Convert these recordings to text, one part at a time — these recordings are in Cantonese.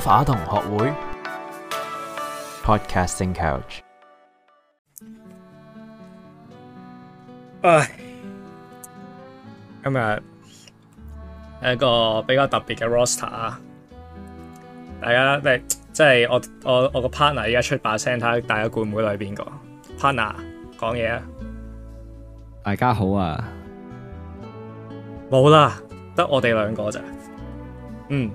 規律、啊、同學會 Podcasting Couch，哎，今日係一個比較特別嘅 Roster 啊！大家，即即係我我我個 partner 而家出把聲，睇下大家估唔估到係邊個？Partner 講嘢啊！大家好啊！冇啦，得我哋兩個咋？嗯。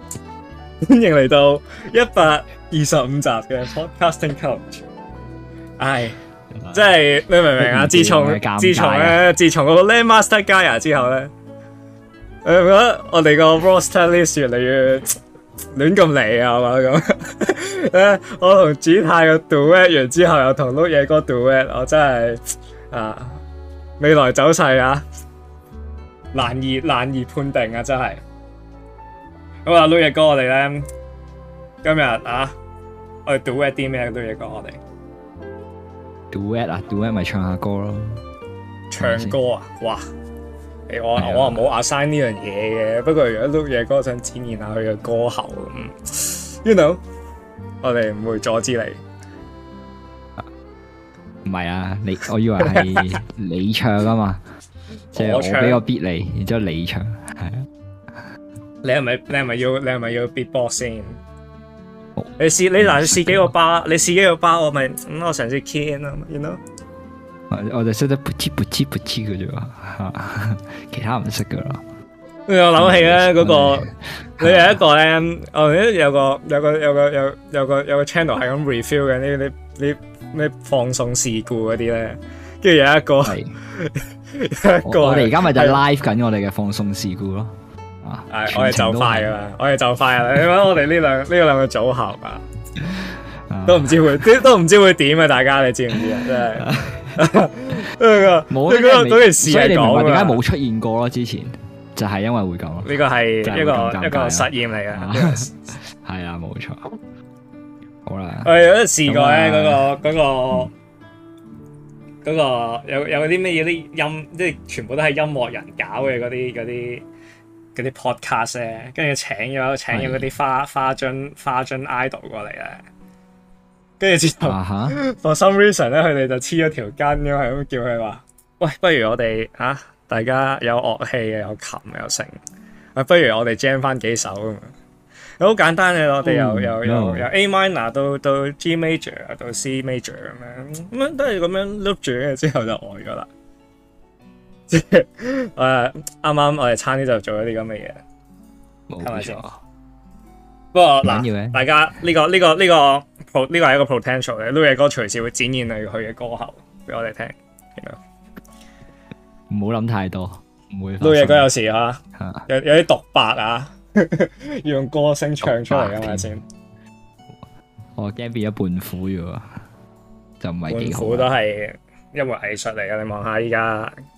歡 迎嚟到一百二十五集嘅 Podcasting Coach，唉，即係麼你明唔明啊？自從自從咧，自從個 Land Master 加 a 之後咧，誒，我覺得我哋個 Roster list 越嚟越亂咁嚟啊，係咪咁？誒， 我同主太個 duet 完之後，又同碌嘢哥 duet，我真係啊，未來走勢啊，難以難以判定啊，真係。好啦，Lukas 哥，我哋咧今日啊，我哋 duet 啲咩？Lukas 哥，我哋 duet 啊，duet 咪唱下歌咯，唱歌啊，哇！誒，我我唔冇 assign 呢樣嘢嘅，不過如果 Lukas 哥想展現下佢嘅歌喉咁，You know，我哋唔會阻止你，唔係啊，你，我以為係你唱啊嘛，即係我唱俾個 beat 你，然之後你唱，係啊。你係咪你係咪要你係咪要 beatbox 先？Oh，你試你嗱，你試、嗯、幾個包、嗯？你試幾個包、嗯？我咪咁我嘗試 key in 咯。我我哋識得噗之噗之噗之嘅啫，其他唔識噶咯。跟住我諗起咧，嗰、那個 你有一個咧，我而家有個有個有個有有個有個 channel 係咁 review 嘅，呢啲呢咩放送事故嗰啲咧。跟住有一個有一個，我哋而家咪就 live 緊我哋嘅放送事故咯。係，我哋就快噶啦，我哋就快噶啦。你諗我哋呢兩呢兩個組合啊，都唔知會，都都唔知會點啊！大家你知唔知啊？真係冇嗰個嗰件事，你明唔明？而家冇出現過咯，之前就係因為會咁咯。呢個係一個一個實驗嚟嘅。係啊，冇錯，好啦。我有試過咧，嗰個嗰個嗰個有有啲咩嘢啲音，即係全部都係音樂人搞嘅啲嗰啲。嗰啲 podcast 咧，跟住請咗請咗嗰啲花是的 花樽花樽 idol 過嚟咧，跟住之後，for some reason 咧，佢哋就黐咗條筋咁，係咁叫佢話，喂，不如我哋啊，大家有樂器嘅，有琴，有成，不如我哋 jam 翻幾首啊嘛，好簡單嘅，我哋又又又由 A minor 到到 G major 到 C major 咁樣，咁樣都係咁樣 loop 住嘅，之後就完咗啦。誒，啱啱 我哋差啲就做咗啲咁嘅嘢，係咪先？是不，是不過嗱，大家呢、這個呢、這個呢、這個呢、這個係一個 potential 嘅 Lukas 哥隨時會展現佢，佢嘅歌喉俾我哋聽。唔好諗太多，唔會。Lukas 哥有時啊，有有啲獨白啊，要 用歌聲唱出嚟，係咪先？我驚、哦、變一半虎咗，就唔係幾好。都係音樂藝術嚟嘅，你望下依家。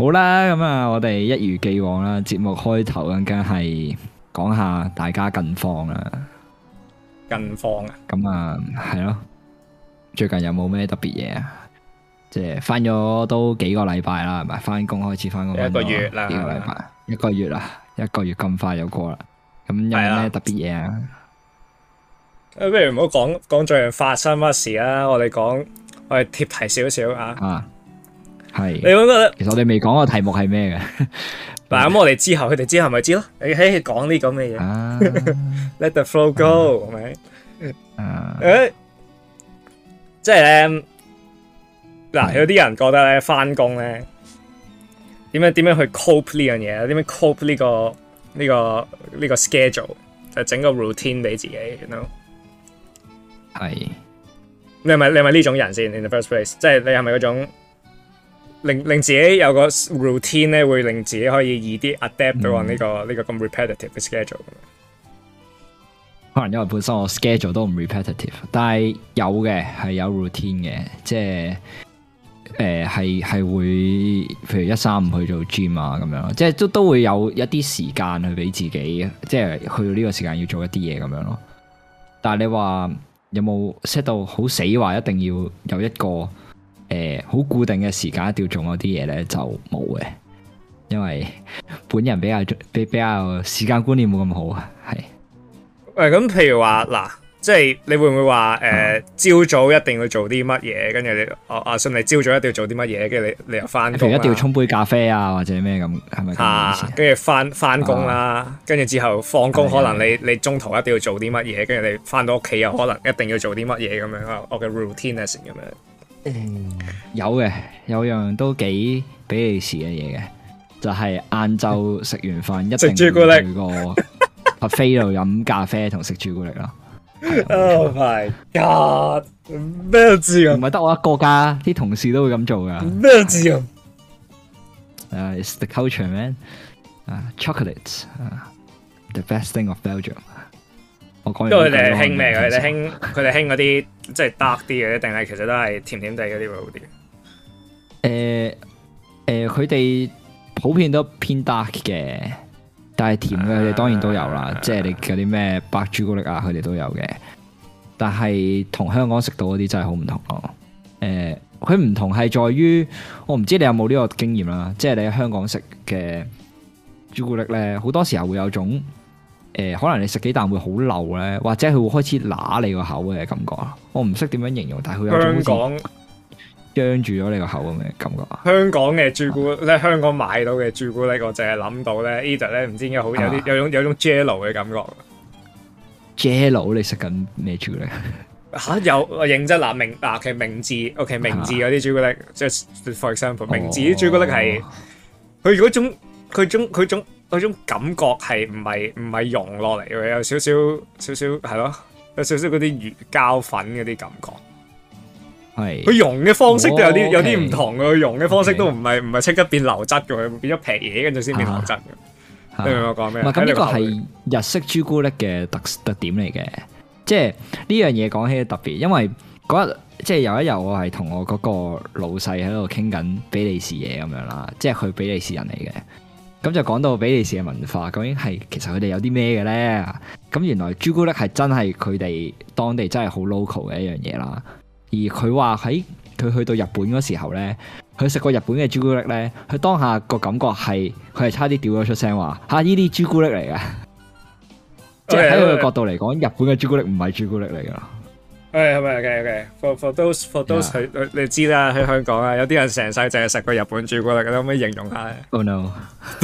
好啦，咁啊，我哋一如既往啦，節目開頭更加係講下大家近況啊。近況啊？咁啊，係咯。最近有冇咩特別嘢啊？即係翻咗都幾個禮拜啦，係咪？翻工開始翻工，一個月啦，幾個禮拜，一個月啦，一個月咁快就過啦。咁有咩特別嘢啊？不如唔好講講最近發生乜事啦，我哋講我哋貼題少少啊。啊。係，你會覺得其實我哋未講個題目係咩嘅？嗱，咁我哋之後，佢哋之後咪知咯。你喺講呢咁嘅嘢，Let the flow go 係咪、啊？誒是，即係咧，嗱、啊、有啲人覺得咧，翻工咧，點樣點樣去 cope 呢樣嘢、這個？點樣 cope 呢個呢、這個呢個 schedule？就整個 routine 俾自己。係 you know? 是，你係咪你係咪呢種人先？In the first place，即係你係咪嗰種？令令自己有個 routine 咧，會令自己可以易啲 adapt 到呢、呢個呢、嗯、個咁 repetitive 嘅 schedule。可能因為本身我 schedule 都唔 repetitive，但係有嘅係有 routine 嘅，即係誒係係會，譬如一三五去做 gym 啊咁樣，即係都都會有一啲時間去俾自己，即係去到呢個時間要做一啲嘢咁樣咯。但係你話有冇 set 到好死話一定要有一個？誒，好、呃、固定嘅時間一定要做嗰啲嘢咧就冇嘅，因為本人比較比比較時間觀念冇咁好啊，係。誒、欸，咁譬如話嗱，即係你會唔會話誒，朝、呃、早一定要做啲乜嘢？跟住你，阿信你朝早一定要做啲乜嘢？跟住你，你又翻，譬如一定要沖杯咖啡啊，或者咩咁，係咪跟住翻翻工啦，跟住、啊、之後放工，嗯、可能你你中途一定要做啲乜嘢？跟住你翻到屋企又可能一定要做啲乜嘢咁樣，我嘅 routine 啊咁樣。有嘅，有樣都幾比利時嘅嘢嘅，就係晏晝食完飯一定去個咖啡度飲咖啡同食朱古力囉。Oh my god！咩字啊？唔係得我一個㗎，啲同事都會咁做㗎。咩字啊？誒，It's the culture man。啊，chocolate 啊，the best thing of Belgium。因為佢哋係興咩嘅？你興佢哋興嗰啲即係 dark 啲嘅，定係、 就是、其實都係甜甜地嗰啲會好啲？誒誒、呃，佢、呃、哋普遍都偏 dark 嘅，但係甜嘅佢哋當然都有啦。啊、即係你嗰啲咩白朱古力啊，佢哋都有嘅。但係同香港食到嗰啲真係好唔同咯、啊。誒、呃，佢唔同係在於我唔知你有冇呢個經驗啦、啊。即係你喺香港食嘅朱古力咧，好多時候會有種。誒、呃，可能你食幾啖會好漏咧，或者佢會開始揦你個口嘅感覺啊！我唔識點樣形容，但係佢有種張住咗你個口嘅感覺。香港嘅朱古力咧，香港買到嘅朱古力，我淨係諗到咧 Eda 咧，唔知道有好有啲有種有種 jello 嘅感覺。Jello，你食緊咩朱古力？吓、啊、有我認真嗱明治，嗱其實明治 O K 明治嗰啲朱古力，即係嗎 for example 明治朱古力係佢嗰種佢種佢種。嗰種感覺係唔係唔係溶落嚟嘅，有少少少少係咯，有少少嗰啲魚膠粉嗰啲感覺。係佢溶嘅方式都有啲 Okay, 有啲唔同，佢溶嘅方式 okay. 都唔係唔係即刻變流質嘅，佢變咗皮嘢，跟住先變流質嘅。你明我講咩？咁呢、啊、個係日式朱古力嘅特特點嚟嘅，即係呢樣嘢講起特別，因為嗰日即係有一日我係同我嗰個老細喺度傾緊比利時嘢咁樣啦，即係佢比利時人嚟嘅。咁就講到比利時嘅文化，究竟係其實佢哋有啲咩嘅呢？咁原來朱古力係真係佢哋當地真係好 local 嘅一樣嘢啦。而佢話喺佢去到日本嗰時候呢，佢食過日本嘅朱古力呢，佢當下個感覺係佢係差啲屌咗出聲話吓，呢啲朱古力嚟嘅，即係喺佢嘅角度嚟講，日本嘅朱古力唔係朱古力嚟㗎。誒，係咪？OK，OK。For those, for those，for those，你知啦，喺香港啊，有啲人成世淨係食過日本朱古力，你可唔可以形容下 Oh no！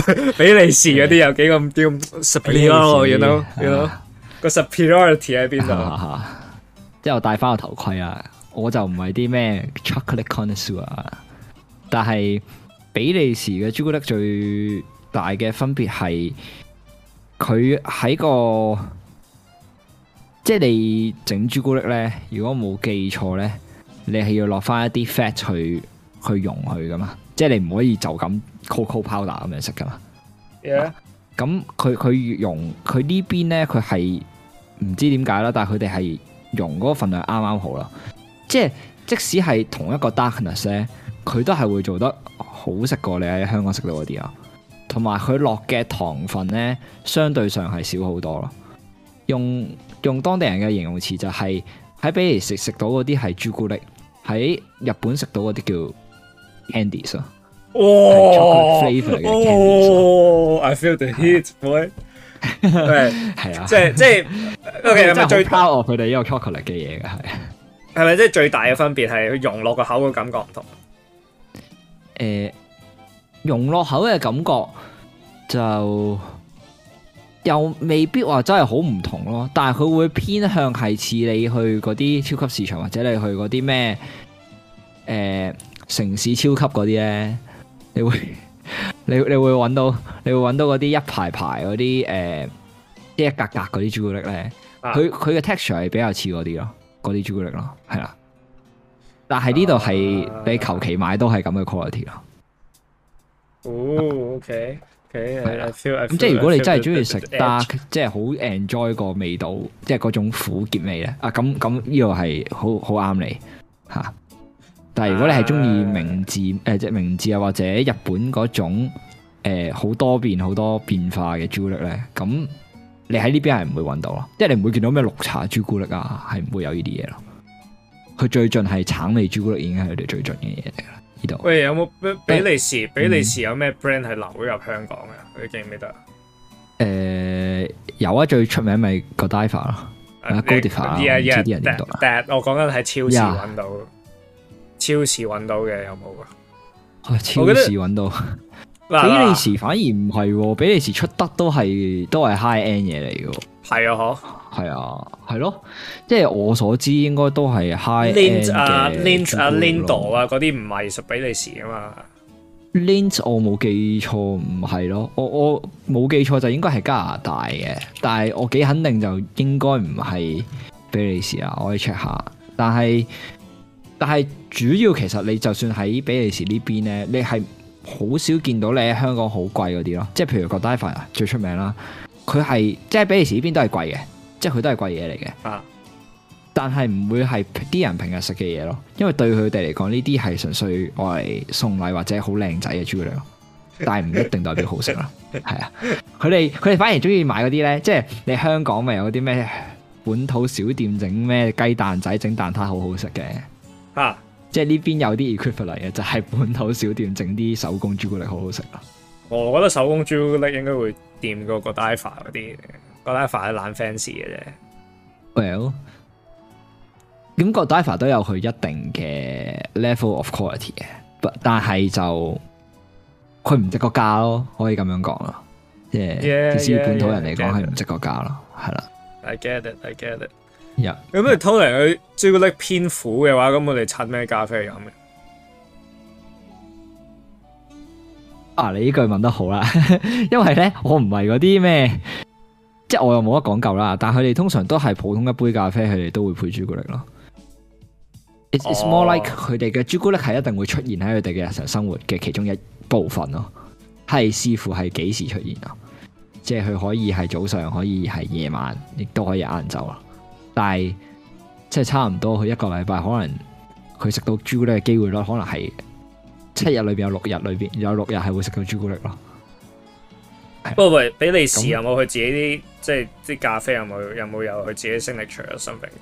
比利時嗰啲有幾咁咁 superior 咯。你諗，你諗個 superiority 喺邊度？之、huh. 即係我戴翻個頭盔啊，我就唔係啲咩 chocolate connoisseur，但係比利時嘅朱古力最大嘅分別係佢喺個。即係你整朱古力咧，如果冇記錯咧，你係要落翻一啲 fat 去去溶佢噶嘛？即係你唔可以就咁 cocoa powder 咁樣食噶嘛？咁佢佢溶佢呢邊咧，佢係唔知點解啦，但係佢哋係溶嗰個份量啱啱好咯。即係即使係同一個 darkness 咧，佢都係會做得好食過你喺香港食到嗰啲啊。同埋佢落嘅糖分咧，相對上係少好多咯。用用當地人嘅形容詞就係喺，比利時食食到嗰啲係朱古力，喺日本食到嗰啲叫 candy 啊。哦，哦，I feel the heat，boy，係 對啊，即係即係，OK，有冇最拋我佢哋呢個 chocolate 嘅嘢嘅係？係咪即係最大嘅分別係佢溶落個口嘅感覺唔同？誒，溶落口嘅感覺就。又未必話真係好唔同咯，但係佢會偏向係似你去嗰啲超級市場或者你去嗰啲咩誒城市超級嗰啲呢。你會你你會揾到你會揾到嗰啲一排排嗰啲誒一格格嗰啲朱古力呢。佢佢嘅 texture 係比較似嗰啲咯，嗰啲朱古力咯，係啦。但係呢度係你求其買都係咁嘅 quality 咯。哦，OK。係啦，咁即係如果你真係中意食 dark，即係好 enjoy 個味道，即係嗰種苦澀味咧。啊，咁咁呢個係好好啱你吓、啊。但係如果你係中意明治誒，即係、ah. 明治啊，或者日本嗰種誒，好、呃、多變好多變化嘅朱古力咧，咁你喺呢邊係唔會搵到咯。即係你唔會見到咩綠茶朱古力啊，係唔會有呢啲嘢咯。佢最近係橙味朱古力已經係佢哋最盡嘅嘢。喂，有冇比利時？比利時有咩 brand 係流入香港嘅？嗯、你記唔記得？誒、呃，有啊，最出名咪 Godiva 咯，Godiva 啊，呢啲人點讀啊？但我講緊喺超市搵到，Yeah. 超市搵到嘅有冇啊？超市搵到，比利時反而唔係、啊，比利時出得都係都係 high end 嘢嚟嘅，係啊，嗬。係啊，係咯，即係我所知應該，應該都係 Hi，Lind，g h 啊 Lind，啊 Linda 啊，嗰啲唔係屬比利時啊嘛？Lind，我冇記錯唔係咯，我我冇記錯就應該係加拿大嘅，但係我幾肯定就應該唔係比利時啊，我 check 下。但係但係主要其實你就算喺比利時邊，呢邊咧，你係好少見到你喺香港好貴嗰啲咯，即係譬如 Godiva 啊最出名啦，佢係即係比利時呢邊都係貴嘅。即係佢都係貴嘢嚟嘅，但係唔會係啲人平日食嘅嘢咯，因為對佢哋嚟講呢啲係純粹我係送禮或者好靚仔嘅朱古力，但係唔一定代表好食咯，係啊 ！佢哋佢哋反而中意買嗰啲咧，即係你香港咪有啲咩本土小店整咩雞蛋仔、整蛋撻好好食嘅啊！ 即係呢邊有啲 equivalent 嘅，就係本土小店整啲手工朱古力好好食啊！我覺得手工朱古力應該會掂過個 diver 嗰啲。個 d i v e 懶 fancy 嘅啫，Well，咁個 d i e 都有佢一定嘅 level of quality 嘅，但係就佢唔值個價咯，可以咁樣講咯，即、yeah, 係 Yeah, 至少本土人嚟講係唔值個價咯，係啦、yeah, yeah,，I get it，I 了 get it，呀，咁你偷嚟嘅朱古力偏苦嘅話，咁我哋襯咩咖啡飲嘅？啊，你呢句問得好啦， 因為咧我唔係嗰啲咩。即係我又冇乜講究啦，但係佢哋通常都係普通一杯咖啡，佢哋都會配朱古力咯。It's more like 佢哋嘅朱古力係一定會出現喺佢哋嘅日常生活嘅其中一部分咯。係視乎係幾時出現啊？即係佢可以係早上，可以係夜晚，亦都可以晏晝啊。但係即係差唔多，佢一個禮拜可能佢食到朱古力嘅機會率機會咯，可能係七日裏邊有六日裏邊有六日係會食到朱古力咯。是不過喂，比利時有冇佢自己啲那即係啲咖啡有冇有冇有佢自己 signature or something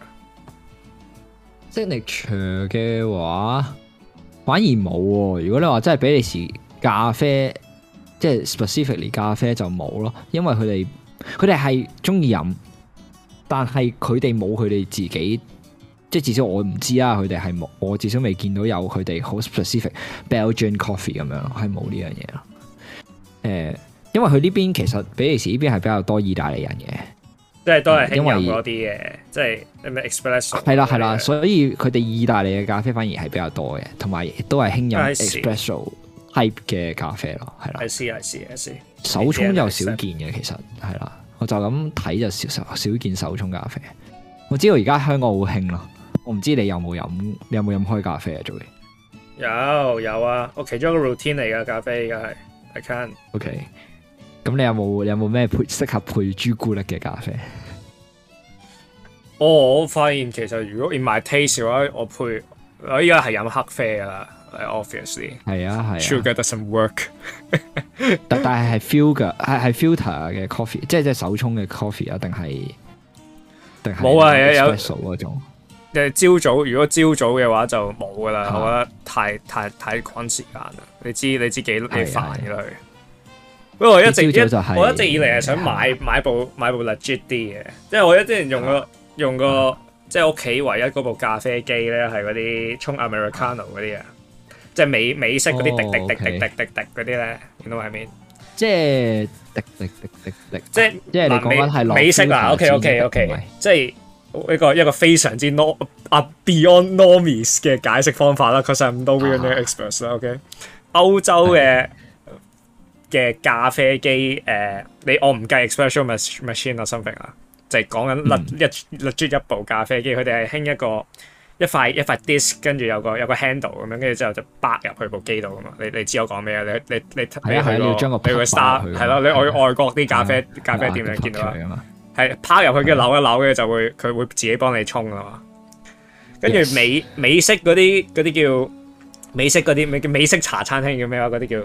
噶？signature 嘅話，反而冇。哦。如果你話真係比利時咖啡，即、就、係、是、specifically 咖啡就冇咯，因為佢哋佢哋係中意飲，但係佢哋冇佢哋自己，即係至少我唔知啊，佢哋係冇，我至少未見到有佢哋好 specific、mm hmm. Belgian coffee 咁樣咯，係冇呢樣嘢咯。誒、uh,。因為佢呢邊，其實比利時呢邊係比較多意大利人嘅，即係都係因為嗰啲嘅，即係 expresso 係啦係啦，啊嗯、所以佢哋意大利嘅咖啡反而係比較多嘅，同埋都係興飲 expresso type 嘅咖啡咯，係啦係是，係是，係是，手沖又少見嘅其實係啦，我就咁睇就少少見手沖咖啡。我知道而家香港好興咯，我唔知你有冇飲，你有冇飲開咖啡啊？做嘅有有啊，我其中一個 routine 嚟嘅咖啡、就是，而家係 I can OK。咁你有冇有冇咩配適合配朱古力嘅咖啡？我發現其實如果 in my taste 嘅話，我配我依家係飲黑啡噶啦，Obviously 係啊係。Sugar doesn't work，但係係 filter 係係 filter 嘅 coffee，即係即係手沖嘅 coffee 啊，定係定係冇啊？啊，有種，即係朝早如果朝早嘅話就冇噶啦，我覺得太太太趕時間啦，你知你知幾幾煩噶。不過我一直我一直以嚟係想買買部買部 legit 啲嘅，即係我一之前用個用個即係屋企唯一嗰部咖啡機咧，係嗰啲沖 Americano 嗰啲啊，即係美美式嗰啲滴滴滴滴滴滴嗰啲咧，見到係咪？即係滴滴滴滴滴，即係即係你講緊係美式啊？OK OK OK，即係一個一個非常之啊，beyond normies 嘅解釋方法啦，確實係唔多專業 expert 啦。OK，歐洲嘅。嘅咖啡機，誒、呃，你我唔計 special machine or something 啊，就係講緊一甩一，一部咖啡機，佢哋係興一個一塊一塊 disc，跟住有個有個 handle 咁樣，跟住之後就擺入去部機度噶嘛。你你知我講咩？你你你係啊，你要將個比如個 star，係咯，你外外國啲咖啡對對咖啡店你見到啦，係拋入去跟住扭一扭，跟住對就會佢會自己幫你沖噶嘛。跟住美 Yes. 美式嗰啲嗰啲叫美式嗰啲叫美式茶餐廳叫咩話嗰啲叫？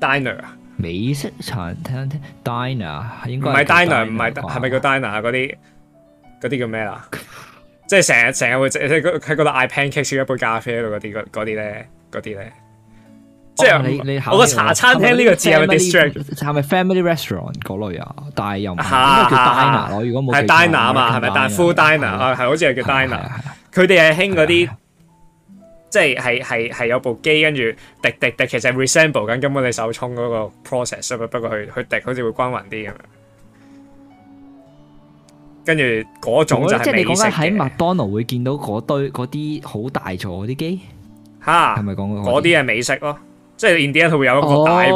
Diner 啊，美式茶餐廳，Diner 係應該唔係 Diner，唔係係咪叫 Diner 嗰啲嗰啲叫咩啊？即係成日成日會佢喺得 i p a n c k e 飲一杯咖啡嗰啲嗰啲咧，嗰啲咧，即係我個茶餐廳呢個字係咪 d i n n e t 係咪 family restaurant 嗰類啊？大係又唔係叫 diner 如果冇係 diner 啊嘛，係咪？但 full dinner 啊，好似係叫 diner。佢哋係興嗰啲。即係係有部機跟住滴滴滴，其實 resemble 緊根本你手沖嗰個 process，不過不過佢佢滴好似會均勻啲咁樣。跟住嗰種就係美式，即係你講緊喺麥當勞會見到嗰堆嗰啲好大座嗰啲機，吓哈？係咪講嗰啲係美式囉？即係 Indian 會有一個大壺，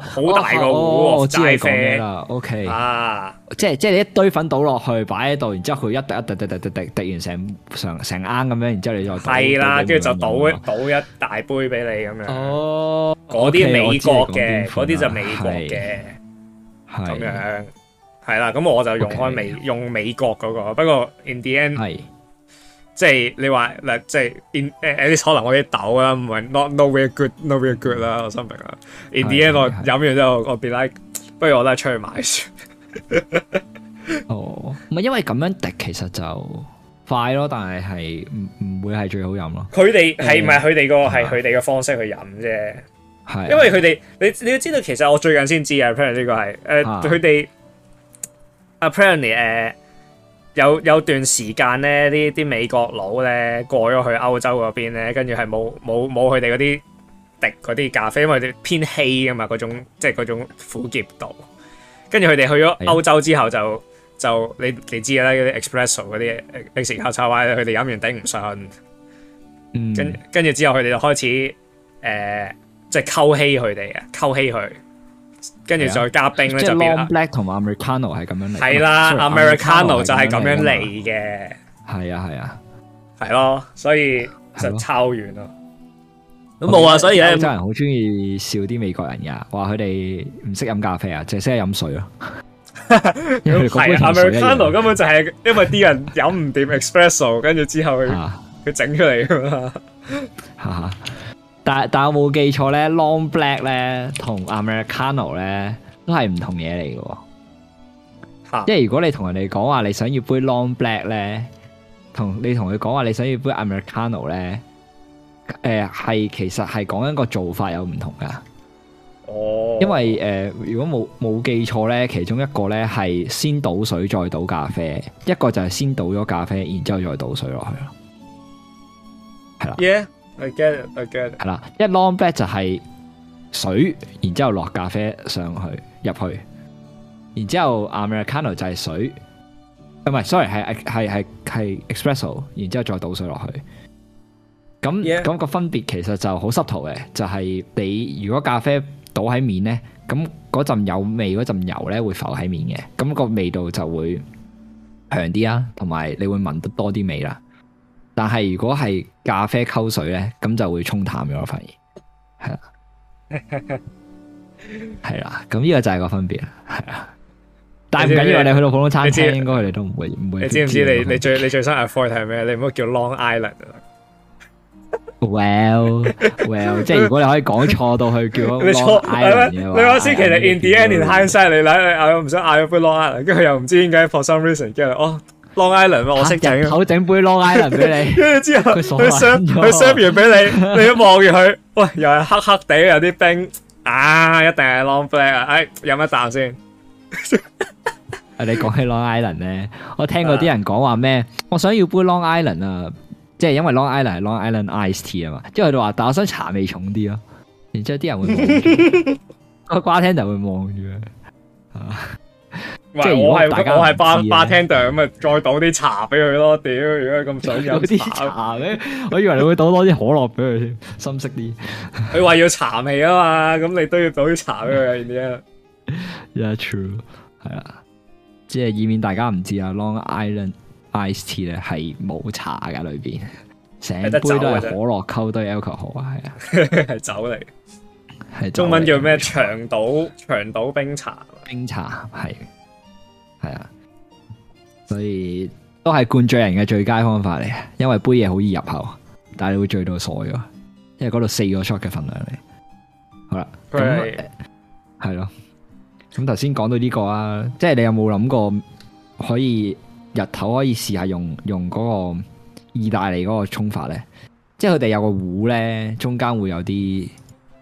好大個壺，炸飛啦。OK 啊，即係即係你一堆粉倒落去，擺喺度，然之後佢一滴一滴滴滴滴滴，滴完成成成盎咁樣，然之後你再係啦，跟住就倒倒一大杯俾你咁樣。哦，嗰啲美國嘅，嗰啲就美國嘅，咁樣係啦。咁我就用開美用美國嗰個，不過 Indian 即係你話嗱，即係 in 誒誒，呢可能我啲豆啦，唔係 not not very good，not very good 啦，我心明啦。而啲咧我飲完之後，我 be like，不如我都係出去買算。哦，唔係因為咁樣滴其實就快咯，但係係唔唔會係最好飲咯。佢哋係咪佢哋個係佢哋嘅方式去飲啫？係因為佢哋你你要知道，其實我最近先知啊。Apparently 呢個係誒，佢哋 apparently 誒。有有段時間咧，呢啲美國佬咧過咗去歐洲嗰邊咧，跟住係冇冇冇佢哋嗰啲滴嗰啲咖啡，因為佢哋偏稀啊嘛，嗰種即係嗰種苦澀度。跟住佢哋去咗歐洲之後，就就你你知嘅啦，嗰啲 expresso 嗰啲比時膠炒壞，佢哋飲完頂唔順。嗯。跟跟住之後佢哋就開始誒即係溝稀佢哋嘅溝稀佢。跟住再加冰咧就變 Long Black，同埋 Americano 係咁樣嚟，係啦 Americano 就係咁樣嚟嘅，係啊係啊，係咯，所以就抄完咯，都冇啊，所以廣州人好中意笑啲美國人噶，話佢哋唔識飲咖啡啊，淨識飲水咯，係 Americano 根本就係因為啲人飲唔掂 espresso，跟住之後佢整出嚟㗎嘛。但係，但我冇記錯咧，Long Black 咧 American 同 Americano 咧都係唔同嘢嚟嘅喎。嚇、啊！即係如果你同人哋講話你想要杯 Long Black 咧，同你同佢講話你想要杯 Americano 咧，誒、呃、係其實係講緊個做法有唔同㗎。哦。Oh. 因為誒、呃，如果冇冇記錯咧，其中一個咧係先倒水再倒咖啡，一個就係先倒咗咖啡，然之後再倒水落去啦。係啦。Yeah. again again 係啦，一 long black 就係水，然之後落咖啡上去入去，然之後 Americano 就係水，唔係 sorry 係係係係 espresso，然之後再倒水落去。咁咁 Yeah. 個分別其實就好濕頭嘅，就係、是、你如果咖啡倒喺面咧，咁嗰陣有味嗰陣油咧會浮喺面嘅，咁、那個味道就會強啲啦，同埋你會聞得多啲味啦。但係如果係咖啡溝水咧，咁就會沖淡咗，反而係啦，係啦，咁呢個就係個分別啊，係啊。但係唔緊要啊，你去到普通餐廳，應該佢哋都唔會唔會。你知唔知你你最你最想 afford 係咩？你唔好叫 Long Island。Well，well，即係如果你可以講錯到去叫 Long Island 嘅話，你嗰時其實 in the end 你 hand shake 你嗌你唔想嗌一杯 Long Island，跟住又唔知點解 for some reason 跟住哦。Long Island 喎，我識整口整杯 Long Island 俾你，跟住之後佢削佢削完俾你，你一望住佢，喂又係黑黑地有啲冰啊，一定係 Long Black 啊，哎飲一啖先？啊你講起 Long Island 咧，我聽過啲人講話咩？我想要杯 Long Island 啊，即係因為 Long Island Long Island Ice Tea 啊嘛，之後佢就話但係我想茶味重啲咯，然之後啲人會瓜聽就會望住啊。即係我係我係吧吧廳度咁啊，再倒啲茶俾佢咯。屌，如果佢咁想飲啲茶咧，我以為你會倒多啲可樂俾佢添，深色啲。佢話要茶味啊嘛，咁你都要倒啲茶俾佢先啲啊。Yes, true。係啊，即係以免大家唔知啊。Long Island Ice Tea 咧係冇茶㗎，裏邊成杯都係可樂溝，都係 alcohol 啊，係啊，係酒嚟。係中文叫咩？長島長島冰茶。冰茶係。係啊，所以都係灌醉人嘅最佳方法嚟啊！因為杯嘢好易入口，但係你會醉到傻咗，因為嗰度四個 shot 嘅份量嚟。好啦，咁係咯。咁頭先講到呢個啊，即係你有冇諗過可以日頭可以試下用用嗰個意大利嗰個沖法咧？即係佢哋有個壺咧，中間會有啲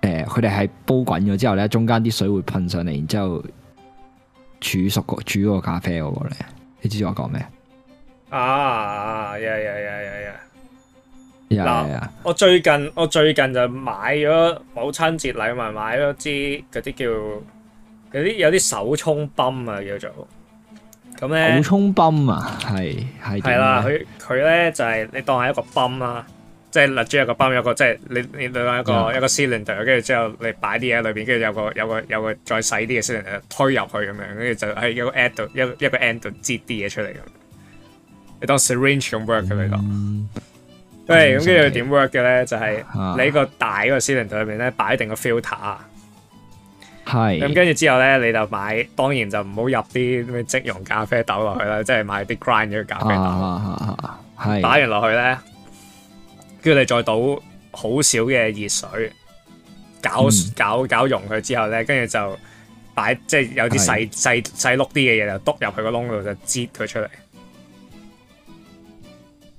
誒，佢哋係煲滾咗之後咧，中間啲水會噴上嚟，然之後。煮熟個煮個咖啡嗰個咧，你知唔知我講咩啊？啊、yeah, yeah, yeah, yeah. 喏，呀呀呀呀！呀呀！我最近我最近就買咗母親節禮物，買咗支嗰啲叫嗰啲有啲手沖泵啊，叫做咁咧。手沖泵啊，係係係啦，佢佢咧就係、是、你當係一個泵啊，即係攞住個包、嗯，有個即係你你兩個一個有一個 cylinder，跟住之後你擺啲嘢喺裏邊，跟住有個 add，有個有個再細啲嘅 cylinder 推入去咁樣，跟住就喺一個 end 一一個 end 度擠啲嘢出嚟咁。你當 syringe 咁 work 咁嚟講，係咁跟住點 work 嘅咧？就係、是、你個大嗰 cy 個 cylinder 裏邊咧擺定個 filter，係咁跟是住之後咧你就買，當然就唔好入啲咩即溶咖啡豆落去啦，即係買啲 grind 嘅咖啡豆，擺完落去咧。跟住你再倒好少嘅熱水，攪攪攪溶佢之後咧，跟住就擺即係有啲細是的 細細粒啲嘅嘢就篤入去個窿度，就擠佢出嚟。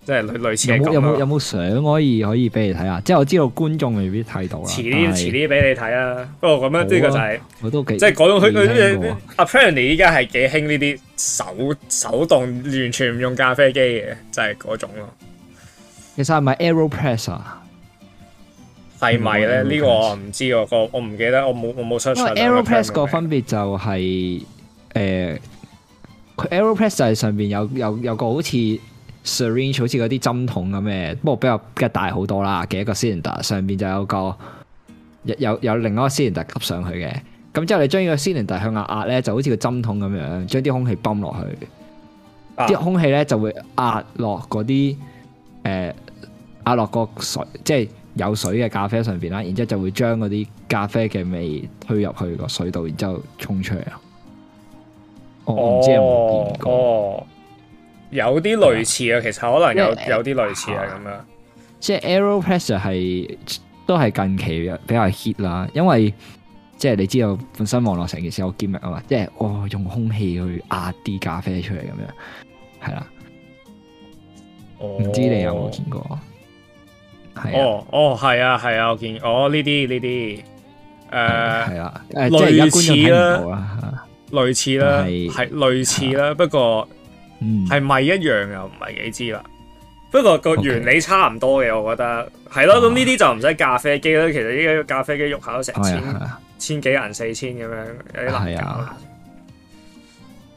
即係類，類似嘅。有冇有冇相可以可以俾你睇下？即係我知道觀眾未必睇到啦。遲啲點是遲啲俾你睇啊！不過咁樣呢、啊、個就係即係嗰種。佢佢 apparently 依家係幾興呢啲手手動完全唔用咖啡機嘅，就係、是、嗰種咯。其實係咪 Aeropress 啊？係咪咧？呢 Aeropress 個我唔知個，我唔記得，我冇我冇 search 因為 Aeropress 個分別就係、是、誒，佢、呃、Aeropress 就係上邊有有有個好似 syringe，好似嗰啲針筒咁嘅，不過比較嘅大好多啦。嘅一個 cylinder 上邊就有個有有有另一個 cylinder 吸上去嘅。咁之後你將呢個 cylinder 向下壓咧，就好似個針筒咁樣，將啲空氣泵落去，啲、啊、空氣咧就會壓落嗰啲誒。呃壓落個水，即係有水嘅咖啡上邊啦，然之後就會將嗰啲咖啡嘅味推入去個水度，然之後沖出嚟。我、哦、唔、哦、知有冇見過有啲、哦、類似啊，其實可能有吧有啲類似啊咁樣。即係 AeroPress 係都係近期比較 hit 啦，因為即係你知道本身網絡成件事我揭秘啊嘛，即係我、哦、用空氣去壓啲咖啡出嚟咁樣，係啦。唔、哦、知你有冇見過？哦，哦，係啊，係啊，我見，哦，呢啲呢啲，誒，係啦，誒，即係而家觀眾睇唔到啦，類似啦，係類似啦，不過係咪一樣又唔係幾知啦，不過個原理差唔多嘅，我覺得係咯，咁呢啲就唔使咖啡機啦，其實依個咖啡機喐下都成千千幾銀四千咁樣，有啲難搞啦。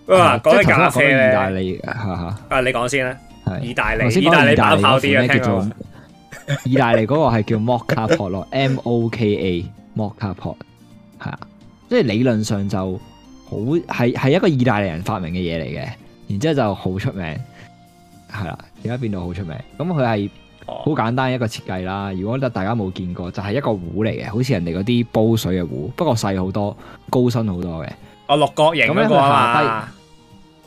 哇，講起咖啡咧，意大利，啊，你講先啦，意大利，意大利打炮啲嘅叫 意大利嗰個係叫摩卡婆洛，Moka Pot, M O K A，摩卡婆，係啊，即係理論上就好係係一個意大利人發明嘅嘢嚟嘅，然之後就好出名，係啦，而家變到好出名。咁佢係好簡單一個設計啦，如果大家冇見過，就係、是、一個壺嚟嘅，好似人哋嗰啲煲水嘅壺，不過細好多，高身好多嘅。哦，六角形咁樣個下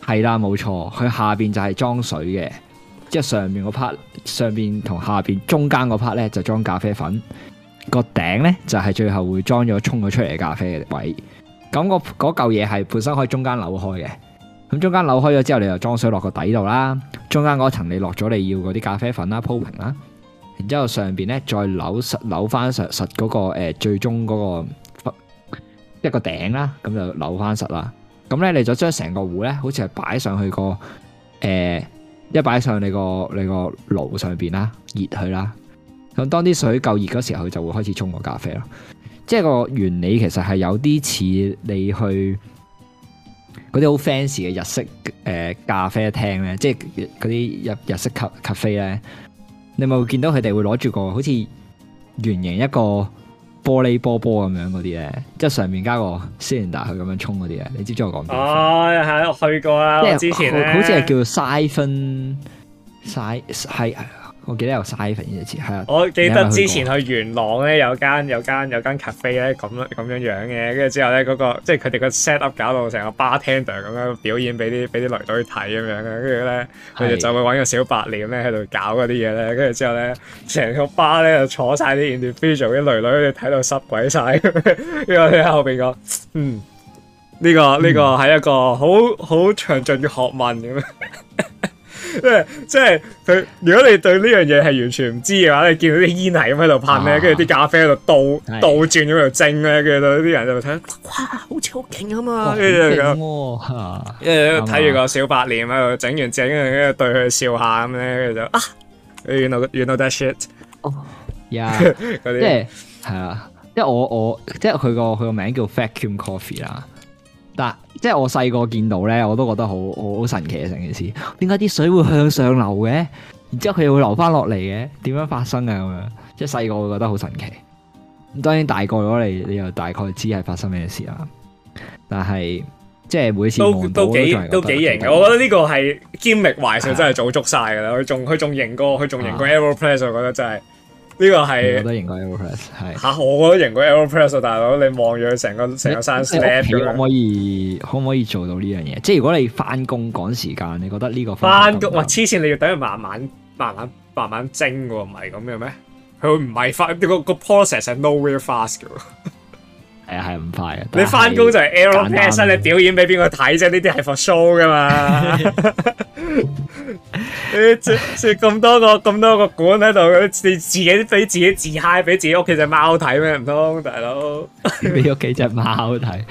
低，係啦，冇錯，佢下邊就係裝水嘅。即係上邊個 part，上邊同下邊中間個 part 咧就裝咖啡粉，個頂咧就係最後會裝咗沖咗出嚟咖啡嘅位。咁個嗰嚿嘢係本身可以中間扭開嘅。咁中間扭開咗之後，你就裝水落個底度啦。中間嗰層你落咗你要嗰啲咖啡粉啦、鋪平啦。然之後上邊咧再扭實扭翻實實嗰個誒最終嗰個一個頂啦。咁就扭翻實啦。咁咧你就將成個壺咧好似係擺上去個誒。一擺上你個你個爐上邊啦，熱佢啦。咁當啲水夠熱嗰時候，佢就會開始沖個咖啡咯。即係個原理其實係有啲似你去嗰啲好 fancy 嘅日式誒咖啡廳咧，即係嗰啲日日式 cafe 咖啡咧。你咪會見到佢哋會攞住個好似圓形一個玻璃波波咁樣嗰啲咧，即係上面加個 Cylinder 去咁樣沖嗰啲咧，你知唔知我講咩？哦，係，我去過啦，我之前好似係叫做 Siphon，siph 係。我記得有晒嘅嘢次係啊，我記得之前去元朗咧，有間有間有間 cafe 咧，咁樣咁樣樣嘅，跟住之後咧，嗰、那個即係佢哋個 set up 搞到成個 bar tender 咁樣表演俾啲俾啲女女去睇咁樣嘅，跟住咧佢哋就會揾個小白臉咧喺度搞嗰啲嘢咧，跟住之後咧成個 bar 咧就坐晒啲 individual 啲女女，佢睇到濕鬼晒。跟住我喺後邊講、那個，嗯，呢、這個呢個係一個好好長進嘅學問咁樣。即係即係佢，如果你對呢樣嘢係完全唔知嘅話，你見到啲煙係咁喺度噴咧，跟住啲咖啡喺度倒是倒轉咁度蒸咧，跟住就啲人就睇哇，好似好勁啊嘛，跟住咁，跟住睇住個小白臉喺度整完整，跟住對佢笑下咁咧，跟住就啊，you know, you know that shit，哦、oh, yeah. 人，呀，即係啊，即係我我即係佢個佢個名叫 Vacuum Coffee 啦。但即係我細個見到咧，我都覺得好好好神奇啊！成件事，點解啲水會向上流嘅？然之後佢又會流翻落嚟嘅？點樣發生嘅咁樣？即係細個會覺得好神奇。咁當然大個咗你，你又大概知係發生咩事啦。但係即係每次都都幾都,都幾型嘅，我覺得呢個係 Gimmick 懷上真係早捉晒噶啦。佢仲佢仲型過佢仲型過 Aeropress，、uh. 我覺得真係。呢個係、啊，我覺得贏過 AeroPress 係。嚇，我覺得贏過 AeroPress 大佬！你望住成個成你個 setup 可唔可以可唔可以做到呢樣嘢？即係如果你翻工趕時間，你覺得呢個翻工哇黐線，你要等佢慢慢慢慢慢慢蒸喎，唔係咁嘅咩？佢唔係快，個、那個 process 係 no real fast 嘅喎。係啊，係唔快啊。你翻工就係 AeroPress 你表演俾邊個睇啫？呢啲係 for show 噶嘛。 你食咁多個咁多個管喺度，你自己俾自己自嗨，i 俾自己屋企隻貓睇咩？唔通，大佬俾屋企隻貓睇？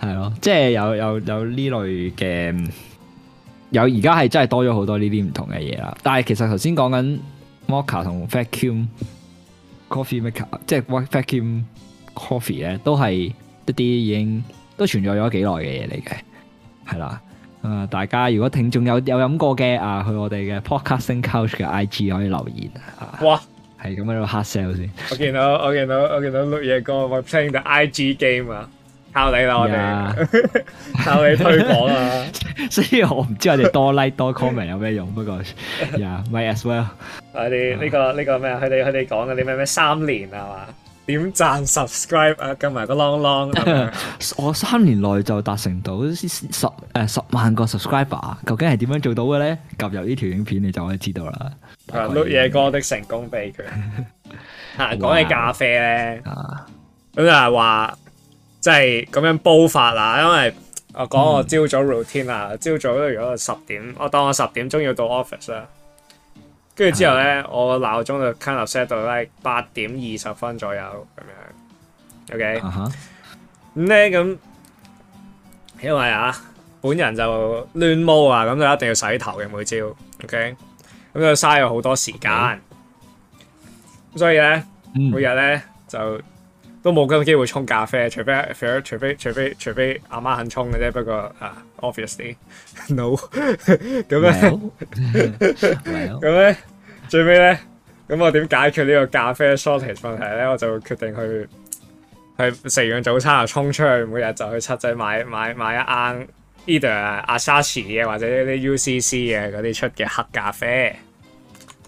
係咯， 即係有有有呢類嘅，有而家係真係多咗好多呢啲唔同嘅嘢啦。但係其實頭先講緊 moka 同 vacuum coffee maker 即係 vacuum coffee 咧，都係一啲已經都存在咗幾耐嘅嘢嚟嘅，係啦。大家如果聽眾有有飲過嘅啊，去我哋嘅 Podcasting Coach 嘅 IG 可以留言哇啊！哇，係咁喺度 hard sell 先。我見到我見到我見到綠野哥我 playing IG game 啊，靠你啦我哋，Yeah. 靠你推廣啊！ 所以我唔知我哋多 like 多 comment 有咩用，不過，yeah，might as well、這個。我哋呢個呢個咩佢哋佢哋講嘅啲咩咩三年啊嘛。點贊 subscribe 啊，加埋個啷啷。 我三年內就達成到十誒、呃、十萬個 subscriber、啊、究竟係點樣做到嘅咧？及入呢條影片，你就可以知道啦。係啊 Lukas 哥的成功秘訣。吓、 啊，講起咖啡咧，咁、啊、就係話即係咁樣煲法啦。因為我講我朝早 routine 啦，朝、嗯、早如果十點，我當我十點鐘要到 office 啦。跟住之後咧，我鬧鐘就 kind of set 到咧八點二十分左右咁樣。OK，咁咧咁，因為啊，本人就亂毛啊，咁就一定要洗頭嘅每朝。OK，咁就嘥咗好多時間。咁 Okay. 所以咧，每日咧、mm. 就。都冇咁嘅機會沖咖啡，除非除非除非除非除非阿媽肯沖嘅啫，不過啊，uh，obviously no，咁 咧呢，咁咧 最尾咧，咁我點解決呢個咖啡 shortage 問題咧？我就決定去去食完早餐就衝出去，每日就去七仔買買買一盎 Edo 啊、Asahi 嘅或者啲 UCC 嘅嗰啲出嘅黑咖啡。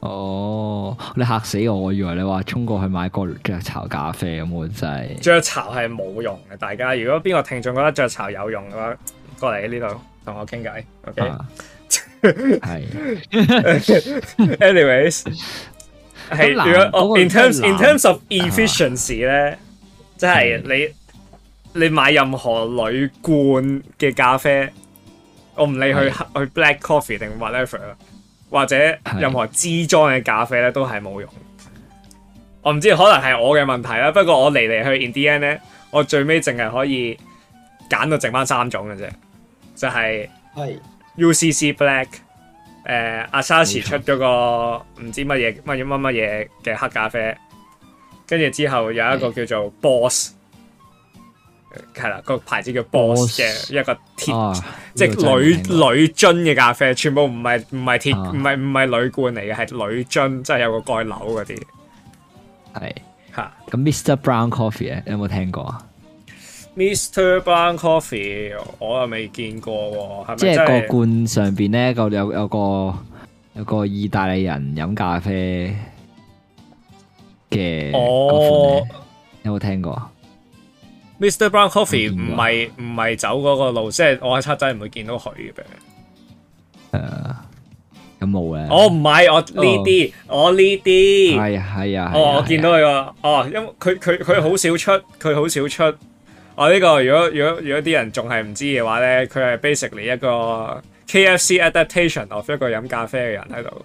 哦！Oh, 你嚇死我，我以為你話衝過去買個雀巢咖啡咁，真係、就是、雀巢係冇用嘅。大家如果邊個聽眾覺得雀巢有用嘅話，過嚟呢度同我傾偈。OK 係，anyways，係如果 in terms in terms of efficiency 咧吧，即係你你買任何鋁罐嘅咖啡，的我唔理佢去 black coffee 定 whatever。或者任何支裝嘅咖啡咧都係冇用是的 我不，我唔知可能係我嘅問題啦。不過我嚟嚟去，in the end 咧，我最尾淨係可以揀到剩返三種嘅啫，就係、係、UCC Black，誒 Asahi 出咗個唔知乜嘢乜嘢乜乜嘢嘅黑咖啡，跟住之後有一個叫做 Boss。係啦，個牌子叫 Boss 嘅一個鐵，啊、即係鋁鋁樽嘅咖啡，全部唔係唔係鐵，唔係唔係鋁罐嚟嘅，係鋁樽，即係有個蓋鈕嗰啲。係吓是，咁 Mr Brown Coffee 咧，你有冇聽過啊？Mr Brown Coffee 我又未見過喎，係咪？即係個罐上邊咧個有有個有個意大利人飲咖啡嘅，哦，你有冇聽過？Mr. Brown Coffee 唔係唔係走嗰個路，即係我喺七仔唔會見到佢嘅。係啊，咁冇嘅。我唔係我呢啲，我呢啲係係啊。哦，我見到佢咯。哦，因為佢佢佢好少出，佢好少出。哦，呢個如果如果如果啲人仲係唔知嘅話咧，佢係 basically 一個 KFC adaptation of 一個飲咖啡嘅人喺度。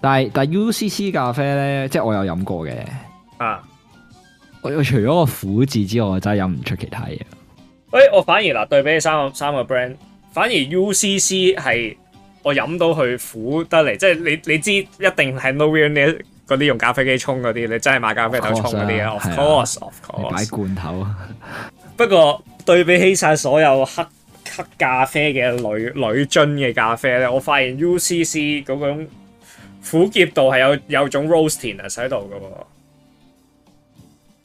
但係但 UCC 咖啡咧，即係我有飲過嘅啊！我又除咗個苦字之外，我真係飲唔出其他嘢。誒，我反而嗱對比起三個三個 brand，反而 UCC 係我飲到佢苦得嚟，即係你你知一定係 no real 咩嗰啲用咖啡機沖嗰啲，你真係買咖啡豆沖嗰啲啊。Of course, of course，買罐頭。 不過對比起晒所有黑黑咖啡嘅鋁鋁樽嘅咖啡咧，我發現 UCC 嗰、那個苦澀度係有有種 roastiness 啊，喺度噶喎，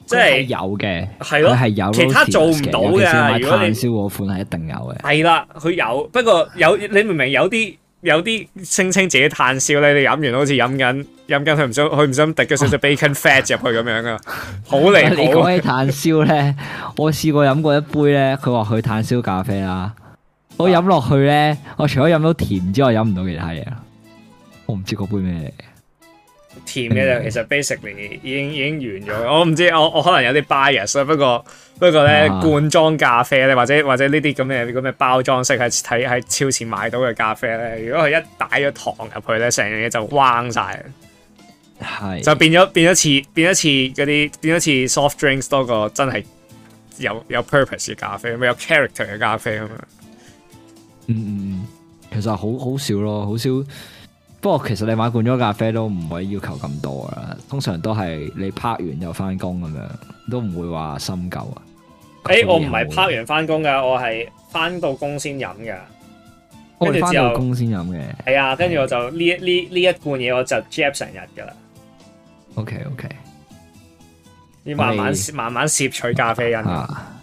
即係有嘅，係咯了，係有。其他做唔到嘅，其的的如果你炭燒嗰款係一定有嘅。係啦，佢有，不過有你明唔明有些？有啲有啲聲稱自己炭燒咧，你飲完好似飲緊飲緊，佢唔想佢唔想滴幾少少 bacon fat 入去咁樣噶， 好離譜，你講起炭燒咧，我試過飲過一杯咧，佢話佢炭燒咖啡啦，我飲落去咧，我除咗飲到甜之外，飲唔到其他嘢。我唔知嗰杯咩，甜嘅就其實 basically 已經 已經完咗。我唔知我我可能有啲 bias，不過不過咧、啊、罐裝咖啡咧，或者或者呢啲咁嘅咁嘅包裝式係睇喺超市買到嘅咖啡咧，如果佢一打咗糖入去咧，成樣嘢就彎晒，是的 就變咗變咗似變咗似嗰啲變咗似 soft drinks 多過真係有有 purpose 嘅咖啡，咪有 character 嘅咖啡啊嘛。嗯嗯嗯，其實好好少咯，好少。不過其實你買罐裝咖啡都唔可以要求咁多噶，通常都係你 pack 完又翻工咁樣，都唔會話深究啊。誒、欸，我唔係 pack 完翻工噶，我係翻到工先飲噶。我係翻到工先飲嘅。係啊，跟住我就呢一呢呢一罐嘢我就 jap 成日噶啦。OK OK，要慢慢們慢慢攝取咖啡因。啊啊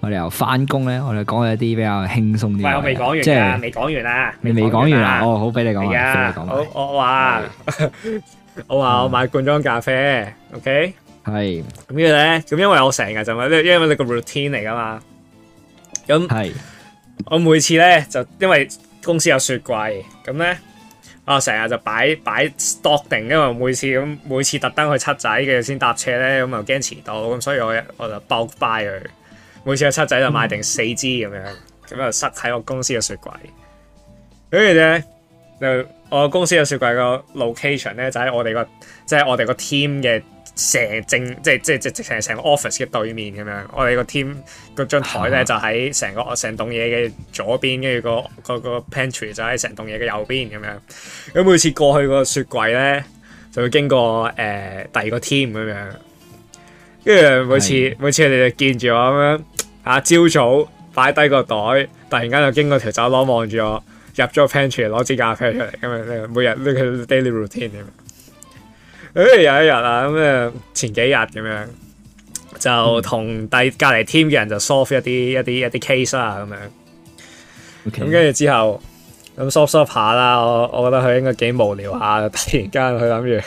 我哋又翻工咧，我哋講一啲比較輕鬆啲嘅，即係未講完啊，未未講完啊，哦，好俾你講完啊，俾你講，好，我話，我話我買罐裝咖啡，OK，係，咁咧，咁因為我成日就因為因為你個 routine 嚟㗎嘛，咁係，我每次咧就因為公司有雪櫃，咁咧，啊成日就擺擺 stock 定，因為每次咁每次特登去七仔嘅先搭車咧，咁又驚遲到，咁所以我我就爆佢。每次個七仔就買定四支咁樣，咁就塞喺我公司嘅雪櫃。跟住咧，就我公司嘅雪櫃個 location 咧就喺我哋個、即係，即係我哋個 team 嘅成正，即係即係即係成成 office 嘅對面咁樣。我哋個 team 個張台咧就喺成個成棟嘢嘅左邊，跟住、嗰個、嗰個 pantry 就喺成棟嘢嘅右邊咁樣。咁每次過去個雪櫃咧，就會經過誒、呃、第二個 team 咁樣。跟住每次對每次你哋見住我咁樣嚇朝早擺低個袋，突然間就經過條走廊望住我，入咗個 pantry 攞支咖啡出嚟咁樣。每日呢個 daily routine 咁。誒有一日啊，咁誒前幾日咁樣就同第隔離 team 嘅人就 solve 一啲一啲一啲 case 啊咁樣。咁跟住之後咁 solve solve 下啦，我我覺得佢應該幾無聊下，突然間佢諗住。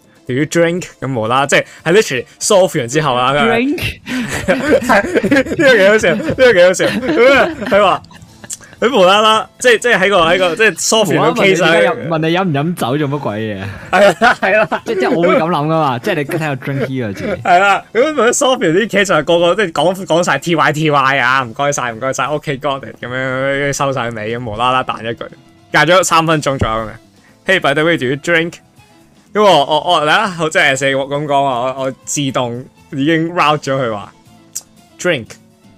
Do you drink 咁無啦，即係喺呢 y soft 完之後啦。呢個幾好笑，呢個幾好笑。佢話佢無啦端啦，端即係即係喺個喺端個即係 soft 完 case 上，問你飲唔飲酒做乜鬼嘢？係啦係啦，即係即我會咁諗噶嘛，即係你喺度 drink 嘅啫。係啦，咁 soft 完啲 case 上個個即係講講晒 tyty 啊，唔該晒唔該晒，ok g o d i 咁樣，樣收晒尾，無啦啦彈一句，隔咗三分鐘咗 y d o you drink。因為我我嚟啦，我即係四國咁講啊！我我自動已經 route 咗佢話 drink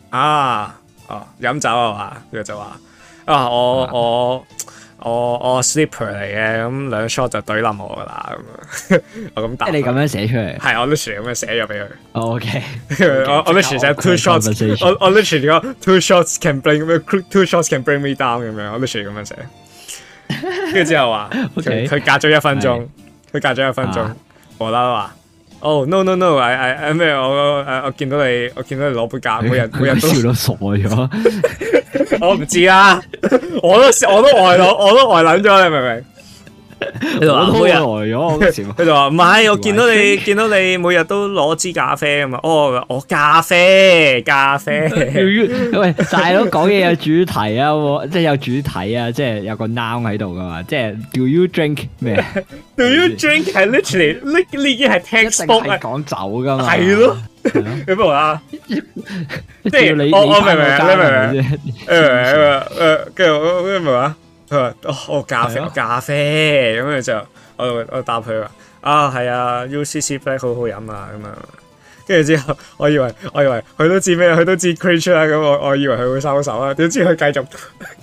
啊，哦，飲酒啊嘛，佢就話啊，我我我我 slipper 嚟嘅，咁兩 shot 就懟冧我噶啦，咁啊咁答。即係你咁樣寫出嚟，係我 literally 咁樣寫咗俾佢。OK，我我 literally 寫 two shots，我我 literally 呢個 two shots can bring 咁樣，two shots can bring me down 咁樣，我 literally 咁樣寫。跟住之後話佢佢隔咗一分鐘。佢隔咗一分鐘，啊、我啦話：哦、oh，no no no，誒誒誒咩？我誒我見到你，我見到你攞杯咖啡，每日每日都笑到傻咗，我唔知啊， 我都我都呆咗，我都呆諗咗， 你明唔明？佢話每日咗，佢就話唔係，我見到你見到你每日都攞支咖啡啊嘛。哦，我咖啡咖啡。喂，大佬講嘢有主題啊，即係有主題啊，即係有個 now 喺度噶嘛。即係 Do you drink 咩？Do you drink 係 literally 呢呢件係 textbook 啊？講酒噶嘛？係咯。咁冇啊？叫你點講咖啡？誒誒誒，叫我咩冇啊？佢話哦，我咖啡，啊、咖啡，咁樣就我我答佢話啊，係啊，UCC Black 好好飲啊，咁啊，跟住之後，我以為我以為佢都知咩，佢都知 creature 啦，咁我我以為佢會收手啊。點知佢繼續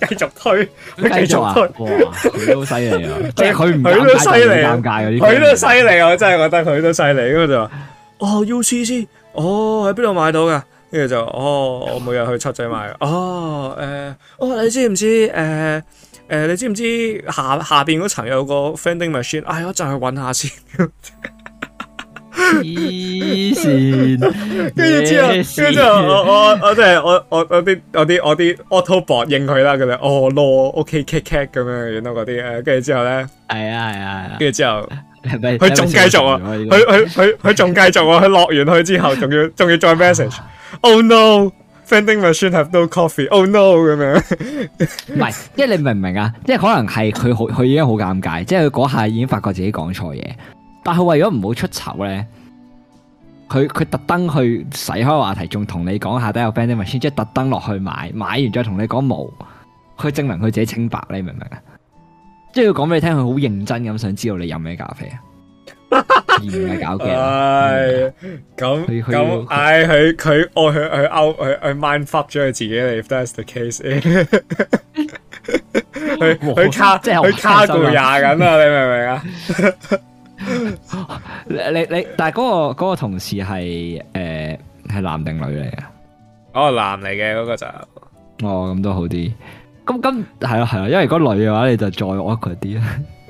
繼 續推，繼續推，佢都犀利啊！即佢唔佢都犀利啊，佢 他都犀利啊，我真係覺得佢都犀利，咁就 哦 UCC，哦喺邊度買到噶？跟住就哦， 我每日去七仔買，哦，誒、呃，哦，你知唔知誒？呃誒、呃，你知唔知下下邊嗰層有個 vending machine？哎，我就去搵下先。跟住之後，跟住之後我我我即係我我我啲我啲我啲 auto bot 應佢啦，佢哋哦 no，ok cat cat 咁樣，然後嗰啲啊，跟住、啊啊啊、之後咧，係啊係啊，跟住之後佢仲繼續啊，佢佢佢佢仲繼續啊，佢落完去之後，仲要仲要再 message。Oh. Oh no！Vending machine have no coffee. Oh no，咁樣唔係，即係你明唔明啊？即係可能係佢好，佢已經好尷尬，即係佢嗰下已經發覺自己講錯嘢，但係佢為咗唔好出醜咧，佢佢特登去洗開話題，仲同你講下底有 vending machine，即係特登落去買，買完再同你講冇，去證明佢自己清白，你明唔明啊？即係佢講俾你聽，佢好認真咁想知道你飲咩咖啡啊？唔係搞嘅，咁咁、哎，唉、嗯，佢佢，我佢佢 out，佢佢 mind fuck 咗佢自己嚟。If that's the case，佢佢卡，即係佢卡到廿咁啊！你明唔明啊？你你，但係、那、嗰個、那個同事係誒係男定女嚟嘅？哦，男嚟嘅嗰個就，哦咁都好啲。咁咁係咯係咯，因為如果女嘅話，你就再惡佢啲。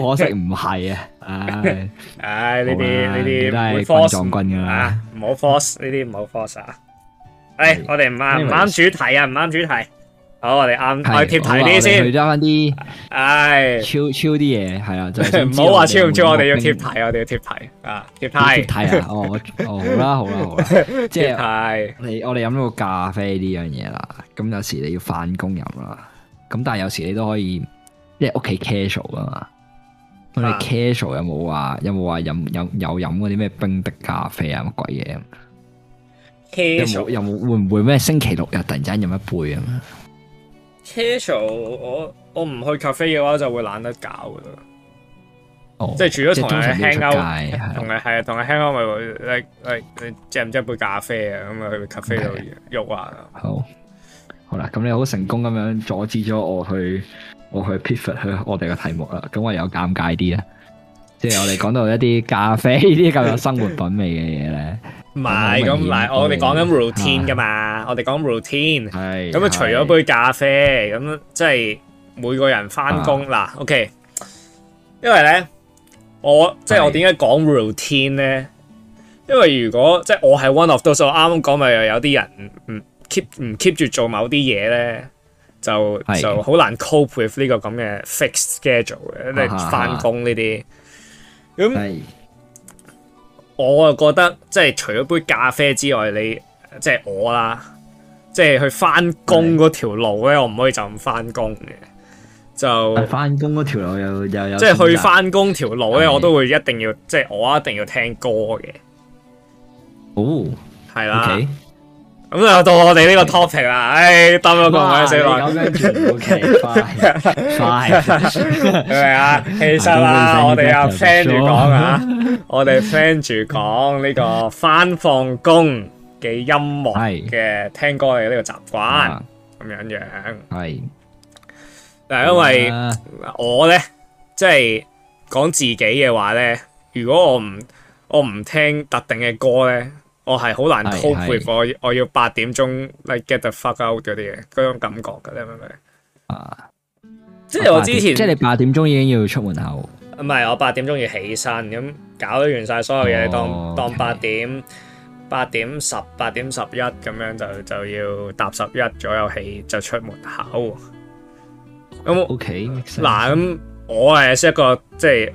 好可惜唔係啊！唉，呢啲呢啲冇方壯軍噶啦，唔好 force 呢啲唔好 force 啊！哎，我哋唔啱唔啱主題啊！唔啱主題，好我哋啱我貼題啲先，你加翻啲，唉，超超啲嘢係啦，唔好話超唔超，我哋要貼題，我哋要貼題啊！貼題貼啊！哦，好啦好啦好啦，即係你我哋飲到咖啡呢樣嘢啦，咁有時你要翻工飲啦，咁但係有時你都可以，即係屋企 casual 啊嘛。咁你 casual 有冇話有冇話飲飲有飲嗰啲咩冰滴咖啡啊乜鬼嘢？casual 有冇會唔會咩星期六日突然之間飲一杯啊？casual 我我唔去咖啡嘅話就會懶得搞噶啦。哦、oh,，即係除咗同你 hangout，同你係啊，同你 hangout 咪你你你借唔借杯咖啡啊？咁啊去咖啡度喐下。的好，好啦，咁你好成功咁樣阻止咗我去。我去 pivot 去我哋嘅題目啦，咁我有尷尬啲啊，即係我哋講到一啲咖啡呢啲咁有生活品味嘅嘢咧，唔係咁唔係，不我哋講緊 routine 噶嘛，啊、我哋講 routine，係咁啊除咗杯咖啡，咁是即係每個人翻工啦，OK，因為咧，我是即係我點解講 routine 咧？因為如果即係我係 one of，到時我啱啱講咪又有啲人唔 keep 唔 keep 住做某啲嘢咧。就就好難 cope with 呢個咁嘅 fixed schedule 嘅，即係翻工呢啲。咁我啊覺得，即係除咗杯咖啡之外，你即係我啦，即係去翻工嗰條路咧，我唔可以就咁翻工嘅。就翻工嗰條路又又有。即係去翻工條路咧，我都會一定要，即係我一定要聽歌嘅。哦，係啦。Okay 咁又到我哋呢個 topic 啦，唉，得一個我先耐。咁樣調棋快快，係咪啊？其實啦，我哋啊 friend 住講啊，我哋 friend 住講呢個翻放工嘅音樂嘅聽歌嘅呢個習慣，咁樣樣係。但係，因為我咧，即係講自己嘅話咧，如果我唔我唔聽特定嘅歌咧。我係好難 cooperate，我我要八點鐘 like get the fuck out 嗰啲嘢，嗰種感覺噶，你明唔明？啊！Uh, 即係我之前，即係你八點鐘，就是、已經要出門口。唔係，我八點鐘要起身，咁搞咗完晒所有嘢，oh, okay. 當當八點、八點十、八點十一咁樣就就要搭十一左右起就出門口。咁 OK，嗱 makes 咁、啊、我係識一個即係。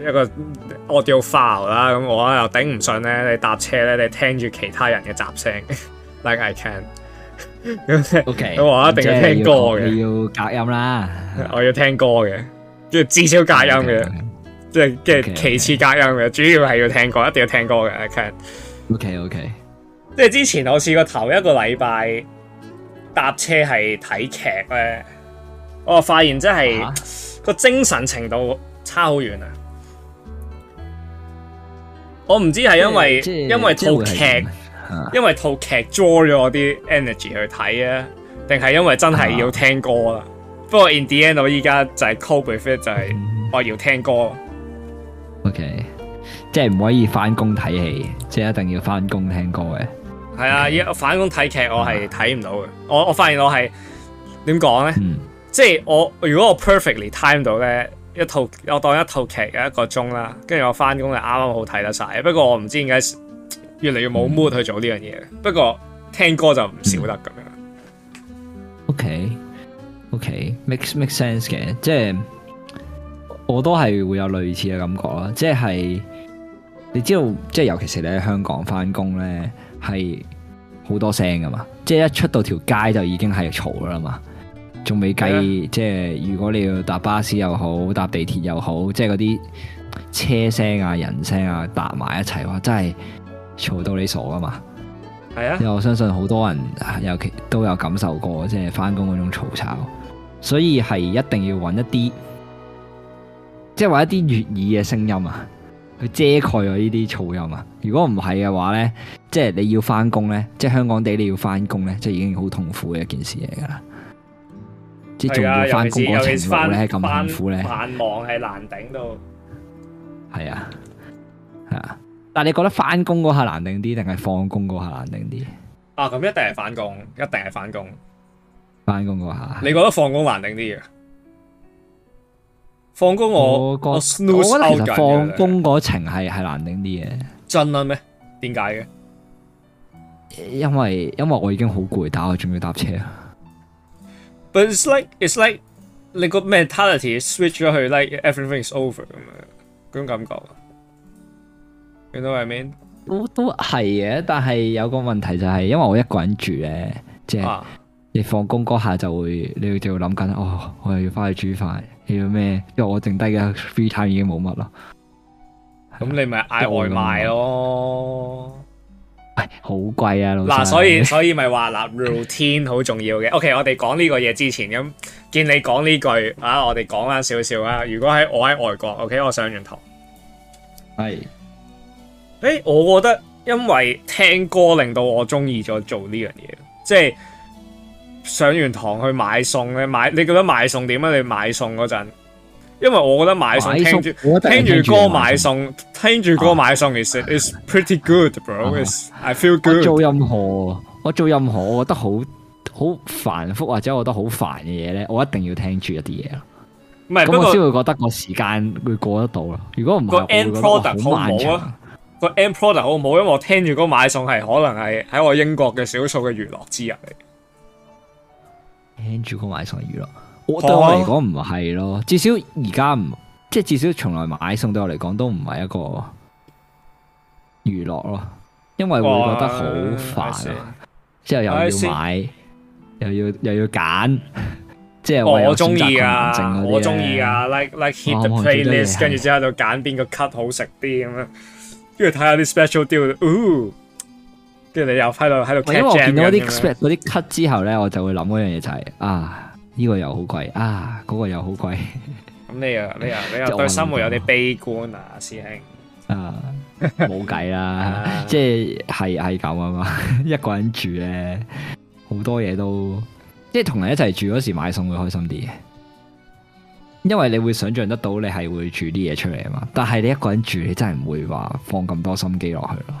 一個 audio file 啦，咁我又頂唔順咧，你搭車咧，你聽住其他人嘅雜聲，like I can。O K，我一定要聽歌嘅，要隔音啦，我要聽歌嘅，即係至少隔音嘅，okay, okay. 即係即係其次隔音嘅，okay, okay. 主要係要聽歌，一定要聽歌嘅，I can。O K，O K，即係之前我試過頭一個禮拜搭車係睇劇咧，我發現真係個、啊、精神程度差好遠啊！我唔知係因為知因為套劇、啊、因為套劇 draw 咗我啲 energy 去睇啊，定係因為真係要聽歌啦。是啊、不過 in the end 我依家就係 co l d b e f i t 就係我要聽歌。嗯、o、okay, K，即係唔可以翻工睇戲，即係一定要翻工聽歌嘅。係啊，要翻工睇劇我係睇唔到嘅。是啊、我我發現我係點講咧？呢嗯、即係我如果我 perfectly time 到咧。一套我當一套劇嘅一個鐘啦，跟住我翻工就啱啱好睇得晒。不過我唔知點解越嚟越冇 mood 去做呢樣嘢。嗯、不過聽歌就唔少得咁樣。O K、嗯、O、okay, K、okay, makes makes sense 嘅，即係我都係會有類似嘅感覺咯。即係你知道，即係尤其是你喺香港翻工咧，係好多聲噶嘛。即係一出到條街就已經係嘈啦嘛。仲未計，計的即係如果你要搭巴士又好，搭地鐵又好，即係嗰啲車聲啊、人聲啊，搭埋一齊話，真係嘈到你傻噶嘛！係啊的，因為我相信好多人尤其都有感受過，即係翻工嗰種嘈吵，吵，所以係一定要搵一啲，即係話一啲悅耳嘅聲音啊，去遮蓋咗呢啲噪音啊。如果唔係嘅話呢，即係你要翻工呢，即係香港地你要翻工呢，即係已經好痛苦嘅一件事嚟噶啦。即係仲要翻工嗰情況咧咁辛苦咧，繁忙係難頂到。係啊，係啊。但係你覺得翻工嗰下難頂啲，定係放工嗰下難頂啲？啊，咁一定係翻工，一定係翻工。翻工嗰下，你覺得放工難頂啲嘅？放工我我覺得其實放工嗰程係係是難頂啲嘅。真啊咩？點解嘅？因為因為我已經好攰，但係我仲要搭車啊。But it's like it's like 你、like、個 mentality switch 咗去，like everything is over 咁樣嗰種感覺，你知我係咪？都都係嘅，但係有個問題就係，因為我一個人住咧，即、就、係、是、你放工嗰下就會，你會就會諗緊，哦，我又要返去煮飯，要咩？因為我剩低嘅 free time 已經冇乜啦，咁你咪嗌外賣咯。好貴啊，嗱、啊，所以所以咪話啦，routine 好 重要嘅。OK，我哋講呢個嘢之前咁，見你講呢句啊，我哋講返少少啦。如果喺我喺外國，OK，我上完堂係，誒是、欸，我覺得因為聽歌令到我中意咗做呢樣嘢，即、就、係、是、上完堂去買餸咧，買你覺得買餸點啊？你買餸嗰陣。因為我覺得買餸、啊、聽住著，我聽住歌買餸，啊、聽住歌買餸，is is pretty good, bro.、啊啊啊、I feel good。做任何，我做任何，我覺得好好繁複或者我覺得好煩嘅嘢咧，我一定要聽住一啲嘢咯。咁是我先會覺得個時間會過得到咯。如果唔係個 end product 好唔好？個 end product 好唔好？因為我聽住歌買餸係可能係喺我英國嘅少數嘅娛樂之一嚟。聽住歌買餸娛樂。我對我嚟講唔係咯，至少而家唔，即係至少從來買餸對我嚟講都唔係一個娛樂咯，因為會覺得好煩，之後又要買，又要又要揀，即係我中意啊，我中意啊，like like hit the playlist，跟住之後就揀邊個 cut 好食啲咁樣，跟住睇下啲 special deal，哦，跟住你又喺度喺度，因為我見到啲嗰啲 cut 之後咧，我就會諗嗰樣嘢就係啊。呢個又好貴啊！嗰個又好貴。咁你又你又你又對生活有啲悲觀啊，師兄？啊，冇計啦， 即係係咁啊嘛！ 一個人住咧，好多嘢都即係同人一齊住嗰時買餸會開心啲嘅，因為你會想象得到你係會煮啲嘢出嚟啊嘛。但係你一個人住，你真係唔會話放咁多心機落去咯。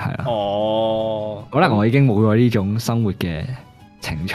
係啊。哦。可能我已經冇咗呢種生活嘅情趣。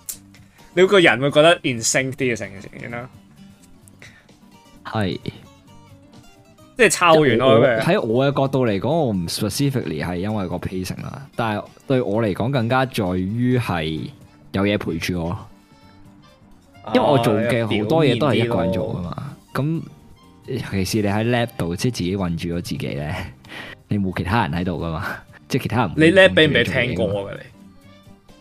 你個人會覺得 in sync 啲嘅成件事啦，係，即係抄完咯。喺我嘅角度嚟講，我唔 specifically 係因為個 pacing 啦，但係對我嚟講，更加在於係有嘢陪住我。因為我做嘅好多嘢都係一個人做噶嘛，咁，尤其是你喺 lab 度，即係自己困住咗自己咧，你冇其他人喺度噶嘛，即係其他人、人。你 lab 俾唔俾聽過噶你？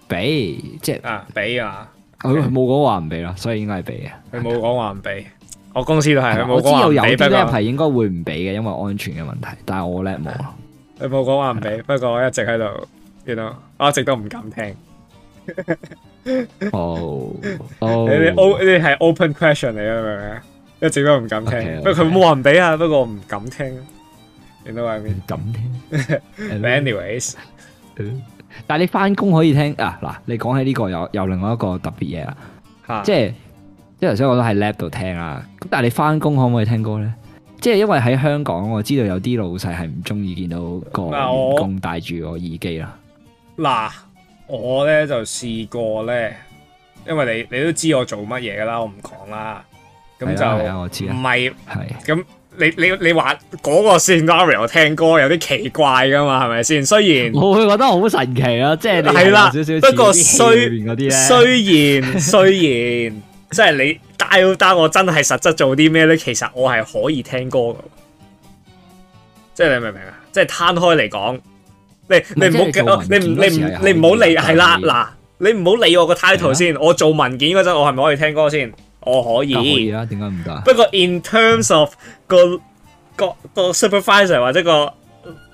俾，即係啊，俾啊。佢冇講話唔俾啦，所以應該係俾嘅。佢冇講話唔俾，我公司都係。我知道有啲一排應該會唔俾嘅，因為安全嘅問題。但係我叻冇。佢冇講話唔俾，不過我一直喺度，見到我一直都唔敢聽。哦，你你係 open question 嚟啊？明咩？一直都唔敢聽。佢冇話唔俾啊，不過唔敢聽。見到係唔敢聽？Anyways。但係你翻工可以聽啊，嗱，你講起呢個又又另外一個特別嘢啦，即係即係頭先我都喺 lab 度聽啊，咁但係你翻工可唔可以聽歌咧？即係因為喺香港我知道有啲老細係唔中意見到個員工我戴住我耳機啦。嗱，我咧就試過咧，因為你你都知道我做乜嘢噶啦，我唔講啦。咁就唔係，係咁。是你你你話嗰個 scenario 我聽歌有啲奇怪噶嘛，係咪先？雖然我會覺得好神奇啊，即係係啦，不過雖雖然雖然 即係你 title 我真係實質做啲咩咧，其實我係可以聽歌噶，即係你明唔明啊？即係攤開嚟講，你不你唔好你唔你唔你唔好理係啦嗱，你唔好理我個 title 了先，我做文件嗰陣我係咪可以聽歌先？我可以，得可以啦。點解唔得？不過 in terms of 個個個 supervisor 或者個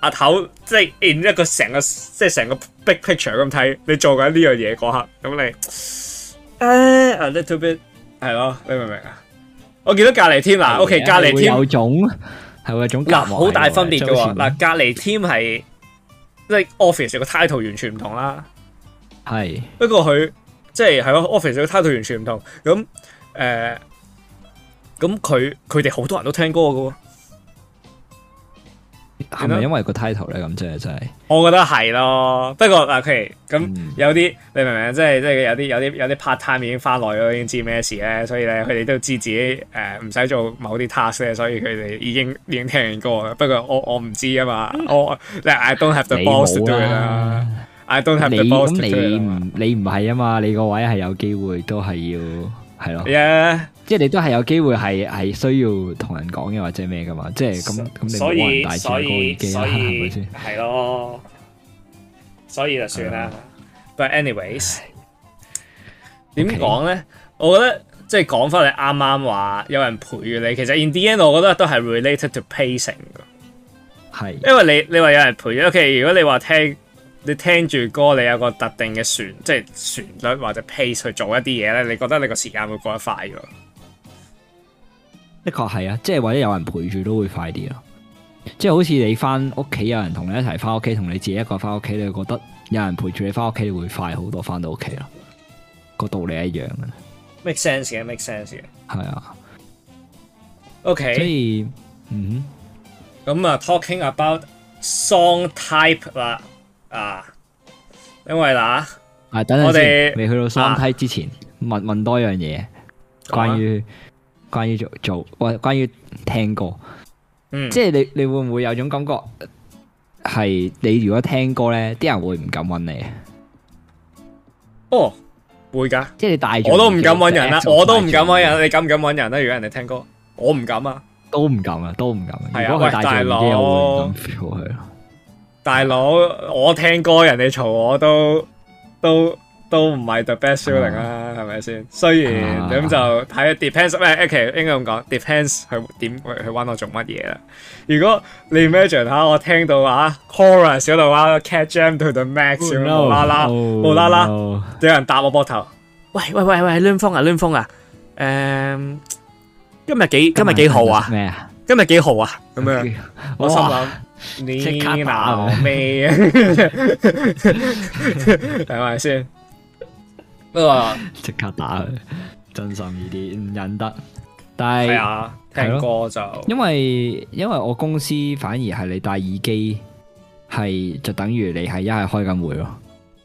阿頭，即係 in 一個成個即係成個 big picture 咁睇，你做緊呢樣嘢嗰刻，咁你誒、uh,，a little bit 係咯，你明唔明啊？我見到隔籬 team 啊，OK，的隔籬添，team 有種，種係種隔好大分別嘅喎。嗱、呃，隔籬 team 係即係 office 個 title 完全唔同啦，係的不過佢即係係咯，office 個 title 完全唔同咁。誒，咁佢佢哋好多人都聽歌嘅喎，係咪因為個 title 咧咁即係？真係，我覺得係咯。不過嗱，佢、okay, 咁有啲、嗯、你明唔明？即係即係有啲有啲有啲 part time 已經翻嚟咗，已經知咩事咧。所以咧，佢哋都知自己誒唔使做某啲 task 咧。所以佢哋已經已經聽完歌。不過我我唔知啊嘛，嗯、我 like,，I don't have the balls to do 啦。I don't have the balls, 你, to do。你咁你唔你唔係啊嘛？你個位係有機會都係要。係咯，Yeah. 即係你都係有機會係係需要同人講嘅或者咩噶嘛，以即係咁咁你冇人戴住個耳機係咪先？係咯，所以就算啦。Uh. But anyways，點講咧？我覺得即係講翻你啱啱話有人陪住你，其實 in the end 我覺得都係 related to pacing 噶。係是，因為你你話有人陪住，OK，如果你話聽。你聽住歌，你有個特定嘅旋，即係旋律或者 pace 去做一啲嘢咧，你覺得你個時間會過得快喎。的確係啊，即係或者有人陪住都會快啲咯。即係好似你翻屋企，有人同你一齊翻屋企，同你自己一個翻屋企，你會覺得有人陪住你翻屋企你會快好多，翻到屋企咯。個道理一樣嘅，make sense 嘅，make sense 嘅，係啊。OK，所以嗯，咁啊，talking about song type 啦。啊，因為嗱，等陣，我哋未去到三梯之前，問問多一樣嘢，關於關於做做，喂，關於聽歌，嗯，即係你你會唔會有種感覺，係你如果聽歌咧，啲人會唔敢揾你啊？哦，會噶，即係你戴咗，我都唔敢揾人啦，我都唔敢揾人，你敢唔敢揾人咧？如果人哋聽歌，我唔敢啊，都唔敢啊，都唔敢啊。如果佢戴住耳機，我唔敢 feel 佢。大佬，我聽歌人哋嘈我都都都唔係 the best feeling 啊，係咪先？雖然咁就睇 depends 咩，actually 應該咁講，depends 佢點去去搵我做乜嘢啦？如果你 imagine 下，我聽到啊 chorus 小到啊 cat jam 到去到 max，無啦啦無啦啦，有人搭我膊頭，喂喂喂喂，lun 風啊 lun 風啊，誒，今日幾今日幾號啊？咩啊？今日幾號啊？咁樣我心諗。你打我咩？等下先，即 刻打，真心意啲唔忍得。但係係咯，啊、聽歌就因為因為我公司反而係你戴耳機，係就等於你係一係開緊會咯，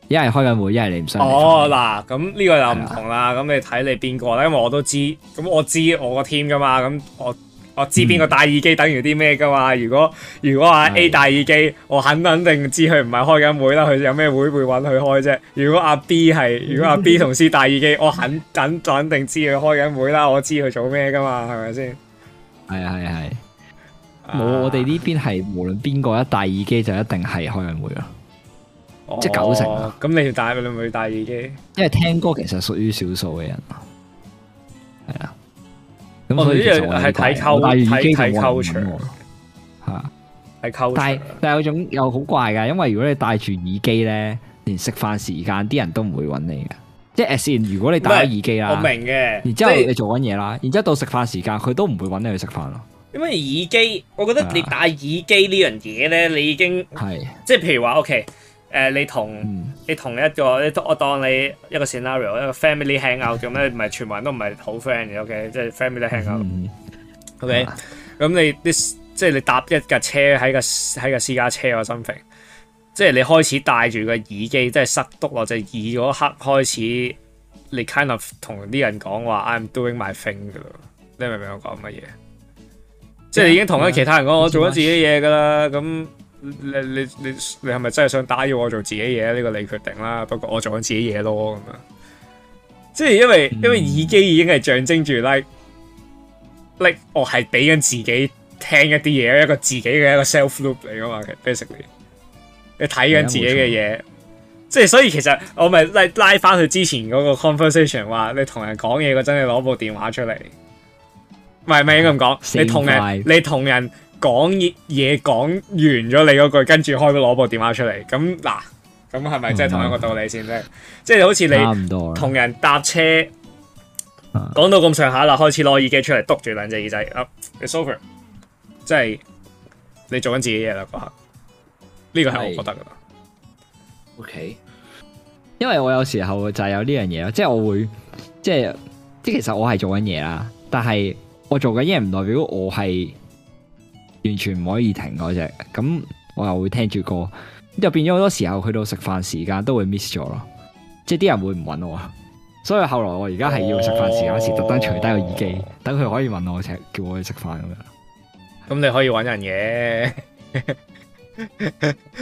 一係開緊會，一係你唔想。哦嗱，咁是、啊、呢個又唔同啦。咁你睇你邊個咧，因為我都知，咁我知我個 team 噶嘛，咁我。我知邊個戴耳機等於啲咩噶嘛？如果如果阿 A 戴耳機，我肯肯定知佢唔係開緊會啦。佢有咩會會揾佢開啫？如果阿 B 係，如果阿 B 同 C 戴耳機，我肯肯定知佢開緊會啦。我知佢做咩噶嘛？係咪先？係啊係啊係！冇，我哋呢邊係無論邊個一戴耳機就一定係開緊會咯，即係，哦、九成。咁你戴咪你咪戴耳機，因為聽歌其實屬於少數嘅人，係啊。咁所以我是我耳就係睇溝，睇睇溝場，嚇，係溝。但係但係有種又好怪嘅，因為如果你戴住耳機咧，連食飯時間啲人都唔會揾你嘅。即係誒如果你戴咗耳機啦，我明嘅。然之後你做緊嘢啦，然之後到食飯時間，佢都唔會揾你去食飯咯。因為耳機，我覺得你戴耳機呢樣嘢咧，你已經係是即係譬如話，OK。誒、uh, 你同、嗯、你同一個，我當你一個 scenario，一個 family hangout，咁咧唔 係全部人都唔係好 friend 嘅，O.K. 即係 family hangout，O.K. 咁你即係你搭一架車喺架喺架私家車個心情，即係你開始戴住個耳機即係塞篤落隻耳嗰刻開始，你 kind of 同啲人講話，I'm doing my thing 嘅咯。你明唔明我講乜嘢？Yeah, 即係已經同緊其他人講 yeah,，我做緊自己嘢㗎啦，咁 yeah,。你你你你係咪真係想打擾我做自己嘢？呢個你決定啦。不過我做緊自己嘢咯，咁樣。即係因為因為耳機已經係象徵住 like、嗯、like 我係俾緊自己聽一啲嘢，一個自己嘅一個 self loop 嚟噶嘛。Basically，你睇緊自己嘅嘢。即係所以其實我咪拉拉翻去之前嗰個 conversation 話，你同人講嘢嗰陣你攞部電話出嚟，唔係唔係咁講，你同人你同人。講嘢講完咗你嗰句，跟住開攞部電話出嚟。咁嗱，咁係咪即係同一個道理先？即係即係好似你唔同人搭車，講到咁上下啦，開始攞耳機出嚟，督住兩隻耳仔。啊，it's over，即係你做緊自己嘢啦，刻。呢個係我覺得噶。OK，因為我有時候就係有呢樣嘢咯，即係我會，即係即係其實我係做緊嘢啦，但係我做緊嘢唔代表我係。完全唔可以停嗰隻，咁我又會聽住歌，就變咗好多時候去到食飯時間都會 miss 咗咯，即係啲人會唔揾我，所以後來我而家係要食飯時間時、哦、特登除低個耳機，等佢可以問我請，叫我去食飯咁樣。咁你可以揾人嘅，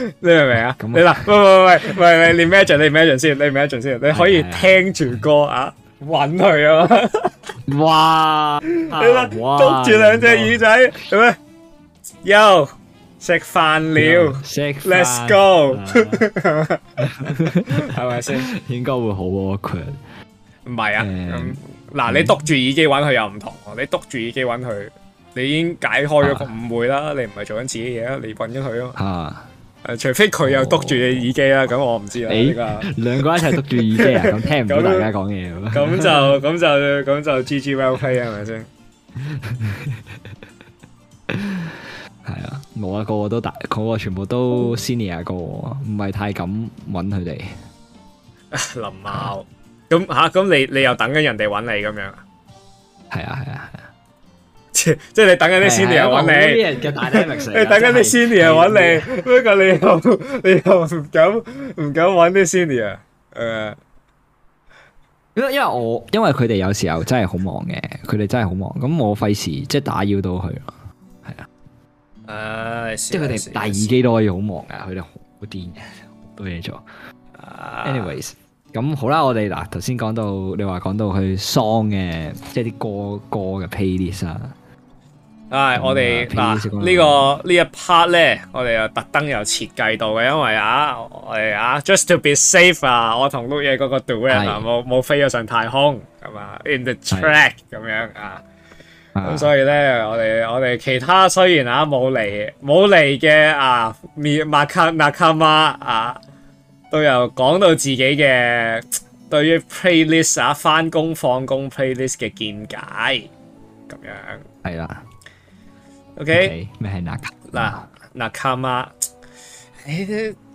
你明唔明啊？你嗱看，喂喂喂喂你 m 你 m 先，你 m 先，你可以聽住歌啊，揾佢啊，哇， 你話捉住兩隻耳仔，哇 又食飯了，Let's go，係咪先？應該會好 awkward 唔係啊？咁嗱，你督住耳機搵佢又唔同，你督住耳機搵佢，你已經解開咗個誤會啦。你唔係做緊自己嘢啊，你搵咗佢啊？啊，除非佢又督住你耳機啦，咁我唔知你誒，兩個一齊督住耳機啊，咁聽唔到大家講嘢啊？咁就咁就咁就 G G W P 啊？係咪先？係啊，我個個都大，個個全部都 senior 個，唔係太敢搵佢哋。林茂某，咁吓咁你你又等緊人哋搵你咁樣？係啊係啊係啊，即係、啊、 你等緊啲 senior 搵、啊、你，你等緊啲 senior 搵你，不過 你，你，、啊、你又你又唔敢唔敢搵啲 senior，誒，因為因為我因為佢哋有時候真係好忙嘅，佢哋真係好忙，咁我費事即係打擾到佢。Uh, let's see, 即係佢哋戴耳機都可以好忙噶，佢哋好癲嘅，好多嘢做。Uh, Anyways，咁好啦，我哋嗱頭先講到，你話講到佢 song 嘅，即係啲歌歌嘅 playlist 啊。唉、uh, 這個這個，我哋嗱呢個呢一 part 咧，我哋又特登又設計到嘅，因為啊，我哋啊 just to be safe 啊，我同 Lukas 嗰個 do it 啊，冇冇飛咗上太空咁啊 in the track 咁樣啊。咁、啊、所以咧，我哋我哋其他雖然啊冇嚟冇嚟嘅啊，滅納卡納卡瑪啊，都有講到自己嘅對於 playlist 啊，翻工放工 playlist 嘅見解，咁樣係啦。了 OK，咩係納卡？嗱，納卡瑪，誒。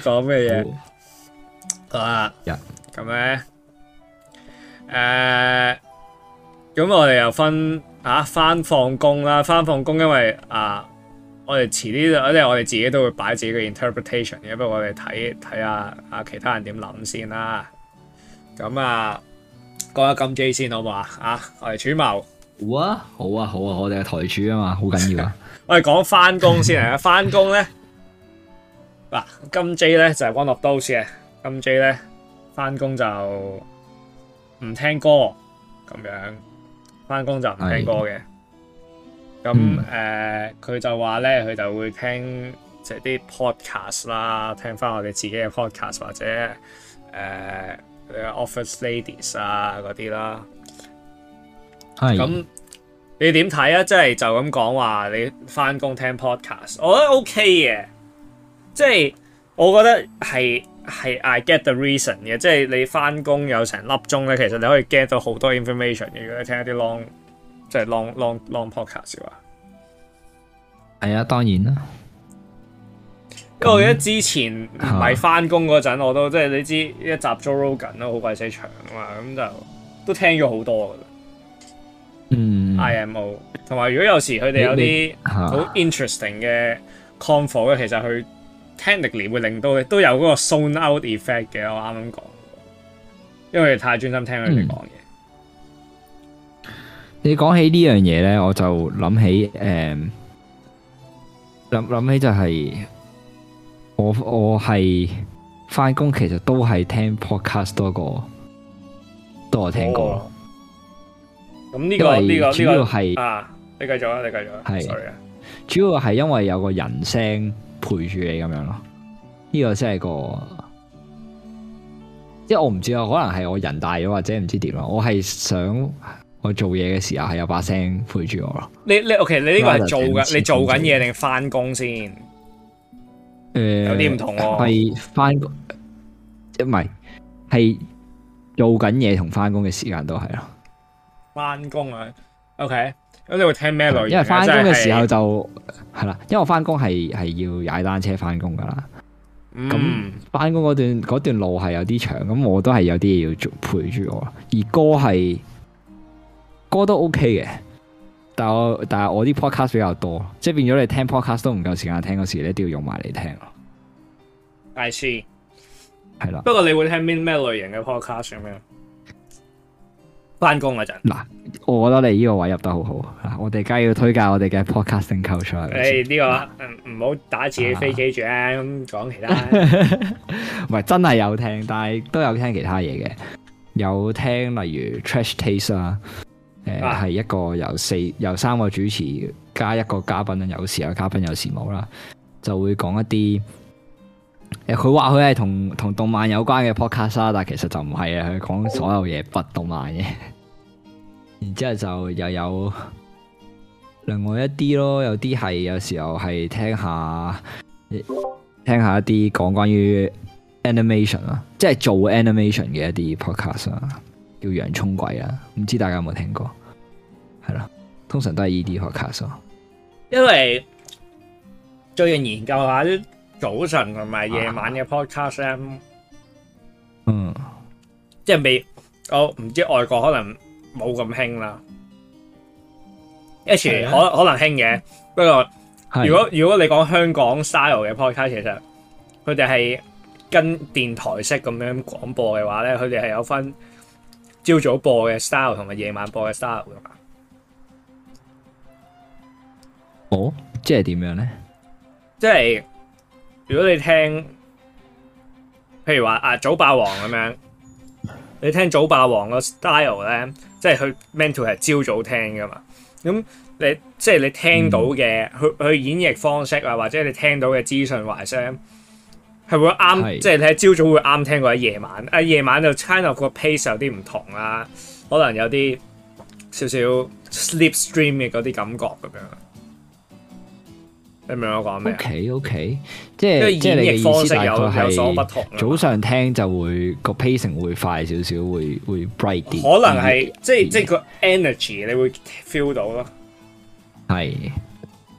講咩嘢？啊，咁咧，誒，咁我哋又分啊，返放工啦，返放工，因為啊，我哋遲啲即係我哋自己都會擺自己嘅 interpretation 嘅，不過我哋睇睇啊啊其他人點諗先啦。咁啊，講下金雞先好唔好啊？啊，我哋主謀，啊、好啊，好啊，好啊，我哋係台柱啊嘛，好緊要啊。 我哋講返工先啊，返工咧。 嗱，金 J 咧就係 One of those 嘅，金 J 咧翻工就唔、是、聽歌咁樣，翻工就唔聽歌嘅。咁誒，佢就話咧，佢就會聽即係、就、啲、是、podcast 啦，聽翻我哋自己嘅 podcast 或者誒、呃、Office Ladies 啊嗰啲啦。係的。咁你點睇啊？即係就咁講話，你翻工、就是、聽 podcast，我覺得 OK 嘅。即係我覺得係係 I get the reason 嘅，即係你翻工有成粒鐘咧，其實你可以 get 到好多 information 嘅。如果你聽一啲 long 即係 long long long podcast 啊，係啊，當然啦。因為我記得之前唔係翻工嗰陣，嗯、我都即係你知一集 Joe Rogan 都好鬼死長啊嘛，咁就都聽咗好多噶。嗯，IMO。同埋如果有時佢哋有啲好 interesting 嘅 convo 咧，其實佢。Technically 會令到都有嗰個 zone out effect 嘅。我啱啱講，因為太專心聽佢哋講嘢。你講起呢樣嘢咧，我就諗起誒，諗諗起就係我我係翻工，其實都係聽 podcast 多過，多我聽過。咁呢個呢個呢個係啊，你繼續啦，你繼續啦，係主要係因為有個人聲。陪住你咁樣咯，呢個先係個，因為我唔知啊，可能係我人大咗或者唔知點咯，我係想我做嘢嘅時候係有把聲陪住我咯。你你 OK？你呢個係做緊你做緊嘢定翻工先？誒、呃，有啲唔同喎、啊，係翻，即唔係係做緊嘢同翻工嘅時間都係咯，翻工啊！O K，咁你會聽咩類型的？因為翻工嘅時候就係啦、就是，因為我翻工係係要踩單車翻工㗎啦。咁翻工嗰段段路係有啲長，咁我都係有啲嘢要做陪住我。而歌係歌都 O K 嘅，但係我但係我啲 podcast 比較多，即係變咗你聽 podcast 都唔夠時間聽嗰時，你都要用埋嚟聽咯。I C 係啦，不過你會聽邊咩類型嘅 podcast 咁樣？翻工嗰陣，嗱，我覺得你呢個位入得好好，我哋梗係要推介我哋嘅 podcast Culture、這個。誒、啊，呢個唔好打自己飛機住咧，咁講、啊、其他。唔係 真係有聽，但係都有聽其他嘢嘅，有聽例如 Trash Taste、呃、啊，誒係一個由四由三個主持加一個嘉賓，有時有嘉賓，有時冇啦，就會講一啲。.誒，佢話佢係同同動漫有關嘅 podcast，但係其實就唔係啊，佢講所有嘢不動漫嘅。然之後就又有另外一啲咯，有啲係有時候係聽下聽下一啲講關於 animation 啊，即係做 animation 嘅一啲 podcast 啊，叫洋葱鬼啊，唔知大家有冇聽過？係咯，通常都係呢啲 podcast，因為最近研究下。早晨同埋夜晚嘅 podcast 咧、啊，嗯，即係未，我唔知外國可能冇咁興啦。一時可可能興嘅，的不過的如果如果你講香港 style 嘅 podcast，其實佢哋係跟電台式咁樣廣播嘅話咧，佢哋係有分朝早播嘅 style 同埋夜晚播嘅 style 噶嘛。哦，即係點樣咧？即係。如果你聽，譬如話啊早霸王咁樣，你聽早霸王個 style 咧，即係佢 mental 係朝早聽㗎嘛。咁你即係你聽到嘅佢、嗯、演繹方式啊，或者你聽到嘅資訊話聲，係是的 會啱。即係你喺朝早會啱聽，或喺夜晚到啊，夜晚就 channel 個 pace 有啲唔同啦，可能有啲少少 sleep stream 嘅嗰啲感覺咁樣。你明我講咩？OK，OK，即係即係你嘅意思，大概係早上聽就會個 pacing 會快少少，會會 bright 啲。可能係即係即係個 energy，你會 feel 到咯。係，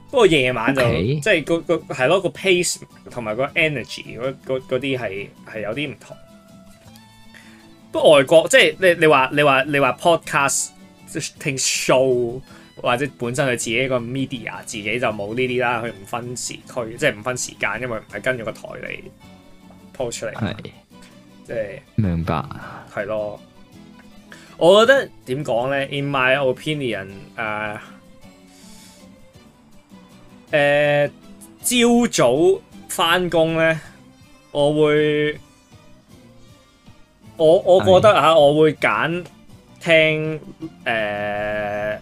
不過夜晚就即係個個係咯個 pace 同埋個 energy 嗰嗰嗰啲係係有啲唔同。不過外國即係你你話你話你話 podcast 聽 show。或者本身佢自己個 media，自己就冇呢啲啦。佢唔分時區，即係唔分時間，因為唔係跟住個台嚟 post 出嚟，係即係明白。係咯，我覺得點講咧？In my opinion，誒、呃、誒，朝、呃、早翻工咧，我會我我覺得嚇是的、啊，我會揀聽誒。呃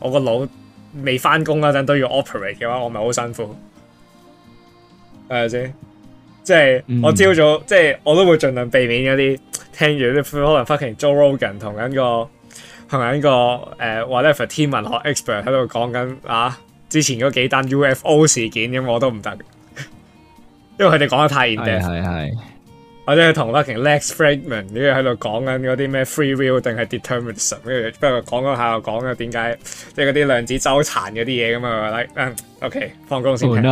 我個腦未翻工嗰陣都要 operate 嘅話，我咪好辛苦。誒、mm，即即係我朝早，即、就、係、是、我都會盡量避免嗰啲聽住啲可能 fucking Joe Rogan 同緊個同緊個誒、呃、，whatever 天文學 expert 喺度講緊啊，之前嗰幾單 UFO 事件咁，我都唔得，因為佢哋講得太嚴厲。我或者同嗰條 Lex Fridman 啲喺度講緊嗰啲咩 free will 定係 determinism，跟住不如講嗰下又講又點解即係嗰啲量子糾纏嗰啲嘢咁啊？Like 嗯、um，OK，放工先聽，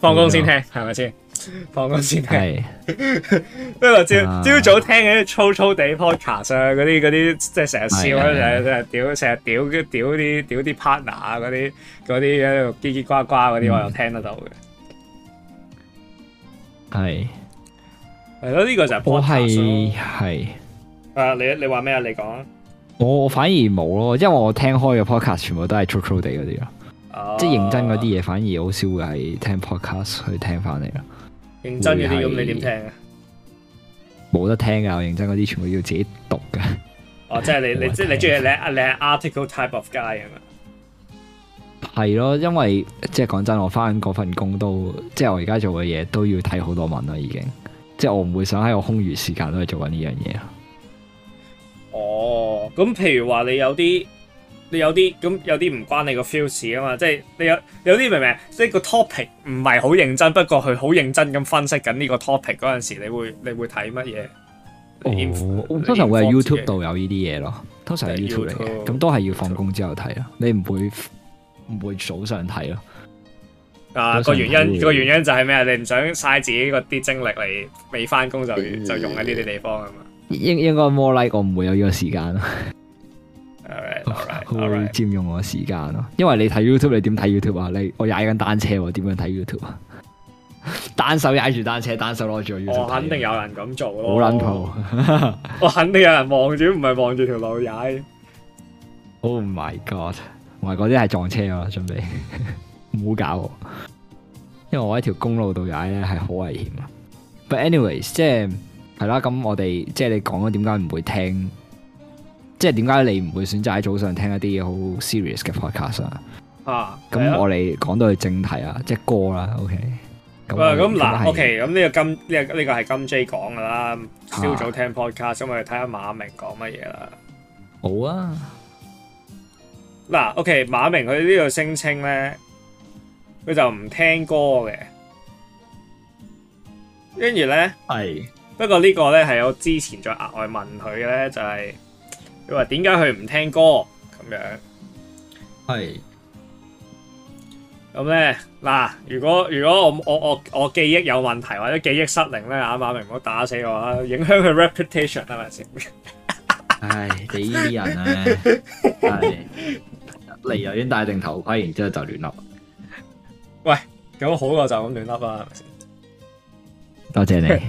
放工先聽係咪先？放工先聽，不過朝朝早聽嗰啲粗粗地 podcast 啊，嗰啲啲即係成日笑啊，成日屌成日屌屌啲屌啲 partner 啊，嗰啲嗰啲喺度嘰嘰呱呱嗰啲我又聽得到嘅，係。係咯，呢、這個就係 podcast 我係係，誒，你你話咩啊？你講。你你我反而冇咯，因為我聽開嘅 podcast 全部都係 true crime 嗰啲咯，oh, 即係認真嗰啲嘢，反而好少會係聽 podcast 去聽翻嚟咯。認真嗰啲咁，是你點聽啊？冇得聽噶，我認真嗰啲全部要自己讀噶。哦，即係你 你,你即係你中意你你係 article type of guy 啊嘛？係咯，因為即係講真的，我翻嗰份工都即係我而家做嘅嘢都要睇好多文啦，已經。即係我唔會想喺我空餘時間都去做緊呢樣嘢啊。哦，咁譬如話你有啲，你有啲咁有啲唔關你個 feel 事啊嘛，即係你有你有啲明唔明？即係個 topic 唔係好認真，不過佢好認真咁分析緊呢個 topic 嗰陣時，你會你會睇乜嘢？哦，通常會喺 YouTube 度有呢啲嘢咯，通常係 YouTube 嚟嘅，咁、哦、都係要放工之後睇咯，你唔會唔會早上睇咯？啊個、uh, 原因個原因就係咩啊？你唔想嘥自己個啲精力嚟未翻工就就用喺呢啲地方啊嘛？應應該 more like 我唔會有呢個時間咯。佔、All right, all right, all right. 用我時間咯、啊。因為你睇 YouTube，你點睇 YouTube 啊？你我踩緊單車，點樣睇 YouTube 啊？單手踩住單車，單手攞住 YouTube。我肯定有人咁做咯。好卵鋪！我肯定有人望住，唔係望住條路踩。Oh my god！同埋嗰啲係撞車啊，準備。唔好搞，因為我喺條公路度踩咧，係好危險啊。But anyways，即係係啦，咁我哋即係你講咗點解唔會聽，即係點解你唔會選擇喺早上聽一啲好 serious 嘅 podcast 啊？啊，咁我哋講到去正題啊，即係歌啦。OK，咁啊，咁嗱，OK，咁呢個金呢個呢個係金 J 講噶啦。朝早聽 podcast，咁我哋睇下馬明講乜嘢啦。好啊，嗱，OK，馬明佢呢度聲稱咧。佢就唔聽歌嘅，跟住咧，係不過呢個咧係我之前再額外問佢咧，就係佢話點解佢唔聽歌咁樣，係咁咧嗱，如果如果我我我我記憶有問題或者記憶失靈咧，阿馬明唔好打死我啦，影響佢 reputation 啊嘛先，唉，啲人咧嚟幼稚園戴定頭盔，然之後就亂噏。喂，咁好過就咁亂甩啦，係咪先？多謝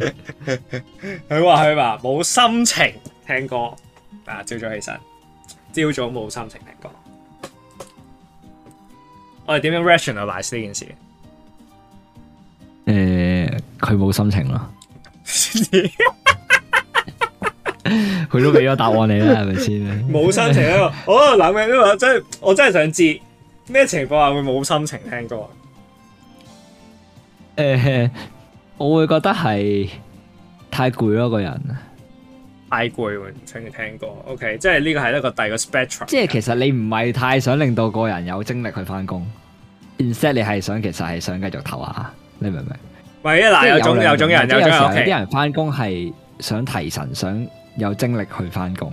你 佢話佢話冇心情聽歌啊，朝早起身，朝早冇心情聽歌。我哋點樣 rationalise 呢件事？誒、呃，佢冇心情啦。佢都俾咗答案你啦，係咪先？冇心情啊、 哦！我諗緊啊，真係我真係想知。咩情況下會冇心情聽歌？誒、呃，我會覺得係太攰咯，個人太攰，唔想聽歌。O、okay, K，即係呢個係一個第二個 spectrum。即係其實你唔係太想令到個人有精力去翻工、嗯、，instead 你係想其實係想繼續唞下。你明唔明？喂，嗱、呃，有種有種人，有啲人翻工係想提神，Okay 想有精力去翻工。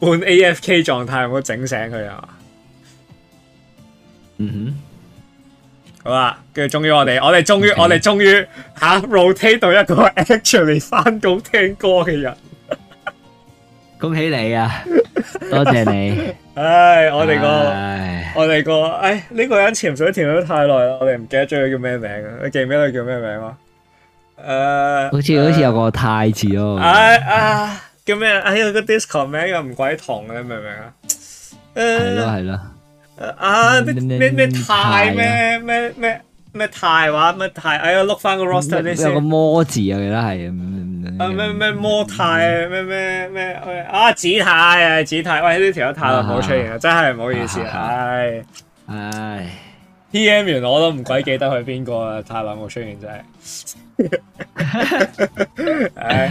半 AFK 狀態，我整醒佢啊！嗯哼，好啦，跟住終於我哋，我哋終於，我哋終於吓 rotate 到一個 actually 返工聽歌嘅人，恭喜你啊！多謝你。唉，我哋個，我哋個，唉，呢個人潛水潛咗太耐啦，我哋唔記得咗佢叫咩名啊？你記唔記得佢叫咩名啊？誒，好似好似有個太子哦。叫咩？哎呀，個 disco 名又唔鬼同嘅，你明唔明啊？係咯，係咯。啊咩咩咩泰咩咩咩咩泰話咩泰！哎呀，碌翻個 roster 呢先。有個魔字啊，記得係。啊咩咩魔泰咩咩咩啊子太！啊紫泰，喂，呢條友太耐冇出現真係唔好意思啊，唉唉。P.M. 完我都唔鬼記得佢邊個，太耐冇出現真係。唉。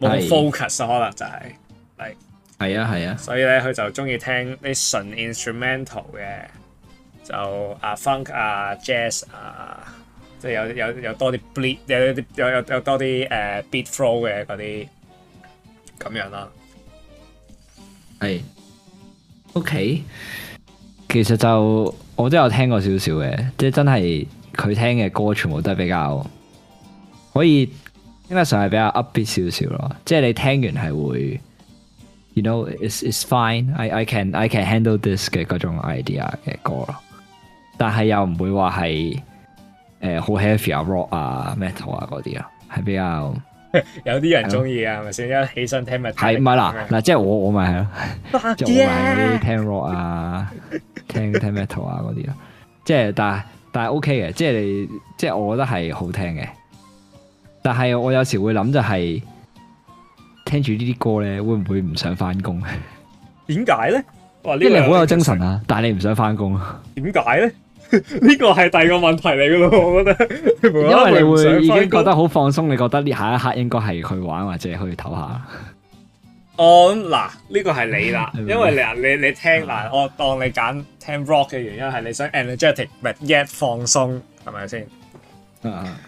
冇 focus 咯，可能就係，係，係啊，係啊，所以咧，佢就中意聽啲純 instrumental 嘅，就啊 funk 啊 jazz 啊，即係有有有多啲 beat，有有有有多啲誒 beat flow 嘅嗰啲，咁樣啦，係，OK，其實就我都有聽過少少嘅，即係真係佢聽嘅歌全部都係比較可以。應該上係比較 upbeat 少少咯，即係你聽完係會，you know it's it's fine，I I can I can handle this 嘅嗰種 idea 嘅歌咯，但係又唔會話係誒好 heavy 啊 rock 啊 metal 啊嗰啲啊，係比較有啲人中意啊，係咪先？一起身聽咪係唔係啦？嗱，即係我我咪係咯，即係我咪聽 rock 啊，聽聽 metal 啊嗰啲咯，即係但係但係 OK 嘅，即係你即係我覺得係好聽嘅。但係我有時會諗就係聽住呢啲歌咧，會唔會唔想翻工？點解咧？哇！你好有精神啊，但係你唔想翻工啊？點解咧？呢個係第二個問題嚟噶咯，我覺得。因為你會已經覺得好放鬆，你覺得呢下一刻應該係去玩或者去唞下。哦、嗯，嗱，呢個係你啦，這個、你 因為你你你聽嗱，我當你揀聽 rock 嘅原因係你想 energetic，唔 yet 放鬆，係咪先？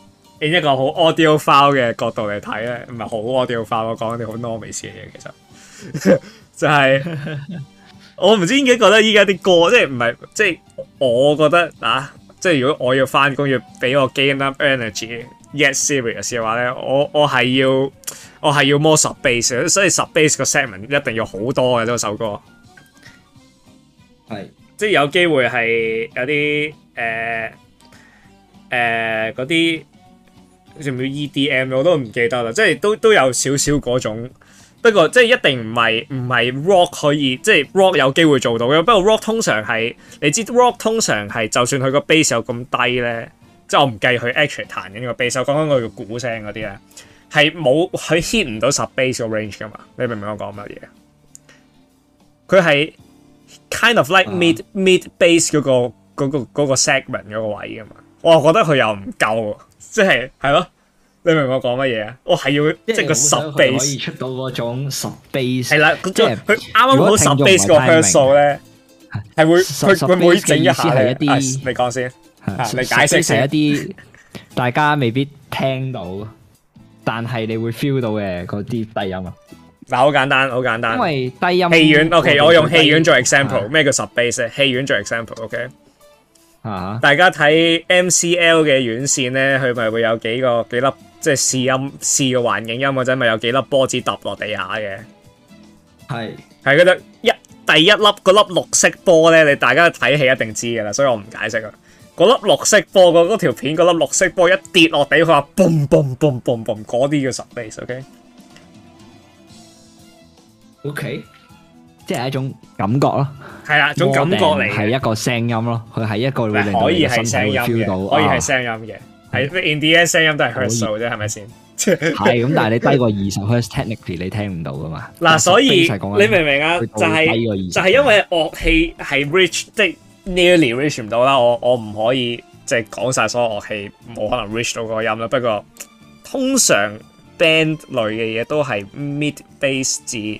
以一個好 audio file 嘅角度嚟睇咧，唔係好 audio file，我講啲好 normal 嘅嘢，其實就係、是、我唔知點解覺得依家啲歌，即係唔係即係我覺得啊，即係如果我要返工要俾我 gain up energy，get serious 嘅話咧，我我係要我係要 more sub bass 所以 sub bass 個 segment 一定要好多嘅呢、這個、首歌，是即係有機會係有啲誒誒嗰啲。呃呃那些算唔算 EDM 我都唔記得啦，即係都都有少少嗰種，不過即係一定唔係唔係 rock 可以，即係 rock 有機會做到嘅。不過 rock 通常係你知道 rock 通常係，就算佢個 base 有咁低咧，即係我唔計佢 actually 彈嘅個 base，我講講個鼓聲嗰啲咧，係冇佢 hit 唔到十 base 個 range 噶嘛？你明唔明我講乜嘢？佢係 kind of like mid、uh huh. mid base 嗰、嗰個嗰、嗰個嗰、嗰個 segment 嗰個位噶嘛？哇我又覺得佢又唔夠。即係，係咯，你明我講乜嘢啊？我係要即係個十倍可以出到種 sub-bass，係啦，嗰佢啱啱好十倍個頻數咧，係會佢會唔會整一下係一啲？你講先，你解釋成一啲大家未必聽到，但係你會 feel 到嘅嗰啲低音啊！嗱，好簡單，好簡單，因為低音戲院，OK，我用戲院做 example，咩叫 sub-bass 咧？戲院做 example，OK。啊！大家睇 MCL 嘅軟線咧，佢咪會有幾個幾粒即係試音試個環境音嗰陣，咪有幾粒波子揼落地下嘅。係係嗰粒一第一粒嗰粒綠色波咧，你大家睇戲一定知噶啦，所以我唔解釋啦。嗰粒綠色波嗰條片嗰粒綠色波一跌落地，佢話嘣嘣嘣嘣嘣，嗰啲叫十利，OK？OK？即係一種感覺咯，係啦，種感覺嚟，係一個聲音咯，佢係一個會令你心會 feel 到，可以係聲音嘅，係 in the end 聲音都係赫數啫，係咪先？係，咁但係你低過二十赫，technically 你聽唔到噶嘛？嗱，所以你明唔明啊？就係就係因為樂器係 reach，即係 nearly reach 唔到啦。我我唔可以即係講晒所有樂器冇可能 reach 到嗰個音啦。不過通常 band 類嘅嘢都係 mid bass 至。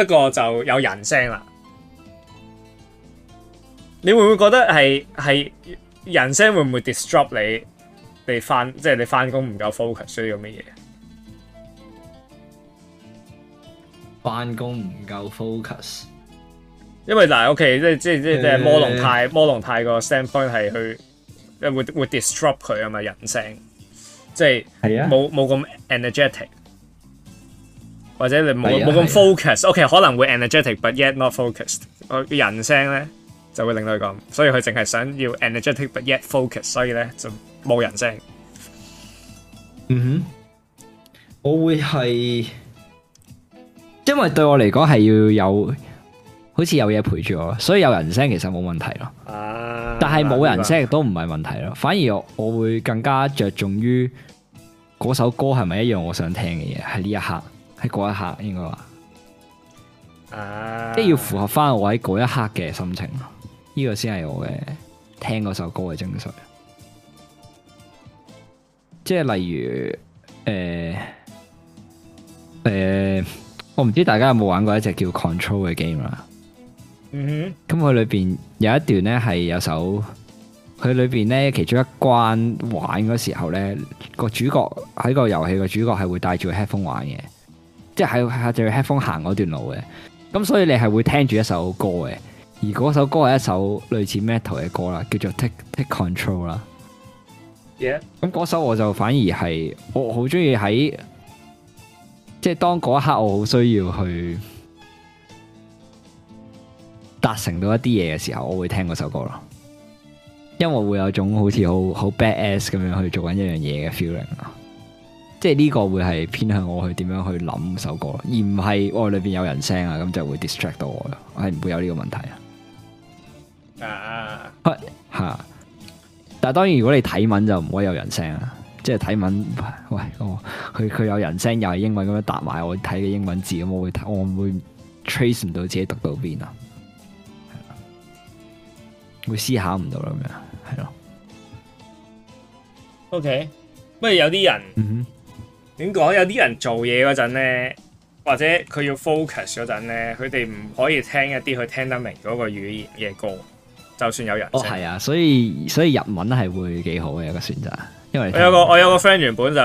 不過就有人聲啦，你會唔會覺得係係人聲會唔會 disturb 你？你翻即係、就是、你翻工唔夠 focus 需要咩嘢？翻工唔夠 focus，因為嗱，O K，即係即係即係摩龍太摩龍太個 standpoint 係去，會會 disturb 佢啊嘛，人聲即係係啊，冇冇咁 energetic。或者你冇冇咁 focus，OK，可能會 energetic but yet not focused。我人聲咧就會令到佢咁，所以佢淨係想要 energetic but yet focus，所以咧就冇人聲。嗯哼，我會係因為對我嚟講係要有好似有嘢陪住我，所以有人聲其實冇問題咯。啊，但係冇人聲亦都唔係問題咯，反而我我會更加著重於嗰首歌係咪一樣我想聽嘅嘢喺呢一刻。喺嗰一刻，應該話，即係要符合翻我喺嗰一刻嘅心情呢，依、呢個先係我嘅聽嗰首歌嘅精髓。即係例如，誒、呃、誒、呃，我唔知道大家有冇玩過一隻叫 Control 嘅 game 啦。嗯哼、mm，咁佢裏邊有一段呢，係有首佢裏邊呢，其中一關玩嗰時候呢，個主角喺個遊戲嘅主角係會戴住 headphone 玩嘅。即係喺最 headphone 行嗰段路嘅，咁所以你係會聽住一首歌嘅，而嗰首歌係一首類似 metal 嘅歌啦，叫做 Take Take Control 啦。耶！咁嗰首我就反而係我好中意喺，即係當嗰一刻我好需要去達成到一啲嘢嘅時候，我會聽嗰首歌咯。因為會有種好似好好 bad ass 咁樣去做緊一樣嘢嘅 feeling。即係呢個會係偏向我去點樣去諗首歌，而唔係我裏邊有人聲啊，咁就會 distract 到我咯。我係唔會有呢個問題啊。吓，但係當然如果你睇文就唔可以有人聲啊，即係睇文喂，佢、哦、佢有人聲又係英文咁樣答埋我睇嘅英文字咁，我會我唔會 trace 唔到自己讀到邊啊？會思考唔到啦咁樣，係咯。OK，不過有啲人， 點講？有啲人做嘢嗰陣咧，或者佢要 focus 嗰陣咧，佢哋唔可以聽一啲佢聽得明嗰個語言嘅歌，就算有人。哦，係啊，所以所以日文係會幾好嘅一個選擇，因為我有個我有個 friend 原本就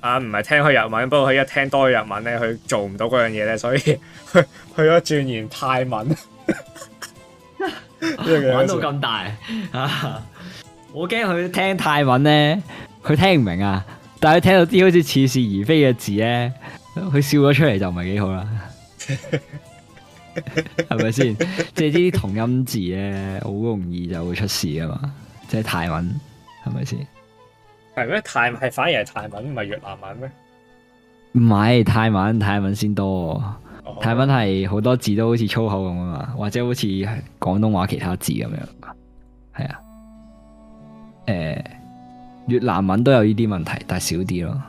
啊唔係聽開日文，不過佢一聽多日文咧，佢做唔到嗰樣嘢咧，所以去去咗轉言泰文，玩 到咁大、啊、我驚佢聽泰文咧，佢聽唔明啊！但係佢聽到啲好似似是而非嘅字咧，佢笑咗出嚟就唔係幾好啦，係咪先？即係啲同音字咧，好容易就會出事啊嘛！即係泰文，係咪先？係咩泰係反而係泰文唔係越南文咩？唔係，泰文，泰文先多，oh，泰文係好多字都好似粗口咁啊嘛，或者好似廣東話其他字咁樣，係啊，誒、呃。越南文都有呢啲問題，但係少啲咯。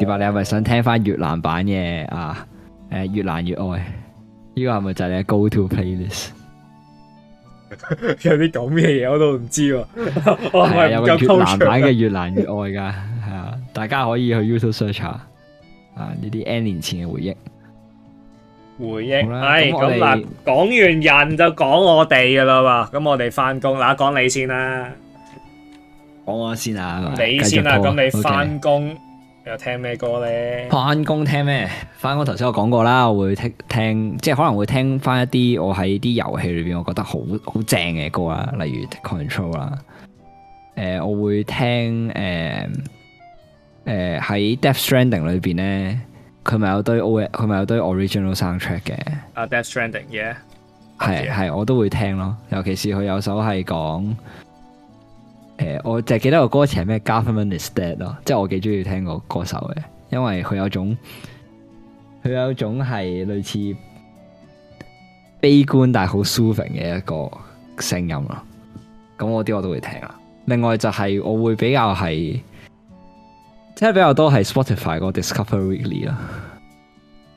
點啊？你係咪想聽翻越南版嘅啊？誒，越南越愛呢個係咪就係你嘅 Go to Playlist？有啲咁嘅嘢我都唔知。係有個越南版嘅越南越愛噶，係啊！大家可以去 YouTube search 下啊，呢啲 N 年前嘅回憶。回憶係咁嗱，講完人就講我哋噶啦嘛。咁我哋翻工，啦，講你先啦。講下先啊，你先啊，咁你翻工 Okay. 又聽咩歌咧？翻工聽咩？翻工頭先我講過啦，我會聽聽，即係可能會聽翻一啲我喺啲遊戲裏邊，我覺得好好正嘅歌啊，例如《Control》啦。誒、呃，我會聽誒誒喺《Death、呃、Stranding》裏邊咧，佢咪有堆 o 佢咪有堆 original soundtrack 嘅。啊、uh, yeah. okay，《Death Stranding》, yeah. 係係，我都會聽咯，尤其是佢有首係講。誒，我就記得個歌詞係咩？Government is dead 咯，即係、就是、我幾中意聽個歌手嘅，因為佢有種佢有種係類似悲觀但係好 soothing 嘅一個聲音咯。咁我啲我都會聽啊。另外就係我會比較係聽、就是、比較多係 Spotify 個 Discover Weekly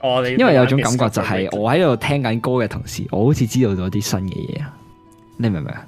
哋，因為有種感覺就係我喺度聽緊歌嘅同時，我好似知道咗啲新嘅嘢啊！你明唔明啊？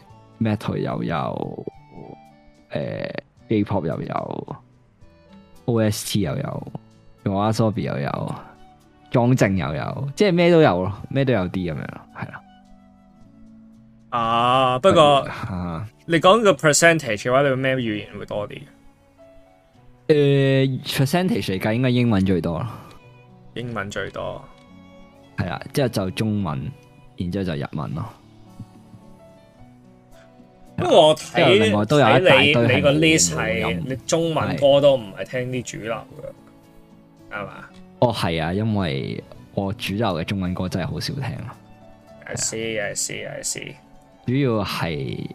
Metal 又有，誒，K-pop 又有，OST 又有，用阿 Sobi 又有，裝正又有，即係咩都有咯，咩都有啲咁樣，係啦。啊，不過，啊，你講個 percentage 嘅話，你個咩語言會多啲？誒，percentage 嚟計，應該英文最多咯。英文最多。係啊，即係之後就中文，然之後就日文咯。不過我都有，有你你個 list 係，你中文歌都唔係聽啲主流嘅，係嘛的？吧哦，係啊，因為我主流嘅中文歌真係好少聽啊。I see, I see, I see. s 主要係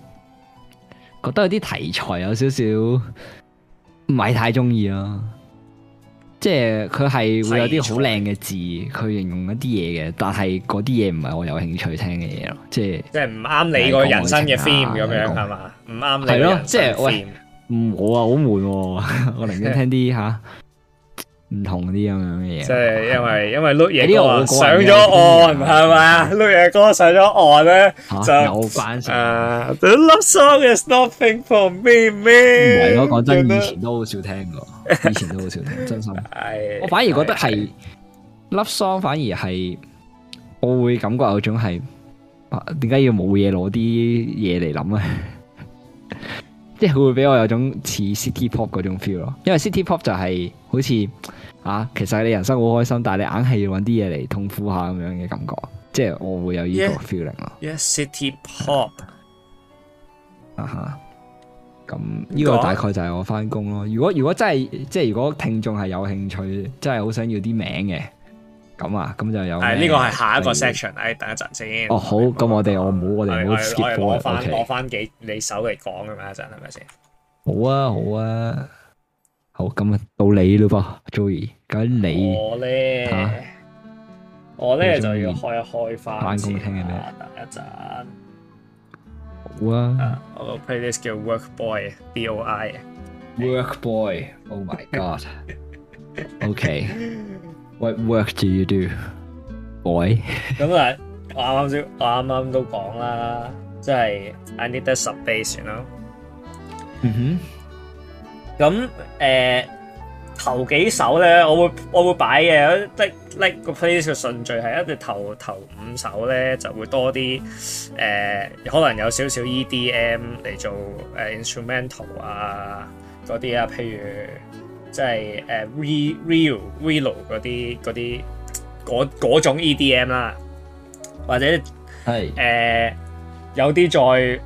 覺得有啲題材有少少唔係太中意咯。即係佢係會有啲好靚嘅字，佢形容一啲嘢嘅，但係嗰啲嘢唔係我有興趣聽嘅嘢咯。即係即係唔啱你個人生嘅 theme 咁樣係嘛？唔啱吧、啊、你係咯。即係喂，我啊好悶，我寧願聽啲吓。 唔同啲咁樣嘅嘢，即係因為因為碌嘢，上咗岸係咪，碌嘢歌上咗岸咧就有關係 The love song is nothing for me 咩？唔係咯，我講真，以前都好少聽噶，以前都好少聽，真心。我反而覺得係 love song，反而係我會感覺有種係點解要冇嘢攞啲嘢嚟諗啊？即係佢會俾我有一種似 city pop 嗰種 feel 咯，因為 city pop 就係好似啊，其實你人生好開心，但係你硬係要揾啲嘢嚟痛苦下咁樣嘅感覺，即係我會有呢個 feeling 咯。Yes，city pop，yeah, yeah 啊哈，咁、啊、呢個大概就係我翻工咯。如果如果真係即係如果聽眾係有興趣，真係好想要啲名嘅。咁啊，咁就有。呢個係下一個 section，哎，等一陣先。哦，好，咁我哋我唔好，我哋唔好 skip 過嚟，OK。我翻我翻幾你手嚟講啊嘛，一陣係咪先？好啊，好啊，好，咁啊到你嘞噃，Joey，咁你。我咧。我咧就要開一開翻字。辦公室聽嘅咧。一陣。好啊。啊，我個 playlist 叫 work boy，b o i，work boy，oh my god，okay。What work do you do, boy？咁啊，我啱啱先，我啱啱都講啦，即係 I need that sub bass 啦。嗯哼。咁誒頭幾首咧，我會我會擺嘅，即係 list 個 playlist 嘅順序係一直頭頭五首咧，就會多啲誒，可能有少少 EDM 嚟做誒 instrumental 啊嗰啲啊，譬如。即係誒、uh, re real real 嗰啲嗰啲嗰種 EDM 啦，或者係誒是、呃、有啲再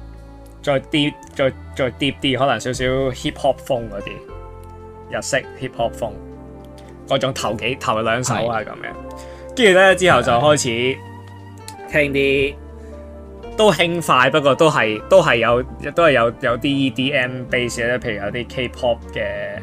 再啲、再 deep, 再啲啲，可能少少 hip hop 風嗰啲日式 hip hop 風嗰種頭幾頭兩首啊咁樣的，跟住咧之後就開始聽啲是 都輕快，不過都係都係有都係有有啲 EDM base 咧，譬如有啲 K pop 嘅。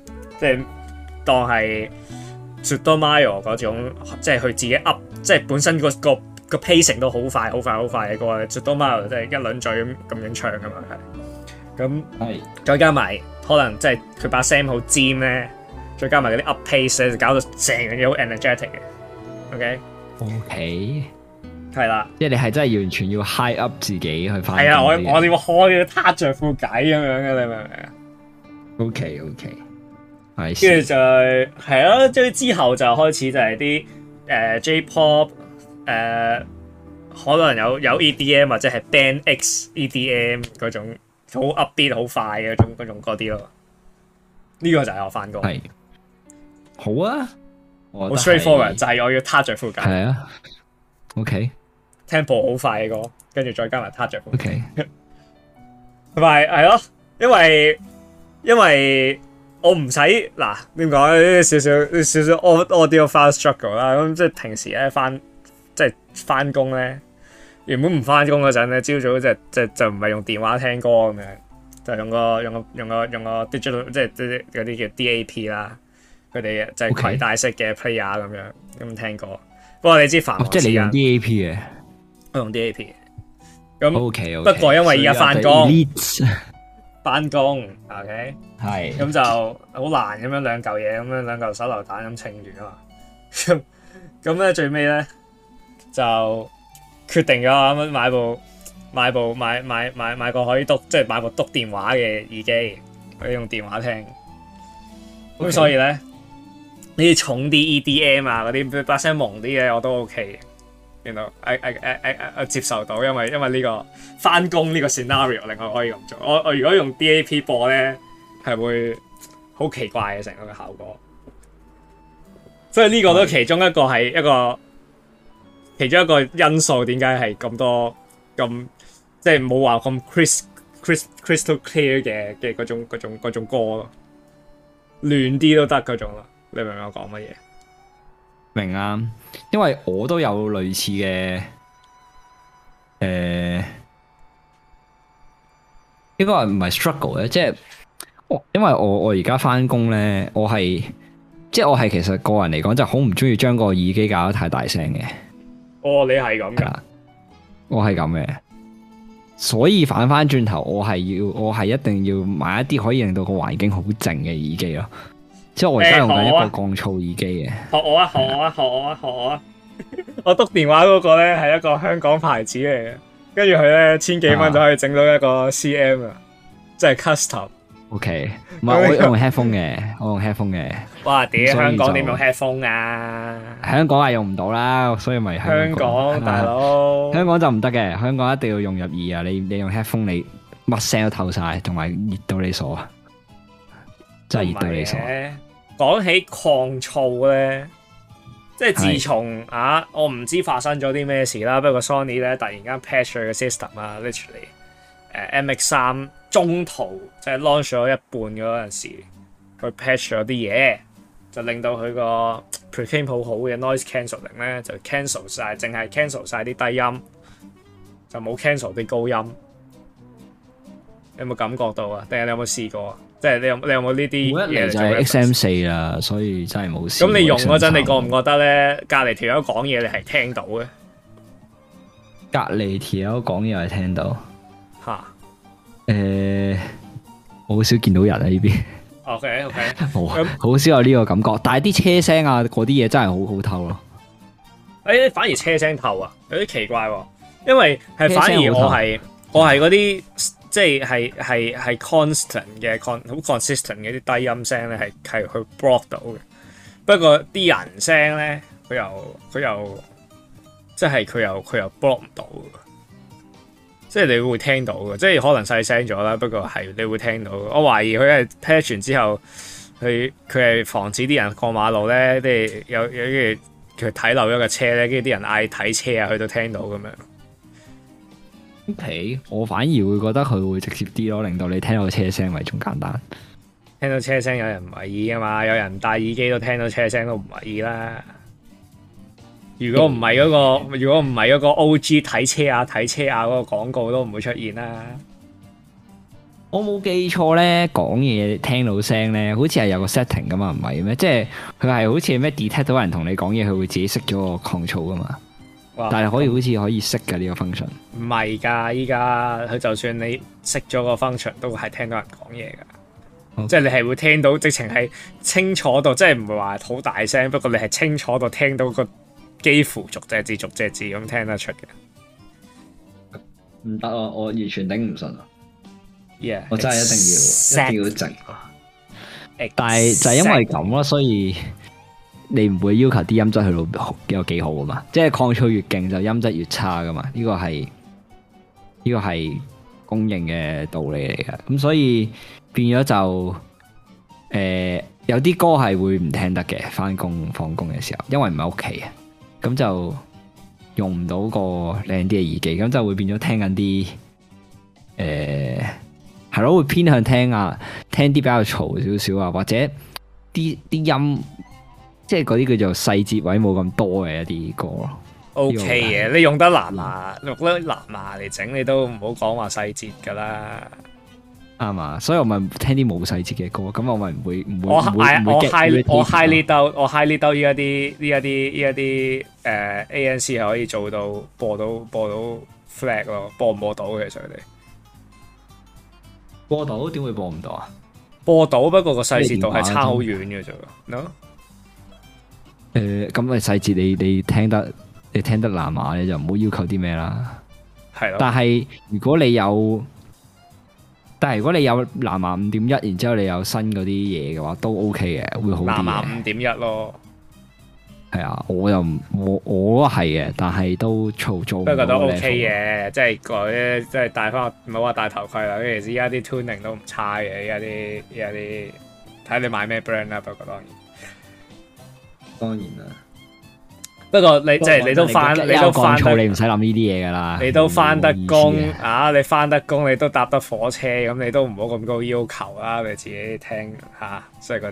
即係當係《Zutomayo》嗰種，即係佢自己 up，即係本身、個個個 pacing 都好快，好快，好快嘅歌，《Zutomayo》即係一輪嘴咁咁樣唱噶嘛係。咁係是，再加埋可能即係佢把聲好尖咧，再加埋嗰啲 up pace 咧，就搞到成樣嘢好 energetic 嘅。O K O K 係啦，即係你係真係完全要 high up 自己去拍。係啊，我我點會開到攤着褲底咁樣嘅？你明唔明啊？O K O K。Okay, okay. 跟住 就係係咯，即之、啊、後就開始就係啲誒、呃、J-pop 誒、呃，可能有有 EDM 或者係 Band X EDM 嗰種好 upbeat 好快嘅種嗰種嗰啲咯。呢、這個就係我翻工係，好啊，我 straightforward、啊 okay. 就係我要 touch 着附近係啊 OK, tempo 好快嘅歌，跟住再加埋 touch 着附近，係係咯，因為因為。我唔使嗱點解？少少少少 audio file struggle 啦。咁即係平時咧翻即係翻工咧，原本唔翻工嗰陣咧，朝早即係即係就唔係用電話聽歌咁樣，就用個用個用個用個 digital 即係嗰啲叫 DAP 啦、er，佢哋就係攜帶式嘅 player 咁樣咁聽歌。不過你知煩我即係你用 DAP 嘅，Okay. 我用 DAP。咁 Okay, okay. 不過因為而家翻工。So 返工，OK，係咁是就好難咁樣兩嚿嘢咁樣，兩嚿手榴彈咁稱住啊嘛，咁 呢，咧最尾咧就決定咗啊，買部買部買買買買個可以篤，即係買部篤電話嘅耳機，可以用電話聽。咁 Okay. 所以咧呢啲重啲 EDM 啊，嗰啲把聲朦啲嘢，我都 OK 嘅。然後誒誒誒接受到，因為因為呢個翻工呢個 scenario，令我可以咁做。我我如果用 DAP 播咧，係會好奇怪嘅成個效果。所以呢個都其中一個係一個、嗯、其中一個因素，點解係咁多咁即係冇話咁 crystal clear 嘅嘅嗰種嗰種嗰種種歌，暖啲都得嗰種咯。你明唔明我講乜嘢？明啊，因為我都有類似嘅，誒、呃，應該係唔係 struggle 嘅，即、哦、係因為我我而家翻工咧，我係即係我係其實個人嚟講就好唔中意，將個耳機搞得太大聲嘅。哦，你係咁，我係咁嘅，所以反翻轉頭，我係要我係一定要買一啲可以令到個環境好靜嘅耳機咯。即係我而家用緊一個降噪耳機嘅，學我啊，學我啊，學我啊，學我啊！我篤電話嗰個咧，係一個香港牌子嚟嘅，跟住佢咧，千幾蚊就可以整到一個 C M 啊，即係 custom。O K，唔係我用 headphone 嘅，我用 headphone 嘅。哇，點香港點用 headphone 啊？香港係用唔到啦，所以咪香港大佬，香港就唔得嘅，香港一定要用入耳啊！你你用 headphone，你乜聲都透晒，同埋熱到你傻，真係熱到你傻。講起抗噪咧，即係自從是啊，我唔知發生咗啲咩事啦。不過 Sony 咧突然間 patch 咗個 system 啊，literally、uh, MX 三中途即係、就是、launch 咗一半嗰陣時，佢 patch 咗啲嘢，就令到佢個 preclaim 好好嘅 noise cancelling 咧就 cancel 晒，淨係 cancel 晒啲低音，就冇 cancel 啲高音。有冇感覺到啊？定係你有冇試過啊？即係你有你有冇呢啲嘢？就 XM4 啦，所以真係冇事。咁你用嗰陣，你覺唔覺得咧？隔籬條友講嘢，你係聽到嘅？隔籬條友講嘢係聽到。吓哈？誒、欸，我好少見到人喺呢邊。OK OK，好無那少有呢個感覺。但係啲車聲啊，嗰啲嘢真係好好透咯。誒、欸，反而車聲透啊，有啲奇怪、啊。因為係反而我係我係嗰啲。嗯即係係係 constant 嘅好 Con, consistent 嘅啲低音聲咧，係係去 block 到嘅。不過啲人聲咧，佢又佢又即係佢又佢又 block 唔到嘅。即係你會聽到嘅，即係可能細聲咗啦。不過係你會聽到嘅。我懷疑佢係 patch 完之後，佢佢係防止啲人過馬路咧，即係有有啲佢睇漏咗個車咧，跟住啲人嗌睇車啊，佢都聽到咁樣。O、okay, K，我反而會覺得佢會直接啲咯，令到你聽到車聲咪仲簡單。聽到車聲有人唔介意啊嘛，有人戴耳機都聽到車聲都唔介意啦。如果唔係嗰個，嗯、如果唔係嗰個 O G 睇車啊睇車啊嗰個廣告都唔會出現啦。我冇記錯呢，講嘢聽到聲呢，好似係有個 setting 噶嘛，唔係咩？即係佢係好似咩 detect 到人同你講嘢，佢會自己熄咗個 control 噶嘛。哇但係可以樣好似可以識嘅呢個 function？唔係噶，依家佢就算你熄咗個 function，都係聽到人講嘢噶，Okay. 即係你係會聽到，直情係清楚到，即係唔會話好大聲，不過你係清楚到聽到個幾乎逐隻字逐隻字咁聽得出嘅。唔得啊！我完全頂唔順啊！Yeah, 我真係一定要 Exactly. 一定要整 Exactly. 但係就因為咁咯，所以。你唔會要求啲音質去到有幾好噶嘛？即係抗噪越勁就音質越差噶嘛？呢個係，呢個係公認嘅道理嚟嘅。咁所以變咗就誒、呃，有啲歌係會唔聽得嘅。返工放工嘅時候，因為唔喺屋企啊，咁就用唔到個靚啲嘅耳機，咁就會變咗聽緊啲誒、係、呃、咯，會偏向聽啊，聽啲比較嘈少少啊，或者啲啲音。即係嗰啲叫做細節位冇咁多嘅一啲歌咯。O K 嘅，你用得藍牙用得藍牙嚟整，你都唔好講話細節噶啦。啱嘛？所以我咪聽啲冇細節嘅歌。咁我咪唔會唔會我 high 我 high 呢到我 high 呢到呢一啲呢一啲呢一啲誒 A N C，係可以做到播到播到 flag 咯，播唔播到其實佢哋播到點會播唔到啊？播到不過個細節度係差好遠嘅啫。誒，咁嘅細節你你聽得你聽得藍牙你就唔好要求啲咩啦，係咯。但係如果你有，但係如果你有藍牙五點一，然之後你有新嗰啲嘢嘅話，都 OK 嘅，會好啲。藍牙五點一咯，係啊，我又我我都係嘅，但係都做做不過都 OK 嘅，即係嗰啲即係戴翻唔好話戴頭盔啦。尤其是而家啲 tuning 都唔差嘅，而家啲而家啲睇你買咩 brand 啦，不過當然。當然啦，不過你即係、就是、你都翻，你都翻到，你唔使諗呢啲嘢噶啦。你都翻得工啊，你翻得工，你都搭得火車，咁你都唔好咁高要求啦、啊。你自己聽嚇，即係嗰啲，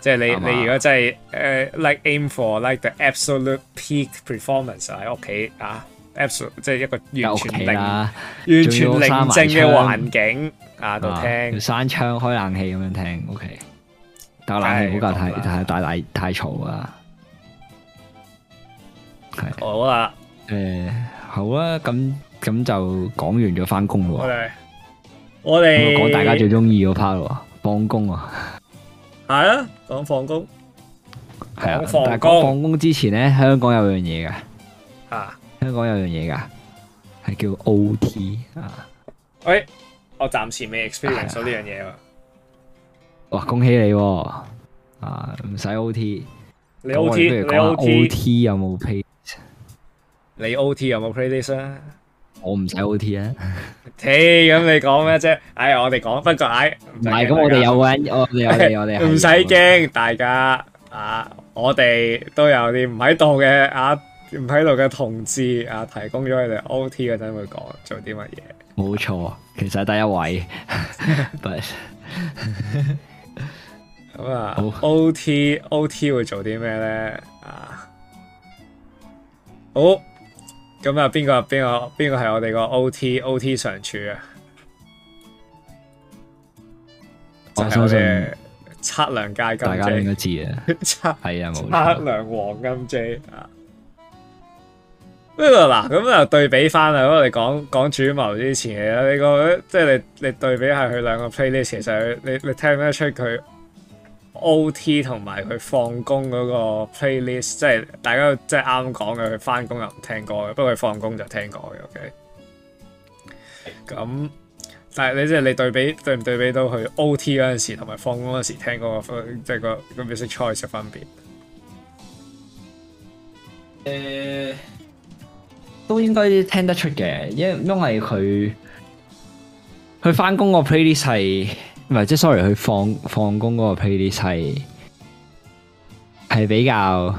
即係、就是、你吧你如果真係誒、uh, like aim for like the absolute peak performance 喺屋企啊，absolute 即係一個完全寧完全寧靜嘅環境啊，度聽、啊、閂窗開冷氣咁樣聽，OK。打冷氣好架，太太大太嘈啊！係好，了、呃、好啊，誒好啊，咁咁就講完咗返工咯。我哋我哋講大家最中意嗰 part 咯，放工啊！係啊，講放工係啊，放工！放工之前咧，香港有樣嘢噶啊，香港有樣嘢噶係叫 O T 啊。喂、欸，我暫時未 experience 到呢樣嘢啊。哇！恭喜你，啊唔使 O T，你 O T，你 O T 有冇 p a 你 O T 有冇 creation？我唔使 O T 啊！嘿，咁你講咩啫？哎，我哋講，不怪。唔係咁，我哋有個我哋有嘅，我哋唔使驚。大家啊，我哋都有啲唔喺度嘅啊，唔喺度嘅同志啊，提供咗佢哋 O T 嗰陣去講做啲乜嘢。冇錯，其實係第一位咁啊，O、oh. T O T 會做啲咩咧？Oh. OT, OT 啊，好、oh，咁啊，邊個邊個邊個係我哋個 O T O T 常處啊？我相信測量家金 J，大家應該知啊，係啊 測，測、yeah, 量黃金 J 啊。不過嗱，咁又對比翻啊，我哋講講主謀之前嘅嘢你、那個即係、就是、你你對比下佢兩個 playlist，其實你你聽得出佢。O.T. 同埋佢放工嗰個 playlist，即係大家即係啱講嘅，佢翻工又唔聽歌嘅，不過佢放工就聽歌嘅。O.K. 咁，但係你即係你對比對唔對比到佢 O.T. 嗰陣時同埋放工嗰時聽歌即係個、嗰個嗰個 music choice 嘅分別？誒、呃，都應該聽得出嘅，因因為佢佢翻工個 playlist 係。唔係即係 sorry，佢放放工嗰個 playlist 係係比較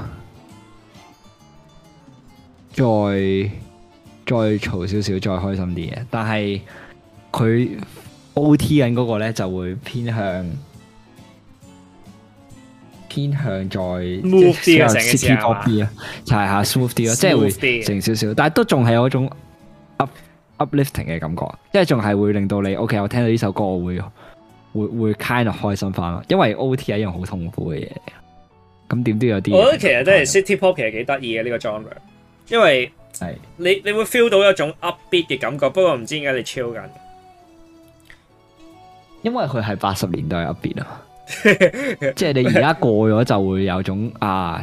再再嘈少少，再開心啲嘅。但係佢 OT 緊嗰個咧就會偏向偏向再 smooth Move 啲啊，smooth 就係下 smooth 啲咯，即係會靜少少。但係都仲係有一種 up uplifting 嘅感覺，即係仲係會令到你 OK，我聽到呢首歌我會。會會 kind of 開心翻咯，因為 O.T. 係一樣好痛苦嘅嘢。咁點都有啲，我覺得其實真係 City Pop 其實幾得意嘅呢個 genre，因為係你你會 feel 到一種 upbeat 嘅感覺，不過唔知點解你超緊，因為佢係八十年代 upbeat 啊， 即係你而家過咗就會有一種 啊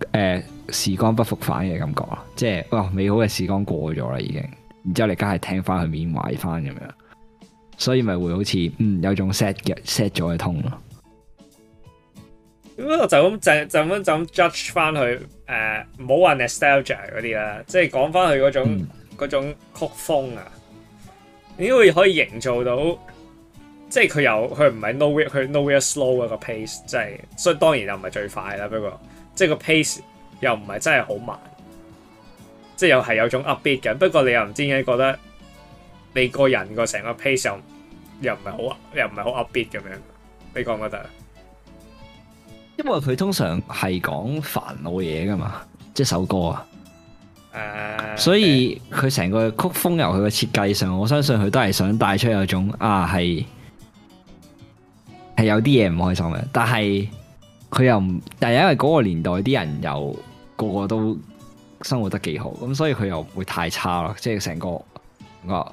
誒、呃、時光不復返嘅感覺，即係哇美好嘅時光過咗啦已經，然之後你而家係聽翻去緬懷翻咁樣。所以咪會好似嗯有種 set 嘅 set 咗嘅痛咯。咁我就咁就就咁、呃、就咁 judge 翻佢誒，唔好話 nostalgia 嗰啲啦，即係講翻佢嗰種嗰種曲風啊，點會可以營造到？即係佢又佢唔係 no way 佢 no way slow 一、啊、個 pace，即係所以當然又唔係最快啦、啊。不過即係個 pace 又唔係真係好慢，即係又係有種 upbeat 嘅。不過你又唔知點解覺得。你個人個成個 pace 上又唔係好，又唔係好 upbeat 咁樣，你覺唔覺得？因為佢通常係講煩惱嘢噶嘛，即首歌啊。所以佢成個曲風由佢嘅設計上，我相信佢都係想帶出有一種啊，係係有啲嘢唔開心嘅。但係佢又唔，但係因為嗰個年代啲人又個個都生活得幾好，咁所以佢又唔會太差咯。即係成個個。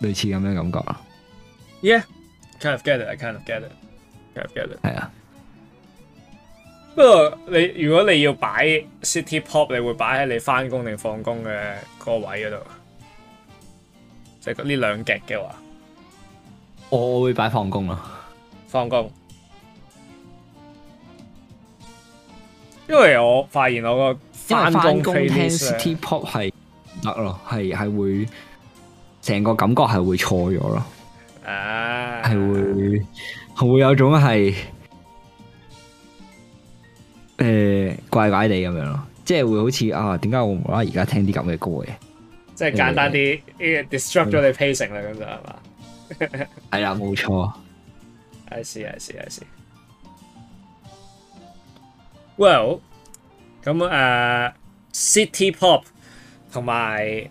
類似咁樣感覺啊？Yeah，kind of get it，I kind of get it，kind of get it, kind of get it. 的。係啊，不過你如果你要擺 city pop，你會擺喺你翻工定放工嘅個位嗰度，即係呢兩極嘅話，我我會擺放工啊，放工，因為我發現我個翻工聽聽 city pop 係得咯，係係會。成個感覺係會錯咗咯，係會會有種係誒怪怪地咁樣咯，即係會好似啊，點解我無啦啦而家聽啲咁嘅歌嘅？即係簡單啲，destruct 咗你 pacing 啦，咁就係嘛？係啊，冇錯。I see, I see, I see. Well，咁誒，city pop 同埋。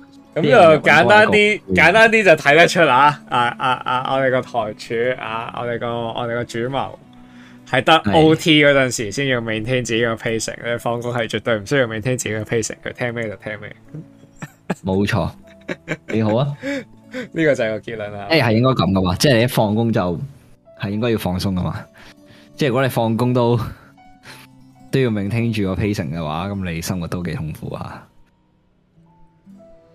咁就簡單啲，簡單啲就睇得出啦。啊啊啊！我哋個台柱，啊我哋個我哋個主謀，係得 O T 嗰陣時先要 maintain 聽自己嘅 pacing 的。你放工係絕對唔需要 maintain 聽自己嘅 pacing，佢聽咩就聽咩。冇錯錯，幾 好啊！呢個就係個結論啦。誒，係 應該咁噶嘛？即係你一放工就係應該要放鬆噶嘛？即係如果你放工都都要 maintain 聽住個 pacing 嘅話，咁你生活都幾痛苦啊。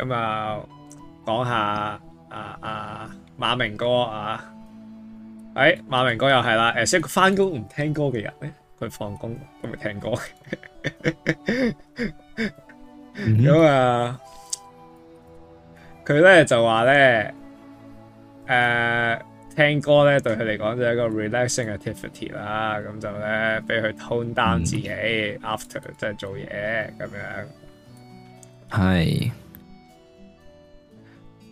咁啊，講下啊啊馬明哥啊，誒馬明哥又係啦，誒一個翻工唔聽歌嘅人咧，佢放工都咪聽歌。咁啊，佢咧就話咧，誒聽歌咧對佢嚟講就係一個 relaxing activity 啦，咁就咧俾佢 tone down 自己，after 即係做嘢咁樣。係。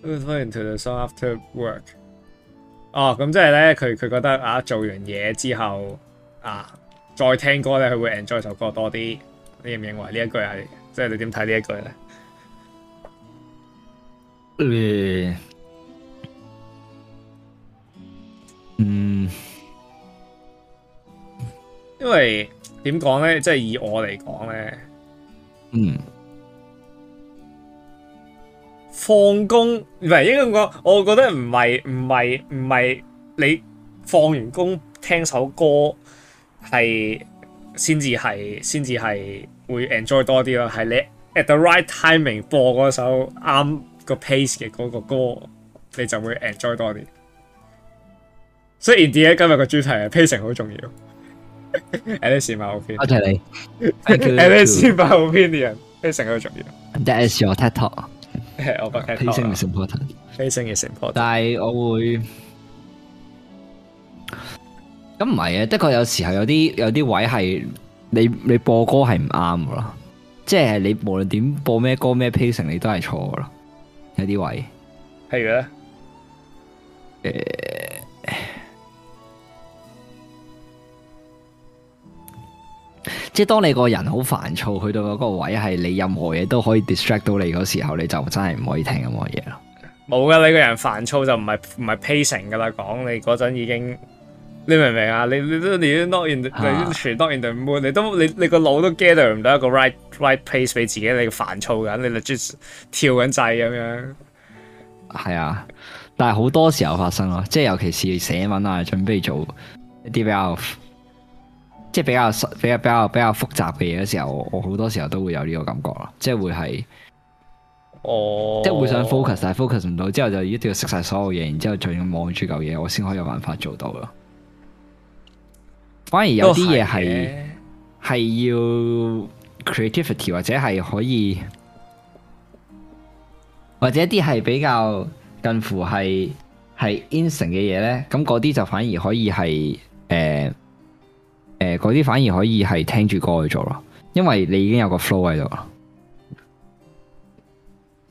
into the song after work。哦，咁即係咧，佢佢覺得啊，做完嘢之後啊，再聽歌咧，佢會 enjoy 首歌多啲。你認唔認為呢一句係？即係你點睇呢一句咧、嗯？嗯，因為點講咧？即係以我嚟講咧，嗯。放工唔係應該咁講，我覺得唔係唔係唔係你放完工聽首歌係先至係先至係會 enjoy 多啲咯，係你 at the right timing 播嗰首啱個 pace 嘅嗰個歌，你就會 enjoy 多啲。雖然 d 今日個主題係 pacing 好重要，Alex 嘛 OK 你 Alex 嘛好偏啲人，重要。That is your tattoo Pacing is important，pacing is important。但係我會，咁唔係嘅，的確有時候有啲有啲位係你你播歌係唔啱噶咯，即係你無論點播咩歌咩 pacing 你都係錯咯，有啲位。係啊。譬如呢？Uh 即係當你個人好煩躁，去到嗰個位係你任何嘢都可以 distract 到你嗰時候，你就真係唔可以聽咁嘅嘢咯。冇噶，你個人煩躁就唔係唔係 pacing 噶啦。講你嗰陣已經，你明唔明 in, moon, 啊？你你都你，你都 not in 你全 not in the mood，你都你你個腦都 gather 唔到一個 right right place 俾自己，你煩躁噶，你就跳緊掣咁樣。係啊，但係好多時候發生咯，即係尤其是寫文啊，準備做一啲比較。即係比較、比較、比較、比較複雜嘅嘢嘅時候，我好多時候都會有呢個感覺啦，即係會係，哦，oh. 即係會想 focus，但係 focus 唔到之後就一定要食晒所有嘢，然之後仲要望住嚿嘢，我先可以有辦法做到咯。反而有啲嘢係係要 creativity 或者係可以，或者一啲係比較近乎係係 insan 嘅嘢咧，咁嗰啲就反而可以係誒。呃誒，嗰啲反而可以係聽住歌去做咯，因為你已經有個 flow 喺度啦。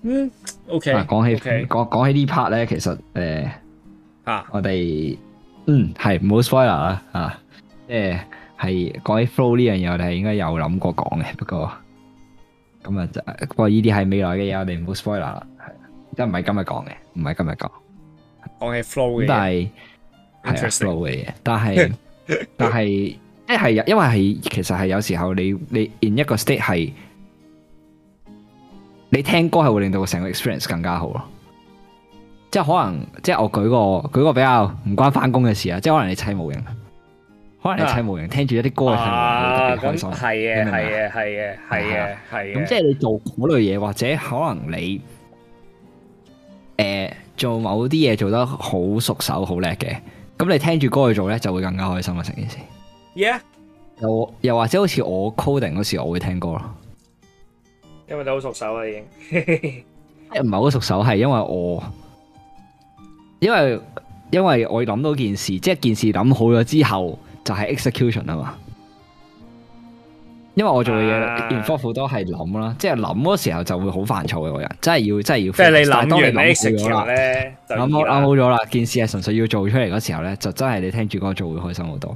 嗯，OK。講起講講起呢 part 咧，其實誒，啊，我哋嗯係唔好 spoiler 啦，啊，即係係講起 flow 呢樣嘢，我哋係應該有諗過講嘅，不過咁啊，不過呢啲係未來嘅嘢，我哋唔好 spoiler 啦，係，即係唔係今日講嘅，唔係今日講。講起 flow 嘅，但係係 flow 嘅嘢，但係但係。一係，因為係其實係有時候你你 in 一個 state 係你聽歌係會令到個成個 experience 更加好咯。即係可能，即係我舉個舉個比較唔關翻工嘅事啊。即係可能你砌模型，可能你砌模型聽住一啲歌去砌模型，特別開心。係嘅，係嘅，係嘅，係嘅，係嘅。咁即係你做嗰類嘢，或者可能你誒做某啲嘢做得好熟手好叻嘅，咁你聽住歌去做咧，就會更加開心啊！成件事。Yeah? 又又或者好似我 coding 嗰時我會聽歌咯，啊 ，因為你好熟手啦，已經。唔係好熟手，係因為我因為因為我諗到件事，即係件事諗好咗之後就係、是、execution 啊嘛。因為我做嘅嘢，work 好多係諗啦，啊、即係諗嗰時候就會好煩躁嘅個人，真係要真係要。即係你諗你諗好咗啦，諗好諗好咗啦，件事係純粹要做出嚟嗰時候咧，就真係你聽住歌做會開心好多。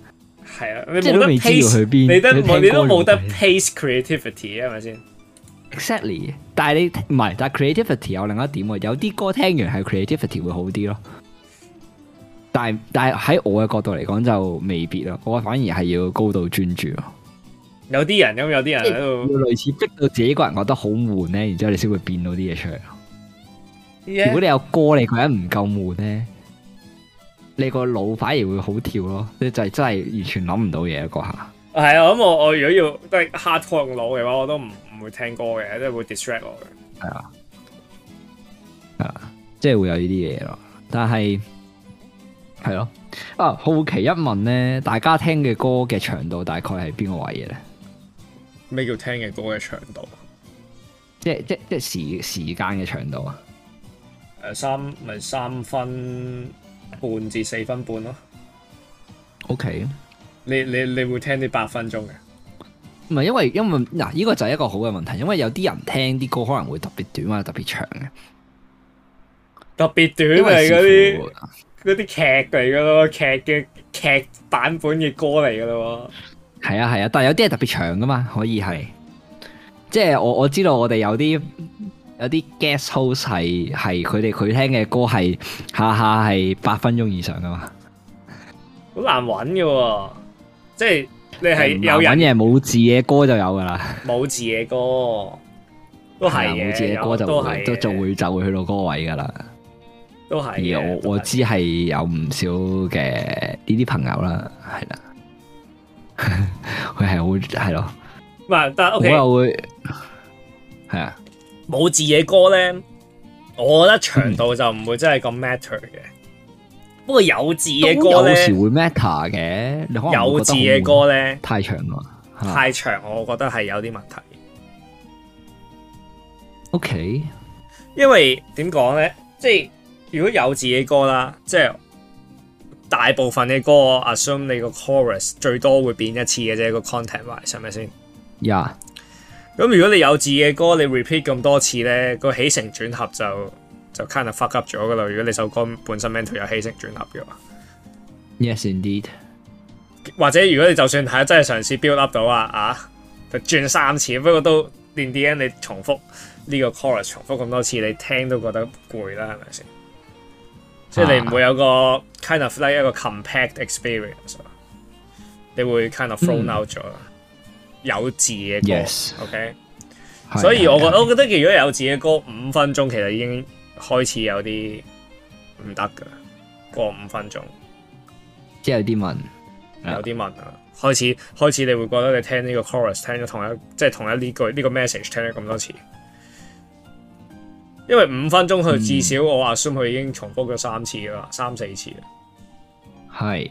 係啊，你都未知要去邊你都冇得 pace creativity，係咪先？Exactly，但係你唔係，但係 creativity 有另一點，有啲歌聽完係 creativity 會好啲咯。但但係喺我嘅角度嚟講就未必咯，我反而係要高度專注。有啲人咁，有啲人喺度類似逼到自己一個人覺得好悶咧，然之後你先會變到啲嘢出嚟。Yeah. 如果你有歌你覺得唔夠悶咧。你個腦反而會好跳咯，你就真係完全諗唔到嘢，那個，一嗰下係啊，咁我我，我如果要都係 hard 腦嘅話，我都唔唔會聽歌嘅，即係會 distract 我嘅。係啊，係啊，即係會有呢啲嘢咯。但係係咯，啊好奇一問咧，大家聽嘅歌嘅長度大概係邊個位嘅咧？咩叫聽嘅歌嘅長度？即係即係即係時時間嘅長度啊？誒，三咪三分。半至四分半咯，O K，你你你會聽啲八分鐘嘅？唔係，因為因為嗱，呢個就係一個好嘅問題，因為有啲人聽啲歌可能會特別短或特別長嘅，特別短咪嗰啲嗰啲劇嚟噶咯，劇嘅劇版本嘅歌嚟噶咯，係啊，係啊，但係有啲係特別長噶嘛，可以係，即係我我知道我哋有啲。有啲 guest house 係係佢哋佢聽嘅歌係下下係八分鐘以上噶嘛？好難揾嘅，啊，即係你係有揾嘢冇字嘅歌就有噶啦。冇字嘅歌都係冇字嘅歌就會都，都就，就會就會，就會去到歌位噶啦。而我都係，我我知係有唔少嘅呢啲朋友啦，係啦，佢 係 Okay. 會係咯。但係我又會係。冇字嘅歌咧，我覺得長度就唔會真係咁 matter 嘅。嗯、不過有字嘅歌有時會 matter 嘅。有字嘅歌咧，太長啦，啊、太長，我覺得係有啲問題。OK，因為點講咧，即係如果有字嘅歌啦，即係大部分嘅歌，assume 你個 chorus 最多會變一次嘅啫，個 content wise 係咪先呀？Yeah. 咁如果你有字嘅歌，你 repeat 咁多次咧，那個起承轉合就就 kind of f u c k up 咗噶啦。如果你首歌本身 emental 有起承轉合嘅話，Yes indeed。或者如果你就算係真係嘗試 build up 到啊啊，就轉三次，不過都連啲人你重複呢個 chorus 重複咁多次，你聽都覺得攰啦，係咪先？即係、ah. 你唔會有個 kind of like 一個 compact experience 你會 kind of thrown out 咗、嗯。有字嘅歌，OK，所以我覺得，係，我覺得如果有字嘅歌，五分鐘其實已經開始有啲唔得噶，過五分鐘，即係有啲問，有啲問啊，開始開始你會覺得你聽呢個 chorus，聽咗同一，即係同一呢句呢個 message，聽咗咁多次，因為五分鐘佢至少，嗯，我 assume 佢已經重複咗三次噶啦，三四次，係。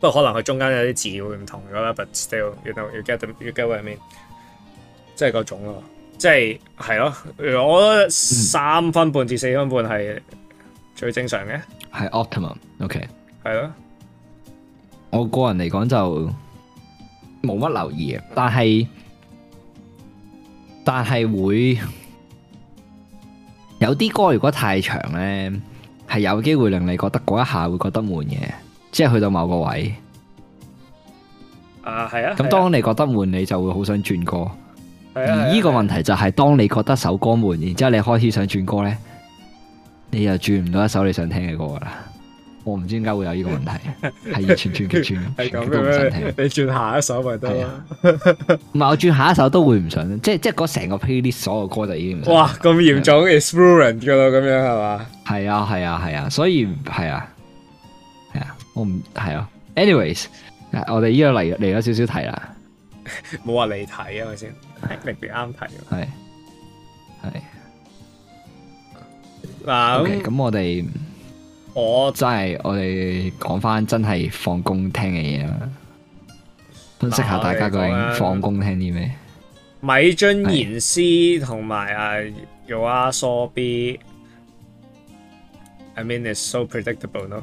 不過可能佢中間有啲字會唔同咗啦，but still you know you get them, you get what I mean，即係嗰種咯，即係係咯，我覺得三分半至四分半係最正常嘅，係 optimum，OK，係咯。 我個人嚟講就冇乜留意啊，但係但係會有啲歌如果太長咧，係有機會令你覺得嗰一下會覺得悶嘅。即係去到某個位啊，係啊。咁當你覺得悶，啊、你就會好想轉歌。啊啊、而呢個問題就係，當你覺得首歌悶，然之後你開始想轉歌咧，你又轉唔到一首你想聽嘅歌啦。我唔知點解會有呢個問題，係完 全轉轉，係咁都唔想聽 你轉下一首咪得咯。唔係、啊、 我轉下一首都會唔想，即係即係嗰成個 playlist 所有歌就已經唔想想。哇，咁樣嚴重 experience 噶啦，咁樣係嘛？係啊，係啊，係啊，所以係啊。我唔係啊，anyways，我哋依個嚟嚟咗少少題啦，冇話你睇啊，係咪先特別啱睇係係嗱，咁、 okay，我哋我真係我哋講翻真係放工聽嘅嘢啊。是分析下大家究竟放工聽啲咩？米津玄師同埋啊，Yo 阿 So B，I mean it's so predictable n、no?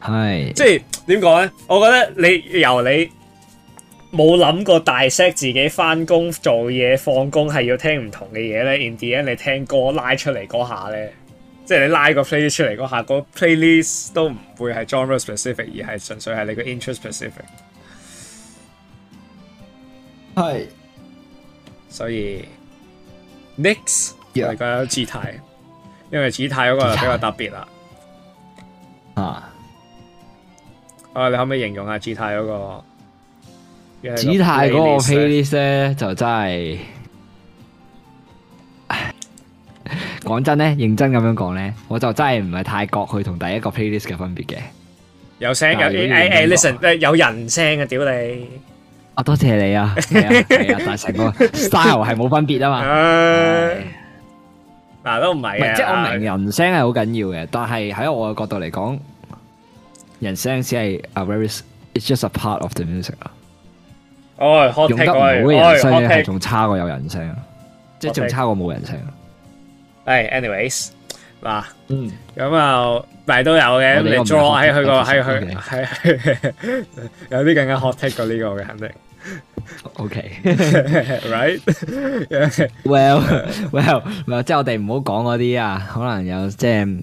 係，即係點講咧？我覺得你由你冇諗過大 set 自己翻工做嘢，放工係要聽唔同嘅嘢咧，In the end 你聽歌拉出嚟嗰下咧，即係你拉個 playlist 出嚟嗰下，個 playlist 都唔會係 genre specific，而係純粹係你個 interest specific。係， 所以 Next 而家姿態，因為姿態嗰個就比較特別啦，啊。 啊，你可唔可以形容下紫泰嗰個？紫泰嗰個 playlist 咧，就真係，講真咧，認真咁樣講咧，我就真係唔係太覺佢同第一個 playlist 嘅分別嘅。有聲嘅，誒誒，listen，有人聲啊，屌你！啊，多謝你啊，係啊，但係成個 style 係冇分別啊嘛。嗱，都唔係啊，即係我明人聲係好緊要嘅，但係喺我嘅角度嚟講。人聲只係啊，very，it's just a part of the music 啊。哦，用得唔好嘅人聲係仲差過有人聲啊，即係仲差過冇人聲啊。係，anyways，嗱，咁又咪都有嘅。我哋 draw 係去過，係去，係有啲更加 hot take 過呢個嘅肯定。OK，right？Well，well，唔係即係我哋唔好講嗰啲啊，可能有即係。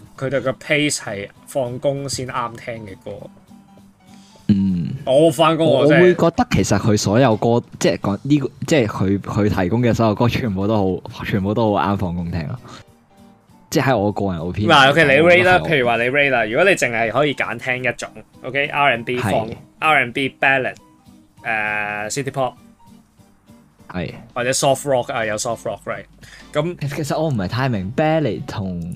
佢哋個 pace 係放工先啱聽嘅歌。嗯，我翻工我會覺得其實佢所有歌即係講呢個，即係佢佢提供嘅所有歌全部都好，全部都好啱放工聽咯。即係我個人好偏嗱，OK 你 rate 啦，譬如話你 rate 啦，如果你淨係可以揀聽一種，OK R and B 放 R and B ballad，誒 city pop 係或者 soft rock 啊，有 soft rock right。咁其實我唔係太明 ballad 同。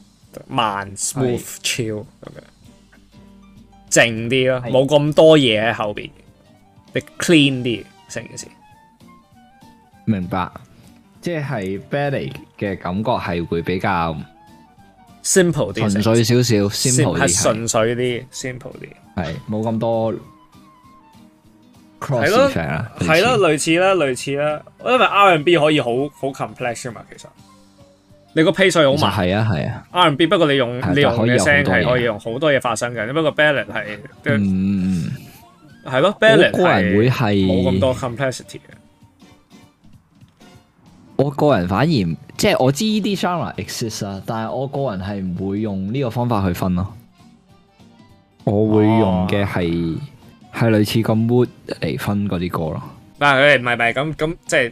慢、smooth、chill 咁樣，靜啲咯，冇咁多嘢喺後邊，你 clean 啲成件事。明白，即係 Belly 嘅感覺係會比較 simple，純粹少少，simple 啲係，冇咁多 crossfire 啊，係咯，類似啦，類似啦，因為 R&B 可以好好 complex 啊嘛，其實。你個 playlist 好麻，係啊係啊 R。R n B 不過你用、啊、你用嘅聲係可以用好多嘢發生嘅，你、啊、不過 Balance 係，嗯嗯嗯，係咯。Balance 係我個人會係冇咁多 complexity 嘅。我個人反而即係我知依啲 genre exist 啊，但係我個人係唔會用呢個方法去分咯。我會用嘅係係類似咁 mood 嚟分嗰啲歌咯。但誒、啊，佢哋唔係咁咁即係。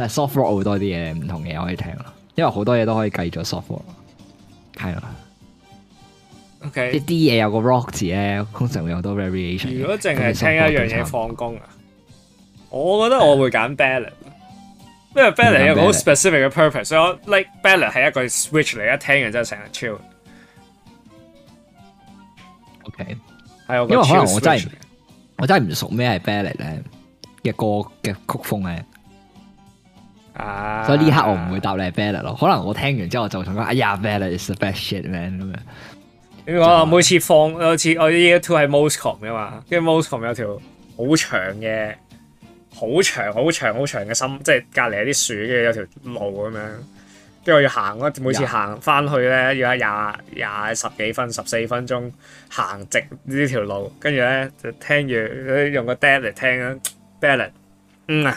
但 soft rock 好多啲嘢唔同嘢可以聽咯，因為好多嘢都可以繼做 soft rock，係啦。O K，一啲嘢有個 rock 字咧，通常會有好多 variation。如果淨係聽一樣嘢放工啊，我覺得我會揀 ballad，因為 ballad 有個好 specific 嘅 purpose，所以我 like ballad 係一個 switch 嚟，一聽完之後成日 chill。O K，係我因為可能我真係我真係唔熟咩係 ballad 咧嘅歌嘅曲風咧。所以呢刻我唔會答你 Ballet 咯，啊、可能我聽完之後我就想講，哎呀 Ballet is the best shit man 咁樣。就我每次放，每次我呢個 two 係 Moscow 嘅嘛，跟住 Moscow 有條好長嘅、好長、好長、好長嘅心，即係隔籬有啲樹，跟住有條路咁樣，跟住我要行，每次行翻去咧要喺廿廿十幾分、十四分鐘行直呢條路，跟住咧就聽住，用個戴嚟聽啊 Ballet 嗯啊。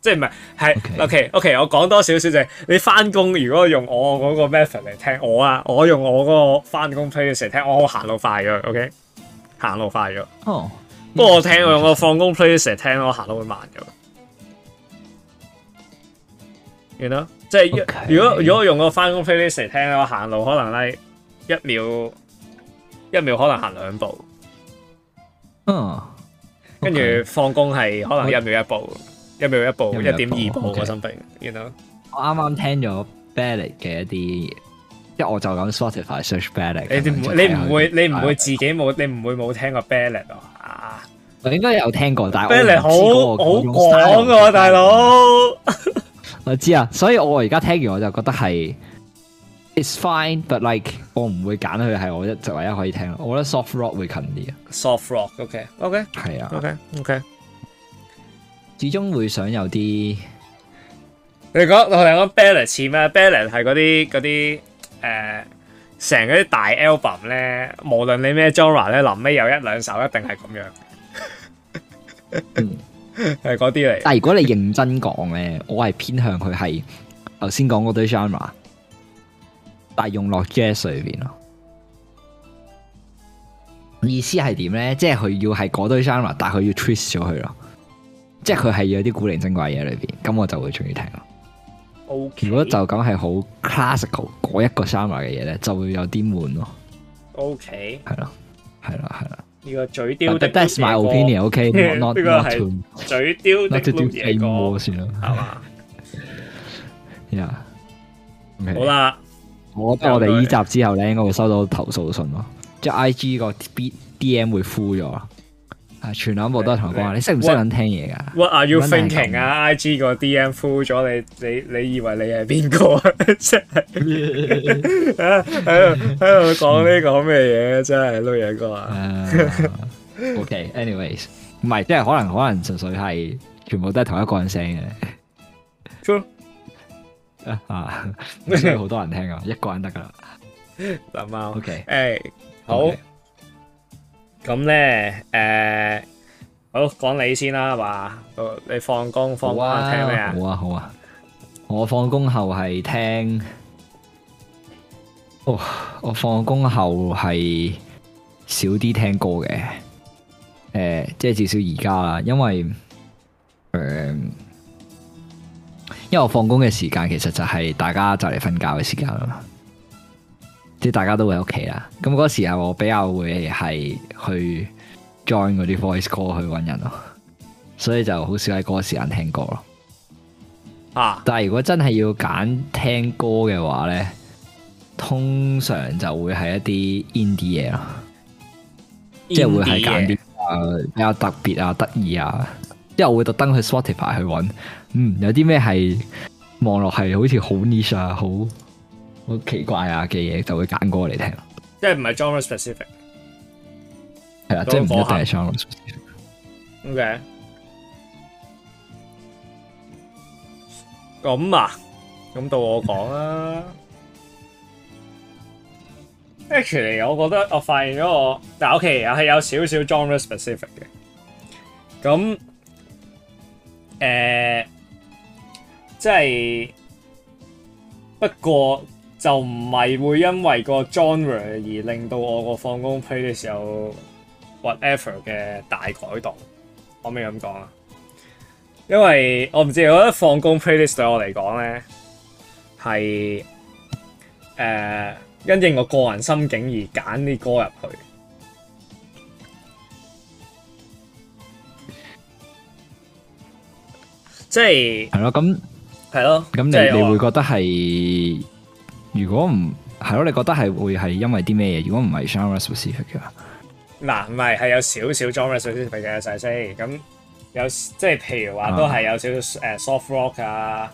即係唔係？係 OK，OK，Okay.、okay, okay, 我講多少少就係你返工如果用我嗰個 method 嚟聽我啊，我用我嗰個返工 playlist 聽，我行路快咗。OK，行路快咗。哦，不過我聽我用個放工 playlist 聽，我行路會慢咗。完啦 you know?，即係 Okay. 如果如果我用個返工 playlist 聽，我行路可能呢一秒一秒可能行兩步。嗯，跟住放工係可能一秒一步。Oh. Okay. 嗯有冇一部一點二部嘅新片？You know 我啱啱聽咗 Ballet 嘅一啲，即係我就咁 Spotify search Ballet。你唔你唔會你唔會自己冇你唔會冇聽過 Ballet 啊？我應該有聽過，但係 Ballet 好好廣喎，大佬。我知啊，所以我而家聽完我就覺得係 It's fine，but like 我唔會揀佢係我一直唯一可以聽咯。我覺得 soft rock 會近啲啊，soft rock。OK，OK，係啊，OK，OK。始終會想有啲，你講我同你講 ballad 咩？ballad 係嗰啲嗰啲，誒，成嗰啲大 album 咧，無論你咩 genre 咧，臨尾有一兩首一定係咁樣，係嗰啲嚟。但係如果你認真講咧，我係偏向佢係頭先講嗰堆 genre，但係用落 jazz 裏邊咯。意思係點咧？即係佢要係嗰堆 genre，但係佢要 twist 咗佢咯。即係佢係有啲古靈精怪嘢喺裏邊，咁我就會中意聽咯。如果就咁係好 classical 嗰一個 summer 嘅嘢咧，就會有啲悶咯。O K，係咯，係咯，係咯。呢個嘴雕，的，That's my opinion。O K，呢個係嘴刁的 Liu Yige 先咯，係嘛？Yeah，好啦，我覺得我哋呢集之後咧，應該會收到投訴信咯，即係 I G 個 D M 會 full 咗。啊！全兩部都係同我講話，你識唔識諗聽嘢噶？What are you thinking 啊？I G 個 D M 敷咗你，你你以為你係邊個啊？真係喺度喺度講呢講咩嘢？真係撈嘢哥啊！OK，anyways，唔係即係可能可能純粹係全部都係同一個人聲嘅，錯啊啊！唔需要好多人聽啊，一個人得噶啦，得貓。OK，誒，好。咁咧，誒、嗯，好講你先啦，係嘛？你放工放聽咩啊？好啊，好啊。我放工後係聽，哦，我放工後係少啲聽歌嘅。誒、呃，即係至少而家啦，因為，誒、呃，因為我放工嘅時間其實就係大家就嚟瞓覺嘅時間啦嘛。即係大家都會喺屋企啦，咁嗰個時候我比較會係去 join 嗰啲 voice call 去揾人咯，所以就好少喺嗰個時間聽歌咯。啊！但係如果真係要揀聽歌嘅話呢，通常就會係一啲 indie 嘢咯，Indie 即係會係揀啲比較特別啊得意啊，即係、啊、我會特登去 Spotify 去揾。嗯，有啲咩係望落係好似好 niche 啊好好奇怪啊嘅嘢，就會揀歌嚟聽咯。即係唔係 genre specific，係啊，即係唔一定係 genre specific。OK，咁啊，咁到我講啦。Actually，我覺得我發現咗我，但係我其實係有少少 genre specific 嘅。咁，誒，即係，不過。就唔係會因為個 genre 而令到我個放工 playlist 有 whatever 嘅大改動，可唔可以咁講啊？因為我唔知，我覺得放工 playlist 對我嚟講咧係誒因應我個人心境而揀啲歌入去，即係係咯，咁係咯，咁了你你會覺得係。如果唔係咯，你覺得係會係因為啲咩嘢？如果唔係 genre specific 嘅，嗱唔係係有少少 genre specific 嘅仔先。咁有即係譬如話，都係有少少誒 soft rock 啊、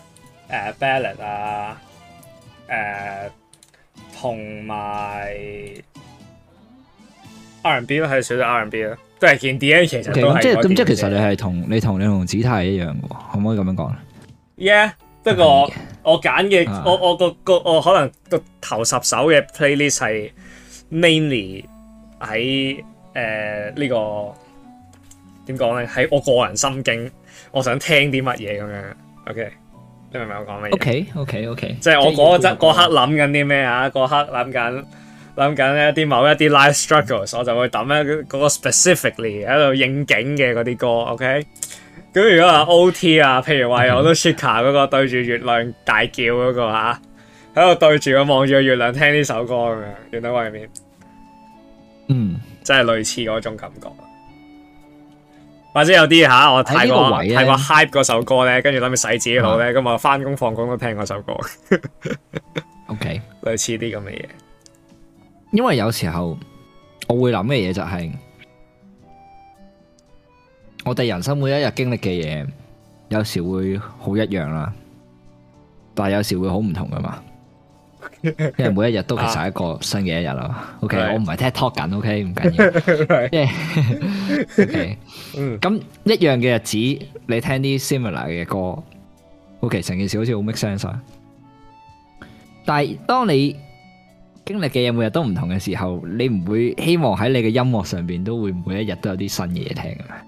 誒 ballad 啊、誒同埋 R and B 咯，係少少 R and B 咯，都係見啲嘢。其實都係咁即咁即，其實你係同你同你同子泰一樣嘅喎，可唔可以咁樣講咧？Yeah。不過我我揀嘅我我個個我，我，我，我可能頭十首嘅 playlist 係 mainly 喺誒、呃這個、呢個點講咧？喺我個人心境，我想聽啲乜嘢咁樣？OK，你明唔明我講咩？OK OK OK，即係我嗰刻諗緊啲咩啊？嗰刻諗緊諗緊一啲某一啲 life struggles， 我就會揼一嗰個 specifically 喺度應景嘅嗰啲歌。OK。咁如果話 O.T. 啊，譬如話有好多 Shaker 嗰個對住月亮大叫嗰、那個吓，喺度、嗯、對住佢望住個月亮聽呢首歌咁樣，你諗下係嗯，即係類似嗰種感覺。或者有啲吓，我睇過睇過 Hype 嗰首歌咧，跟住諗住洗自己好咧，咁、啊、我翻工放工都聽嗰首歌。 O.K. 類似啲咁嘅嘢，因為有時候我會諗嘅嘢就係、是。我哋人生每一日經歷嘅嘢，有時會好一樣啦，但係有時會好唔同噶嘛。因為每一日都其實係一個新嘅一日咯。OK，我唔係聽 talk 緊，OK 唔緊要。即係 OK，咁一樣嘅日子，你聽啲 similar 嘅歌，OK 成件事好似好 make sense。但係當你經歷嘅嘢每日都唔同嘅時候，你唔會希望喺你嘅音樂上邊都會每一日都有啲新嘢聽噶嘛？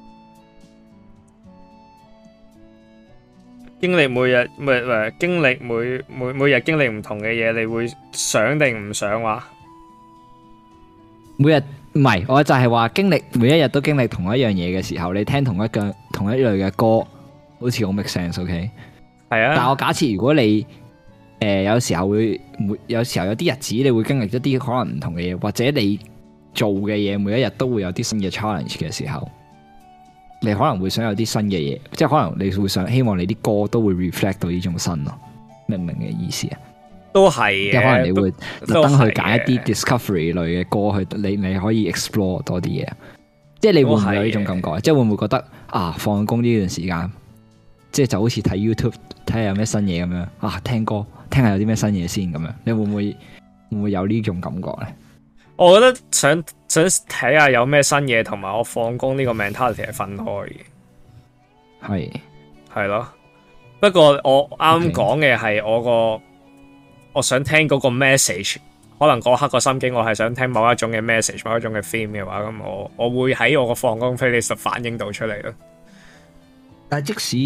經歷每日，咪咪、啊、經歷每每每日經歷唔同嘅嘢，你會想定唔想話？每日唔係，我就係話經歷每一日都經歷同一樣嘢嘅時候，你聽同一樣同一類嘅歌，好似好 make sense，OK？係是啊。但我假設如果你，誒、呃，有時候會有時候有啲日子你會經歷一啲可能唔同嘅嘢，或者你做嘅嘢每一日都會有啲新嘅 challenge 嘅時候。你可能會想有啲新嘅嘢，即係可能你會想希望你啲歌都會 reflect 到呢種新咯，明唔明嘅意思啊？都係，即係可能你會特登去揀一啲 discovery 類嘅歌去，你你可以 explore 多啲嘢，即係你會唔會有呢種感覺？即係會唔會覺得啊，放工呢段時間，即係就好似睇 YouTube 睇下有咩新嘢咁樣啊，聽歌聽下有啲咩新嘢先咁樣？你會唔會，會唔會有呢種感覺呢？我覺得想想睇下有咩新嘢，同埋我放工呢個 mentality 係分開嘅，係係咯。不過我啱講嘅係我個，的我想聽嗰個 message。可能嗰刻個心境，我係想聽某一種嘅 message，某一種嘅 theme 嘅話，咁我我會喺我個放工 period 實反映到出嚟咯。但即使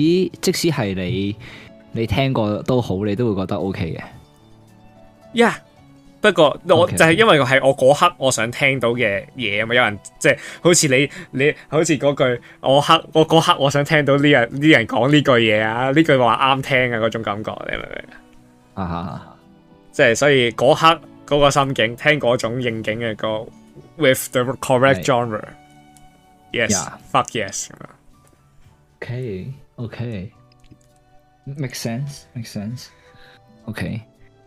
即使係你你聽過都好，你都會覺得 OK 嘅。呀！Yeah. 不過 Okay. 我就係、是、因為係我嗰刻我想聽到嘅嘢，咪有人即係、就是、好似你你，好似嗰句我刻我嗰刻我想聽到呢人呢人講呢句嘢啊，呢句話啱聽啊嗰種感覺，你明唔明啊？即係、uh huh. 就是、所以嗰刻嗰個心境，聽嗰種應景嘅歌，with the correct genre。Yes，fuck Right . yes。Okay. Okay. Make sense. Make sense. Okay.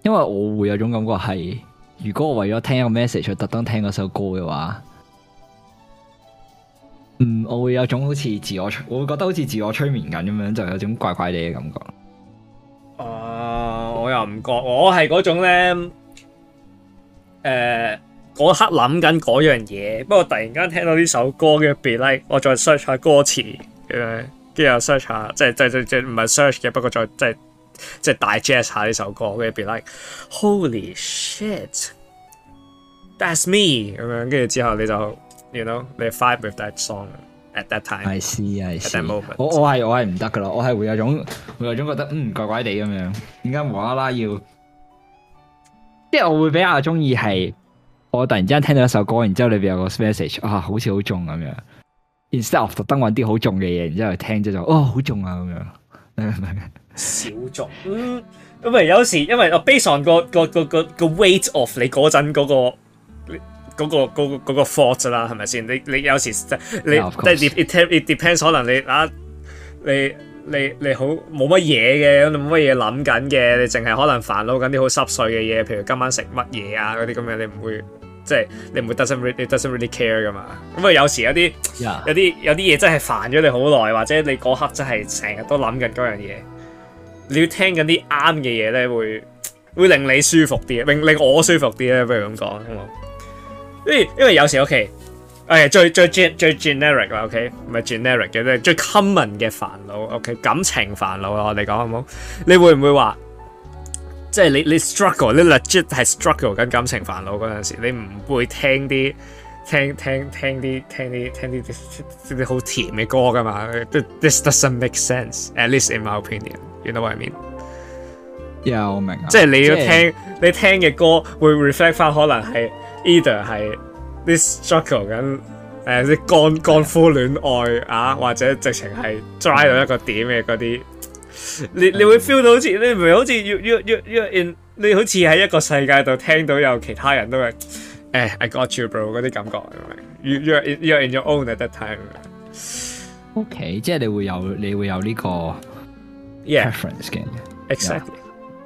因為我會有種感覺係，如果我為咗聽一個 message，就特登聽嗰首歌嘅話，嗯，我會有種好似自我，我會覺得好似自我催眠緊咁樣，就是、有種怪怪地嘅感覺。啊、uh,，我又唔覺，我係嗰種咧，誒，嗰刻諗緊嗰樣嘢，不過突然間聽到呢首歌嘅 Be Like，我再 search 下歌詞咁跟住又 search 下，即係即係即係唔係 search 嘅，不過再即係。即係大 jazz 下呢首歌，跟住 be like holy shit，that's me 咁樣。跟住之後你就，You know 你 vibe with that song at that time。I see, I see。我我係我係唔得噶咯，我係會有種會有種覺得嗯怪怪地咁樣。點解無啦啦要？即係我會比較中意係我突然之間聽到一首歌，然之後裏邊有個 message 啊，好似好重咁樣。instead of，特登揾啲好重嘅嘢，然之後就聽即係哦好重啊咁樣。 少咗，嗯，咁咪有時，因為我 basic 上個個個個個 weight of 你嗰陣嗰個嗰個嗰個 force 啦，係咪先？你你有時即係你即係、yeah, of it, it depends，可能你啊，你你你好冇乜嘢嘅，冇乜嘢諗緊嘅，你淨係可能煩惱緊啲好濕碎嘅嘢，譬如今晚食乜嘢啊嗰啲咁樣，你唔會即係你唔會 doesn't really doesn't really care 嘅嘛。咁啊有時有啲 Yeah. 有啲有啲嘢真係煩咗你好耐，或者你嗰刻真係成日都諗緊嗰樣嘢。你要聽緊啲啱嘅嘢咧，會會令你舒服啲，令令我舒服啲咧，不如咁講好冇？因為因為有時 OK，誒最最 gen 最 generic 啦，OK 唔係 generic 嘅，即係最 common 嘅煩惱，OK 感情煩惱啊，我哋講好冇？你會唔會話即係你你 struggle，你 legit 係 struggle 緊感情煩惱嗰陣時，你唔會聽啲聽聽聽啲聽啲聽啲啲啲好甜嘅歌㗎嘛？This doesn't make sense, at least in my opinion。見到外面又明，即係你要聽你聽嘅歌會 reflect 翻，可能係 either 係啲 struggle 緊，誒，啲乾乾夫戀愛啊，或者直情係 dry 到一個點嘅嗰啲，你你會 feel 到好似你唔係好似要要要要 in，你好似喺一個世界度聽到有其他人都係誒，I got you，bro，嗰啲感覺，明？若若若 in your own at that time，OK，即係你會有你會有呢個。Preference, exactly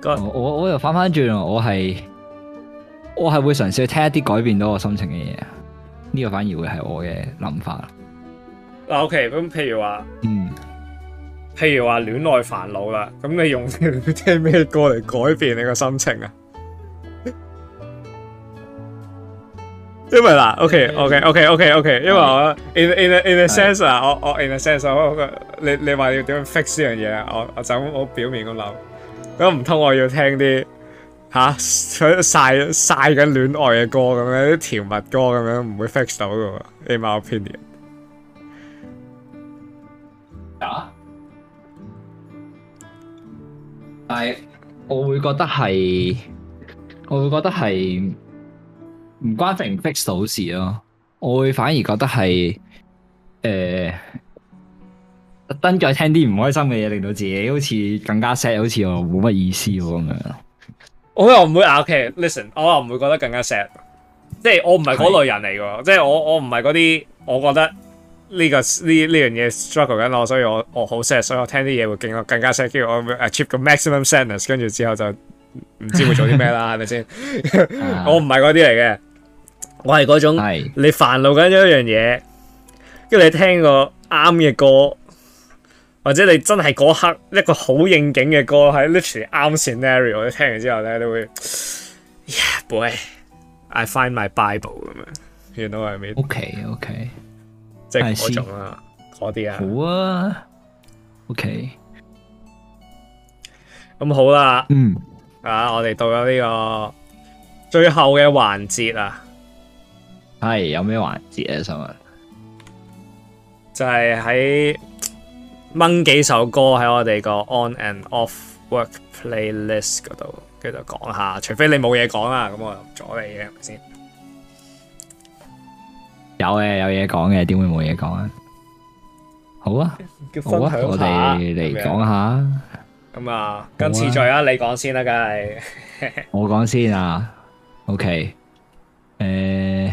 我我又翻翻轉，我係我係會嘗試去聽一啲改變到我心情嘅嘢。呢、這個反而會係我嘅諗法。OK 咁譬如話，嗯，譬如話戀愛煩惱啦，咁你用 你聽咩歌嚟改變你個心情啊？因為啦，OK，OK，OK，OK，OK，因為我 in，in，in，a，sense 啊，我我 in，a，sense，我我你你話要點樣 fix 呢樣嘢，我我就我表面咁諗，咁唔通我要聽啲吓，想晒晒緊戀愛嘅歌咁樣，啲甜蜜歌咁樣，唔會 fix 到㗎，In，my，opinion。啊？但係我會覺得係，我會覺得係。唔關 fix 事咯，我會反而覺得係誒特登再聽啲唔開心嘅嘢，令到自己好似更加 sad，好似我冇乜意思咁樣。我又唔會話 OK、okay, listen 我又唔會覺得更加 sad，的即係我唔係嗰類人嚟嘅，的即係我我唔係嗰啲，我覺得呢、這個呢呢樣嘢 struggle 緊我，所以我我好 sad，所以我聽啲嘢會更加 sad，跟住我 achieve 個 maximum sadness，跟住之後就唔知會做啲咩啦，係咪先？我唔係嗰啲嚟嘅。我係嗰種你煩惱一件事，你煩惱緊一樣嘢，跟住你聽個啱嘅歌，或者你真係嗰刻一個好應景嘅歌，喺 literally 啱、right、scenario，你聽完之後咧都會，Yeah boy，I find my Bible 咁樣，聽到係咪？OK, OK，即係嗰種 I see. 那些啊，嗰啲啊，okay. 那好啊，OK，咁好啦，嗯，mm. 啊，我哋到咗呢個最後嘅環節啊。係有咩環節咧？想問就係喺掹幾首歌喺我哋個 On and Off Work Playlist 嗰度，繼續講下。除非你冇嘢講呀，咁我入咗你嘅係咪先？有嘅，有嘢講嘅，點會冇嘢講啊？好啊，好啊，我哋嚟講下。咁啊，今、啊、次在啊，你講先啦，梗係我講先啊。 先 OK，誒、uh。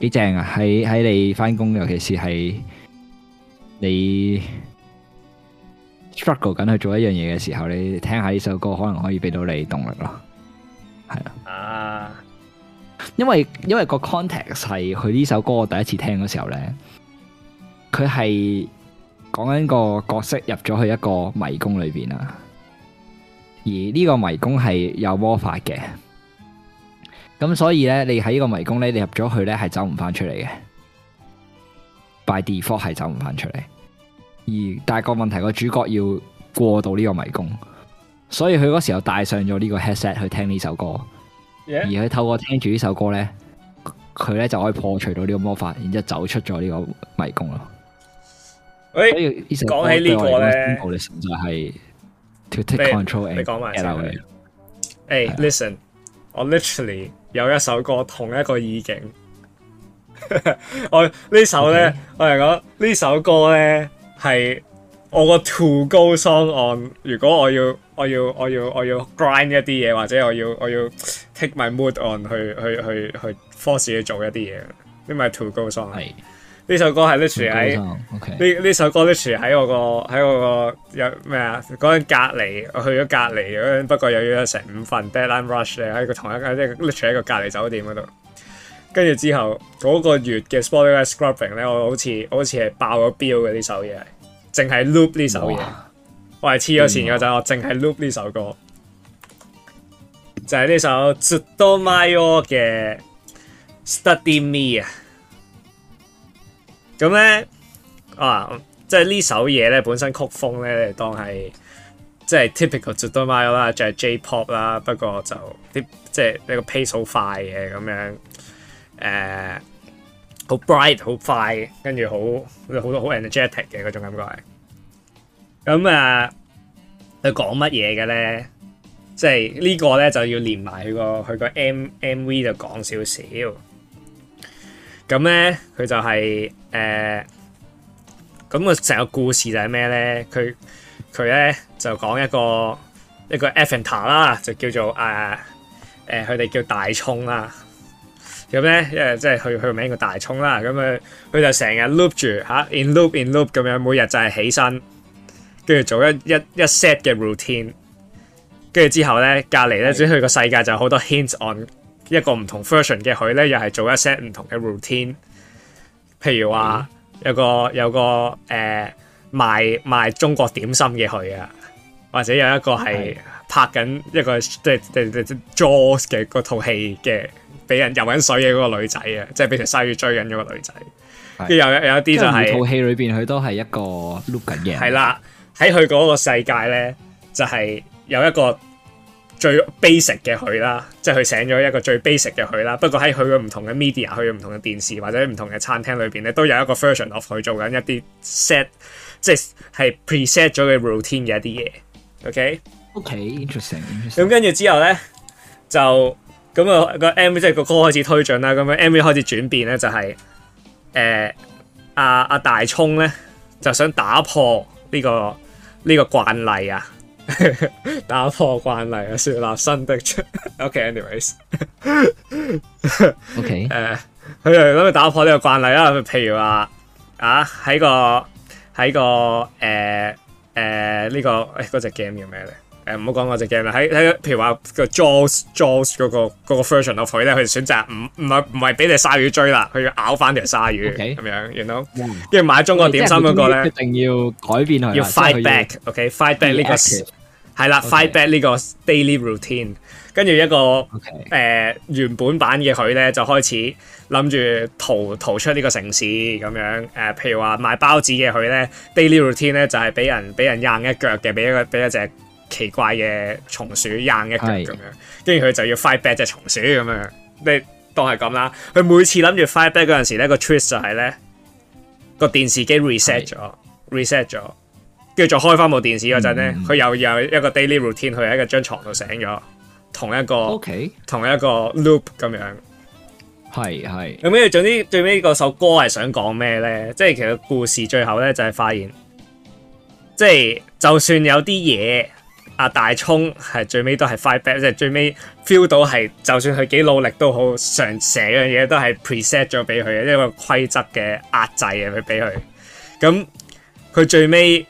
幾正啊！喺喺你翻工，尤其是係你 struggle 緊去做一樣嘢嘅時候咧，你聽下呢首歌可能可以俾到你動力咯。係啊，啊，因為因為個 context 係佢呢首歌我第一次聽嘅時候咧，佢係講緊個角色入咗去一個迷宮裏邊啊，而呢個迷宮係有魔法嘅。咁所以咧，你喺呢個迷宮咧，你入咗去咧係走唔翻出嚟嘅，by default 係走唔翻出嚟。而但係個問題，個主角要過到呢個迷宮，所以佢嗰時候戴上咗呢個 headset 去聽呢首歌，Yeah. 而佢透過聽住呢首歌咧，佢咧就可以破除到呢個魔法，然之後走出咗呢個迷宮咯。誒 Hey,，講起呢個咧，我哋實在係 to take control and listen。我 literally 有一首歌同一個意境。我呢首咧，我嚟講呢首歌咧係我個 two go song on。如果我要我要我要我要 grind 一啲嘢，或者我要我要 take my mood on 去去去去 force 去做一啲嘢，呢咪 two go song。呢首歌係 literally 喺呢呢首歌 literally 喺我個喺我個有咩啊嗰陣隔離，我去咗隔離嗰，不過又要有成五份 deadline rush 咧，喺同一間即係 literally 喺個隔離酒店嗰度。跟住之後嗰、那個月嘅 sporting y scrubbing 咧，我好似好似係爆咗標嘅呢首嘢，淨係 loop 呢首嘢，哇我係黐咗線嘅，就係我淨係 loop 呢首歌，就係、是、呢首 Zutomayo 嘅 Study Me 啊！咁咧啊，即係呢首嘢咧本身曲風咧，當係即係 typical 啦，即係 J-pop 啦，不過就啲即係一個 pace 好快嘅咁樣，誒、呃、好 bright 好快，跟住好好多好 energetic 嘅嗰種感覺係。咁啊，佢講乜嘢嘅咧？即係、這個、呢個咧就要連埋佢個佢個 M M V 就講少少。咁咧，佢就係、是、誒，咁、個、成個故事就係咩咧？佢佢咧就講一個一個 adventure 啦，就叫做誒佢哋叫大葱啦。咁咧，因為即係佢佢名叫大葱啦。咁佢佢就成日 loop 住吓 in loop in loop 咁樣，每日就係起身，跟住做一一一 set 嘅 routine。跟住之後咧，隔離咧，即係佢個世界就好多 hints on。一個唔同 version 嘅佢咧，又係做一 set 唔同嘅 routine，譬如話有個有個誒、呃、賣賣中國點心嘅佢啊，或者有一個係拍緊一個即即即 Jaws 嘅套戲嘅俾人遊緊水嘅嗰個女仔啊，即俾條鯊魚追緊嗰個女仔，跟住的有有一啲就係、是、套戲裏邊佢都係一個 look 緊嘅，係啦，喺佢嗰個世界咧就係、是、有一個。最 basic 嘅佢啦，即係佢醒咗一個最 basic 嘅佢啦。不過喺佢嘅唔同嘅 media，佢嘅唔同嘅電視或者唔同嘅餐廳裏邊咧，都有一個 version of 佢做緊一啲 set，即係係 preset 咗嘅 routine 嘅一啲嘢。OK，OK，interesting，咁跟住之後咧，就咁啊個 MV 即係個歌開始推進啦。咁樣 MV 開始轉變咧、就是，就係誒阿阿大聰咧，就想打破呢、呢個呢、呢個慣例啊。 打破慣例啊，設立新的出。 OK，anyways，OK，Okay , Okay .誒，佢、uh, 哋諗住打破呢個慣例啦。譬如話啊，喺個喺個誒誒、uh, uh, 這個哎那個、呢個嗰隻 game 叫咩咧？誒、uh,，唔好講嗰隻 game 啦。喺喺，譬如話個 Jaws Jaws 嗰、那個嗰、那個 version，of 佢咧佢選擇唔唔係唔係俾條鯊魚追啦，佢要咬翻條鯊魚咁 Okay. 樣。You know，跟住買中國點心嗰個咧，一定要改變佢，要 fight back、okay? 要。OK，fight、okay? back 呢個 act。係啦 Okay.，fight back 呢個 daily routine，跟住一個 Okay.、呃、原本版嘅佢咧，就開始諗住逃逃出呢個城市咁樣、呃。譬如話賣包子嘅佢咧，daily routine 咧就係、是、俾人俾人掹一腳嘅，俾一個俾一隻奇怪嘅松鼠掹一腳咁 Okay. 樣。跟住佢就要 fight back 隻松鼠咁樣，即當係咁啦。佢每次諗住 fight back 嗰時時嗰陣時咧，個 twist 就係咧個電視機 reset 咗，reset 咗。叫做開翻部電視嗰陣咧，佢、嗯嗯、又有一個 daily routine，佢喺一個張床度醒咗，同一個 Okay. 同一個 loop 咁樣，係係咁。跟住總之最尾嗰首歌係想講咩咧？即、就、係、是、其實故事最後咧就係、是、發現，即、就、係、是、就算有啲嘢，阿大聰係最尾都係 fight back，即係最尾 feel 到係就算佢幾努力都好，想寫樣嘢都係 preset 咗俾佢，即、就是、一個規則嘅壓制啊，佢俾佢咁，佢最尾。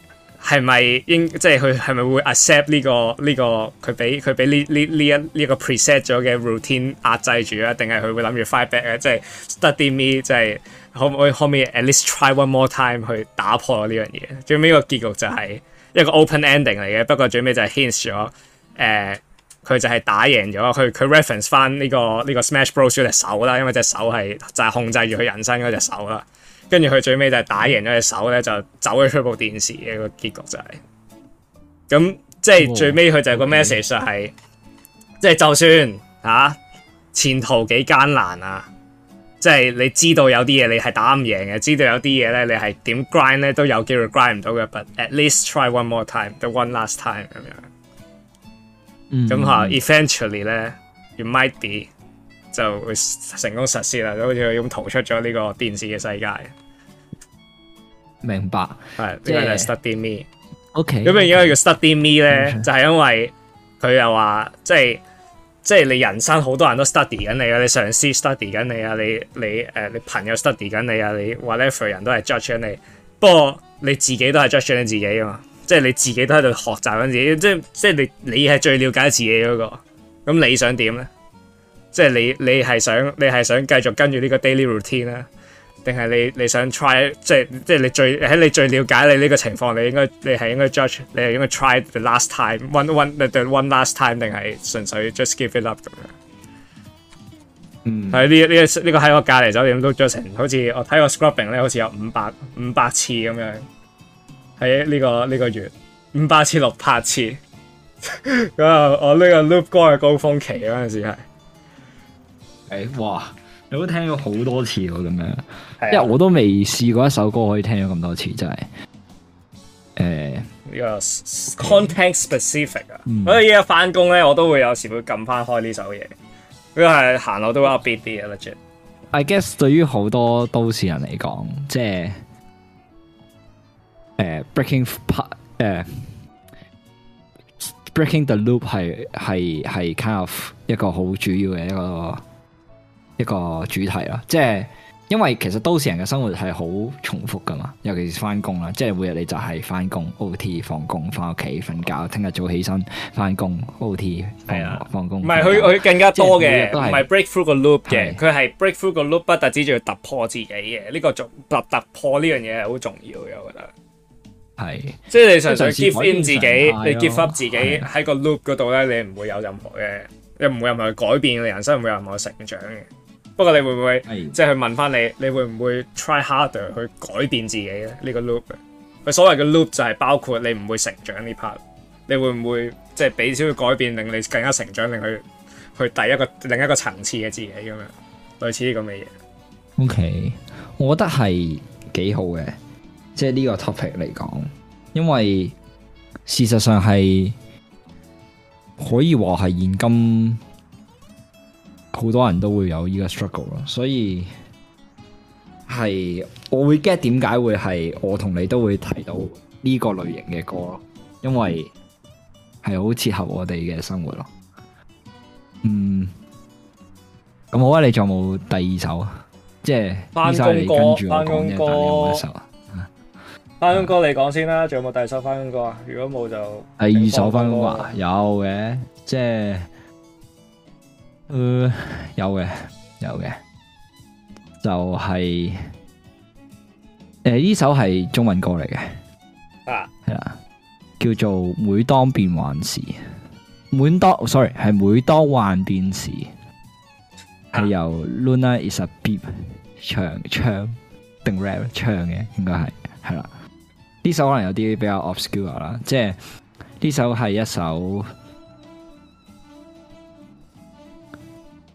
係咪應即係佢係咪會 accept 呢個呢個佢俾佢俾呢呢呢一呢個 preset 咗嘅 routine 壓制住啊？定係佢會諗住 fight back 啊？即係 study me，即係可唔可以可唔可以 at least try one more time 去打破呢樣嘢？最尾個結局就係一個 open ending 嚟嘅，不過最尾就係 hint 咗誒，佢就係打贏咗佢，佢 reference 翻呢個呢個 Smash Bros 隻手啦，因為隻手係就係控制住佢人生嗰隻手啦。跟住佢最尾就係打贏咗隻手咧，就走咗出部電視嘅個結局就係、是，咁即係最尾佢就係個 message 就係，即係就，、就是 okay. 就，就算吓、啊、前途幾艱難啊，即係你知道有啲嘢你係打唔贏嘅，知道有啲嘢咧你係點 grind 咧都有機會 grind 唔到嘅，but at least try one more time，the one last time 咁樣。咁、嗯、eventually 咧，you might be 就會成功實施啦，就好似佢咁逃出咗呢個電視嘅世界。明白，係，就係 study me。O K，咁啊，點解叫 study me 咧？就係因為佢又話，即係，即係你人生好多人都 study 緊你啊，你上司 study 緊你啊，你你誒、呃，你朋友 study 緊你啊，你 whatever 人都係 judge 緊你。不過你自己都係 judge 緊自己啊嘛，即係你自己都喺度學習緊自己，即係即係你你係最了解自己嗰個。咁你想點咧？即係你你係想你係想繼續跟住呢個 daily routine 咧？定係你你想 try 即係即係你最喺你最了解你呢個情況，你應該你係應該 judge，你係應該 try the last time one one one last time，定係純粹 just give it up 咁、嗯這個這個、樣。嗯、這個，係呢呢呢個喺我隔籬酒店都 loop 咗成，好似我睇我 scrubbing 咧，好似有五百五百次咁樣喺呢個呢個月五百次六百次。咁啊， 我呢個 loop 歌嘅高峰期嗰陣時係。哎、欸，哇！你都聽咗好多次喎，咁樣，因為我都未試過一首歌可以聽咗咁多次，真係。誒、uh,，mm. 呢個 content specific 啊，所以依家翻工咧，我都會有時會撳翻開呢首嘢。呢個係行路都比較 upbeat 啲嘅啦 Legend。I guess 對於好多都市人嚟講，即係誒 breaking part，誒 breaking the loop 係係係 kind of 一個好主要嘅一個。一個主題咯，即係因為其實都市人嘅生活係好重複噶嘛，尤其是翻工啦，即係每日你就係翻工、O T、放工、翻屋企、瞓覺，聽日早起身翻工、O T 係啊，放工。唔係佢佢更加多嘅，唔係 break through 個 loop 嘅，佢係的 break through 個 loop，不單止仲要突破自己嘅，呢、這個突突破呢樣嘢係好重要嘅，我覺得係。的即係你純粹 keep in 自己，的你 give up 自己喺的個 loop 嗰度咧，你唔會有任何嘅，你唔會有任何改變，你人生唔會有任何成長嘅。不過你會唔會即係去問翻你，你會唔會 try harder 去改變自己呢、呢個 loop，佢所謂嘅 loop 就係包括你唔會成長呢 part，你會唔會即係俾少少改變，令你更加成長，令佢去第一個另一個層次嘅自己咁樣，類似呢啲咁嘅嘢。O、okay. K，我覺得係幾好嘅，即係呢個 topic 嚟講，因為事實上係可以話係現今。好多人都會有呢個 struggle 咯，所以係我會 get 點解會係我同你都會提到呢個類型嘅歌咯，因為係好切合我哋嘅生活咯。嗯，咁好啊，你仲有冇第二首啊？即係翻工歌，翻工歌一首啊，翻工歌，嗯、翻工歌你講先啦，仲有冇第二首翻工歌啊？如果冇就係第二首翻工啊，有嘅，即係。誒、嗯，有嘅，有嘅，就係誒，呢首係中文歌嚟嘅。啊係啦，叫做每當變幻時，每當 sorry 係每當幻變時，係、啊、由 Luna is a Beep 唱，唱定 rap 唱嘅，應該係係啦，呢首可能有啲比較 obscure 啦，即係呢首係一首。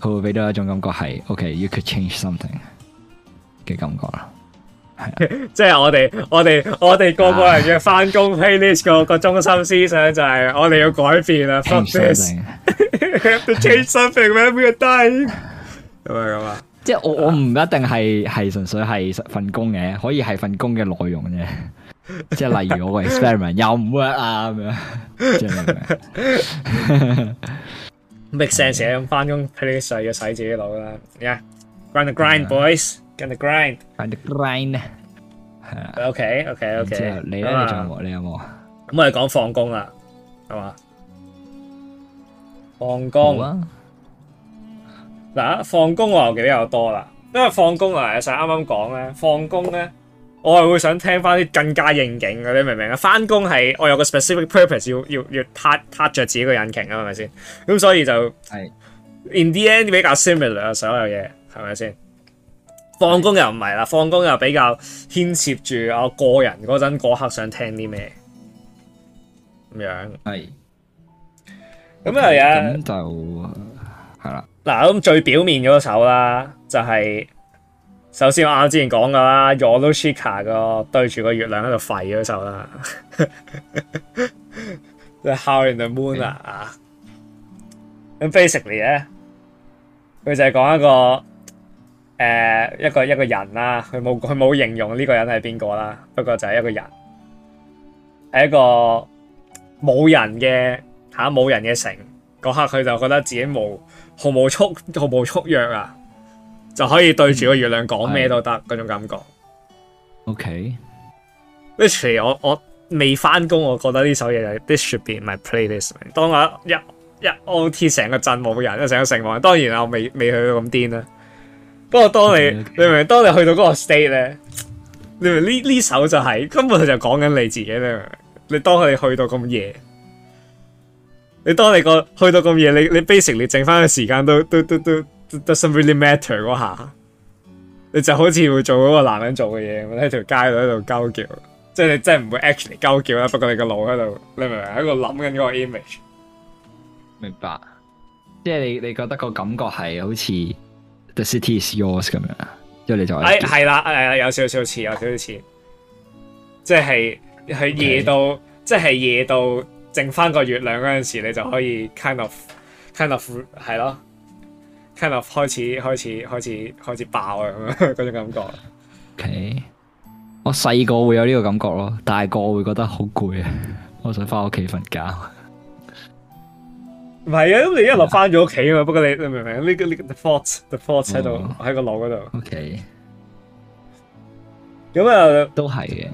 佢會俾到一種感覺係，OK，you could change something 嘅感覺啦。係啊，即係我哋我哋我哋個個人嘅翻工 playlist 個個中心思想就係我哋要改變啊！Fuck this，have to change something every day。咁啊咁啊，即係我我唔一定係係純粹係份工嘅，可以係份工嘅內容啫。即係例如我個 experiment 又唔 work 啊！make sense 嘅咁翻工睇啲細嘅使自己腦啦，呀，grind the grind boys，grind the grind，grind the grind。OK OK OK。你咧，你有冇？你有冇啊？咁我哋講放工啦，係嘛？放工啊！嗱，放工我又記比較多啦，因為放工啊，其實啱啱講咧，放工咧。我係會想聽翻啲更加應景嘅，你明唔明啊？翻工係我有個 specific purpose 要要要塔塔著自己個引擎啊，係咪先？咁所以就係是 in the end 比較 similar 啊，所有嘢，係咪先？放工是又唔係啦，放工又比較牽涉住我個人嗰陣嗰刻想聽啲咩咁樣，係。咁又有就係、是、啦。嗱咁就最表面嗰首啦，就係、是。首先我啱啱之前講噶啦 y o l d o Chica 個對住個月亮喺度吠嗰首啦，The Howling the Moon、嗯、啊，咁 basically 咧佢就係講一個誒、呃、一個一個人啦，佢冇佢冇形容呢個人係邊個啦，不過就係一個人係一個冇人嘅吓冇人嘅城，嗰刻佢就覺得自己無毫無束毫無束縛啊。就可以對住個月亮講咩、嗯、都得嗰是種感覺。O okay . K，which 我我未翻工，我覺得呢首嘢就係 This should be my playlist、right?。當我一一,一 OT 成個鎮冇人，一成個城冇人，當然我未未去到咁癲啦。不過當你 okay, okay. 你明，唔明？當你去到嗰個 state 咧，你明呢，呢首就係根本佢就講緊你自己啦。你當你去到咁夜，你當你個去到咁夜，你你 basic 你剩翻嘅時間都都都都。都都都 Doesn't really matter 嗰下，你就好似會做嗰個男人做嘅嘢，喺條街度喺度交叫，即係你真係唔會 actually 交叫啦，不過你個腦喺度，你明唔明？喺度諗緊嗰個 image，明白？即係你你覺得個感覺係好似 the city is yours 咁樣，之後你就哎係啦，誒有少少似，有少少似，即係佢夜到，Okay. 即係夜到剩返個月亮嗰陣時，你就可以 kind of kind of 係咯。聽落 kind of 開始開始開始開始爆啊！咁樣嗰種感覺。O、okay. K，我細個會有呢個感覺咯，大個會覺得好攰啊，我想翻屋企瞓覺。唔係啊，咁你一路翻咗屋企啊嘛，Yeah. 不過你你明唔明？呢、oh. 個呢個 the force the force 喺度喺個腦嗰度。O K，咁啊，都係嘅。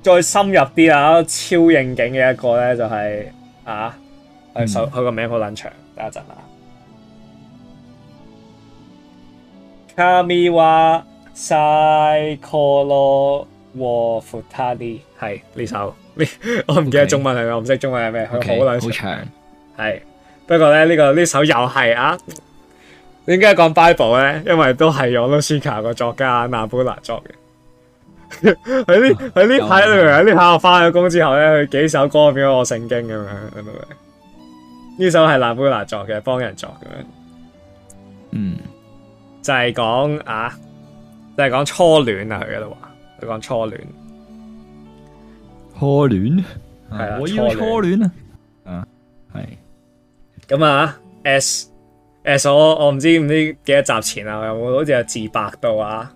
再深入啲啊，超應景嘅一個咧就係、是、啊，佢個、嗯、名好捻長，等一陣啊。卡咪瓦沙科羅和富他啲係呢首，我唔記得中文係，Okay. 我唔識中文係咩？佢好難，好長係。不過咧呢、這個呢首又係啊，應解講 Bible 咧，因為都係俄羅 c a 個作家納杯拿作嘅。喺呢喺呢排呢排我翻咗工之後咧，佢幾首歌表我聖經咁樣。呢、嗯、首係納杯拿作嘅，幫人作咁樣。嗯。就係講啊，就係、是、講初戀啊，佢度話，佢講初戀，初戀戀係對啊，初初戀戀啊，啊係，咁啊 s s 我我唔知唔知幾多集前啊，我有冇好似又自白到啊，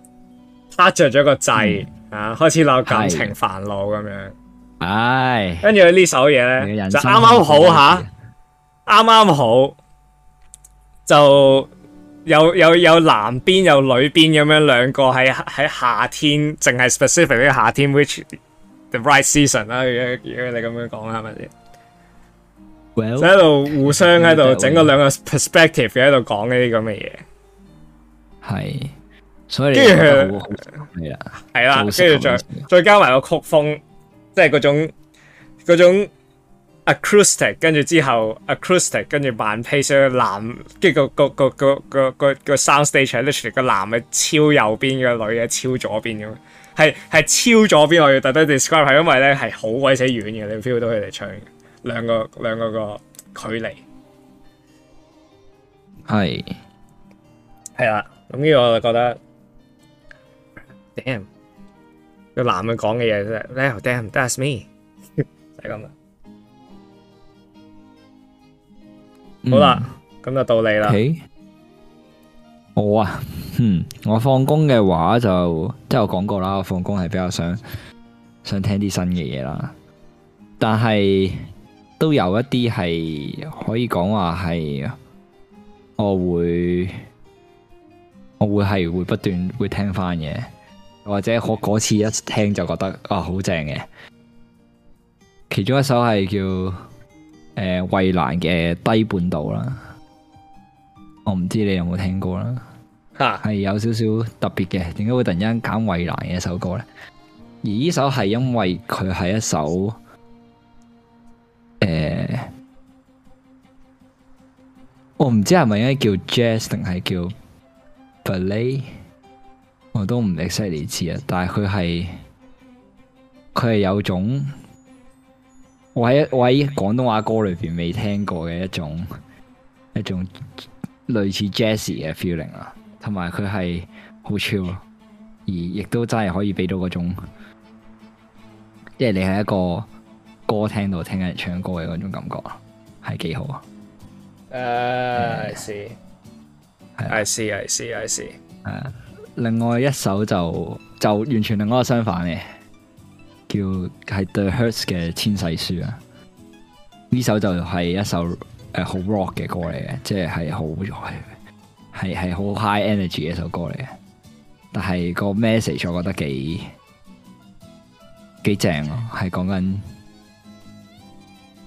執着咗個掣，嗯、啊，開始鬧感情煩惱咁樣，唉是，跟住呢首嘢咧就啱啱好吓，啱啱、啊、好就。有有有男邊有女邊咁樣兩個喺喺夏天，淨係 specific 啲夏天，which the right season 啦，如果你咁樣講啦，係咪先？就喺度 Well, 互相喺度整嗰兩個 perspective 喺度講呢啲咁嘅嘢，係，所以跟住係啦，跟住後 再再加埋個曲風，即係嗰種嗰種。Acoustic 跟住之後，Acoustic 跟住扮 pace 嘅男，跟個個個個個個 sound stage，literally 個男嘅超右邊，個女嘅超左邊咁，係係超左邊我要特登 describe，係因為咧係好鬼死遠嘅，你 feel 到佢哋唱兩個兩個個距離，係係啦，咁呢我就覺得，damn 個男嘅講嘅嘢，no damn that's me， 就係咁。好啦，咁、嗯、就到你啦。Okay. 我啊，嗯，我放工嘅話就即係我講過啦，我放工係比較想想聽啲新嘅嘢啦。但係都有一啲係可以講話係我會我會係會不斷會聽返嘅，或者我嗰次一聽就覺得啊好正嘅。其中一首係叫。誒，衛蘭嘅《低半度》啦，我唔知你有冇聽過啦，係、啊、有少少特別嘅，點解會突然間揀衛蘭嘅一首歌咧？而呢首係因為佢係一首誒、呃，我唔知係咪應該叫 jazz 定係叫 ballet，我都唔 exactly 知啊，但係佢係佢係有種。我喺一位廣東話歌裏邊未聽過嘅一種一種類似 Jazz 嘅 feeling 啦，同埋佢係好超咯，而亦都真係可以俾到嗰種，即係你係一個歌聽到聽人唱歌嘅嗰種感覺啊，係幾好啊！誒、uh,，I see，i see，I see，I see，係另外一首就就完全同我相反嘅。叫係 The Hertz 嘅《千世書》啊，呢首就係一首誒好、呃、rock 嘅歌嚟嘅，即係好係係好 high energy 嘅一首歌嚟嘅。但係個 message 我覺得幾幾正咯，係講緊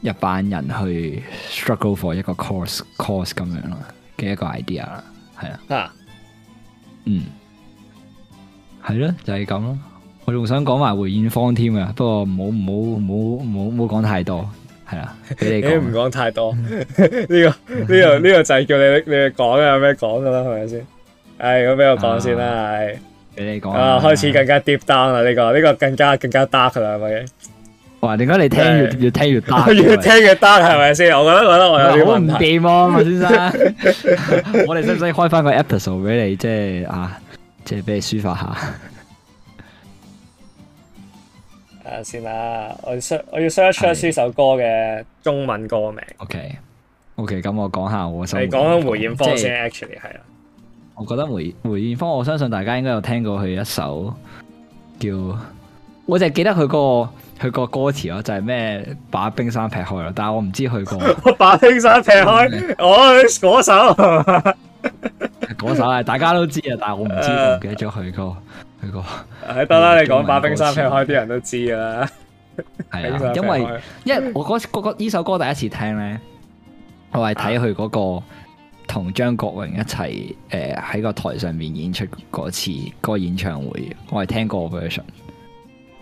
一班人去 struggle for 一個 course course 咁樣咯嘅一個 idea 啦，係啊，嗯，係咯，就係咁咯。我仲想講埋梅艷芳添啊，不過唔好唔好唔好唔好唔好講太多，係啦，俾你唔講太多。呢個呢個呢個就係叫你你哋講啊，有咩講噶啦，係咪先？唉，咁俾我講先啦，係俾你講啊。開始更加 deep down 啦，呢個呢個更加更加 dark 啦，係咪？哇，點解你聽越越聽越 dark？越聽越 dark 係咪先？我覺得覺得我我唔掂啊，先生。我哋使唔使開翻個 episode 俾你，即係啊，即係俾你抒發下？先啦，我要搜我要 search 呢首歌嘅中文歌名。O K，O K，咁我講下我回，你講緊梅艷芳先。Actually 係啊，我覺得梅梅艷芳，我相信大家應該有聽過佢一首叫，我淨係記得佢個佢個歌詞咯，就係咩把冰山劈開咯，但係我唔知佢個把冰山劈開，但我知哦嗰首，嗰 首係大家都知啊，但係我唔知唔、uh. 記得咗佢個。去過，得啦、 啊！你講把冰山劈開，啲 人都知啦。係啊，因為因為我嗰個呢首歌第一次聽咧，我係睇佢嗰個同張國榮一齊誒喺個台上面演出嗰次歌、那個、演唱會，我係聽過 version。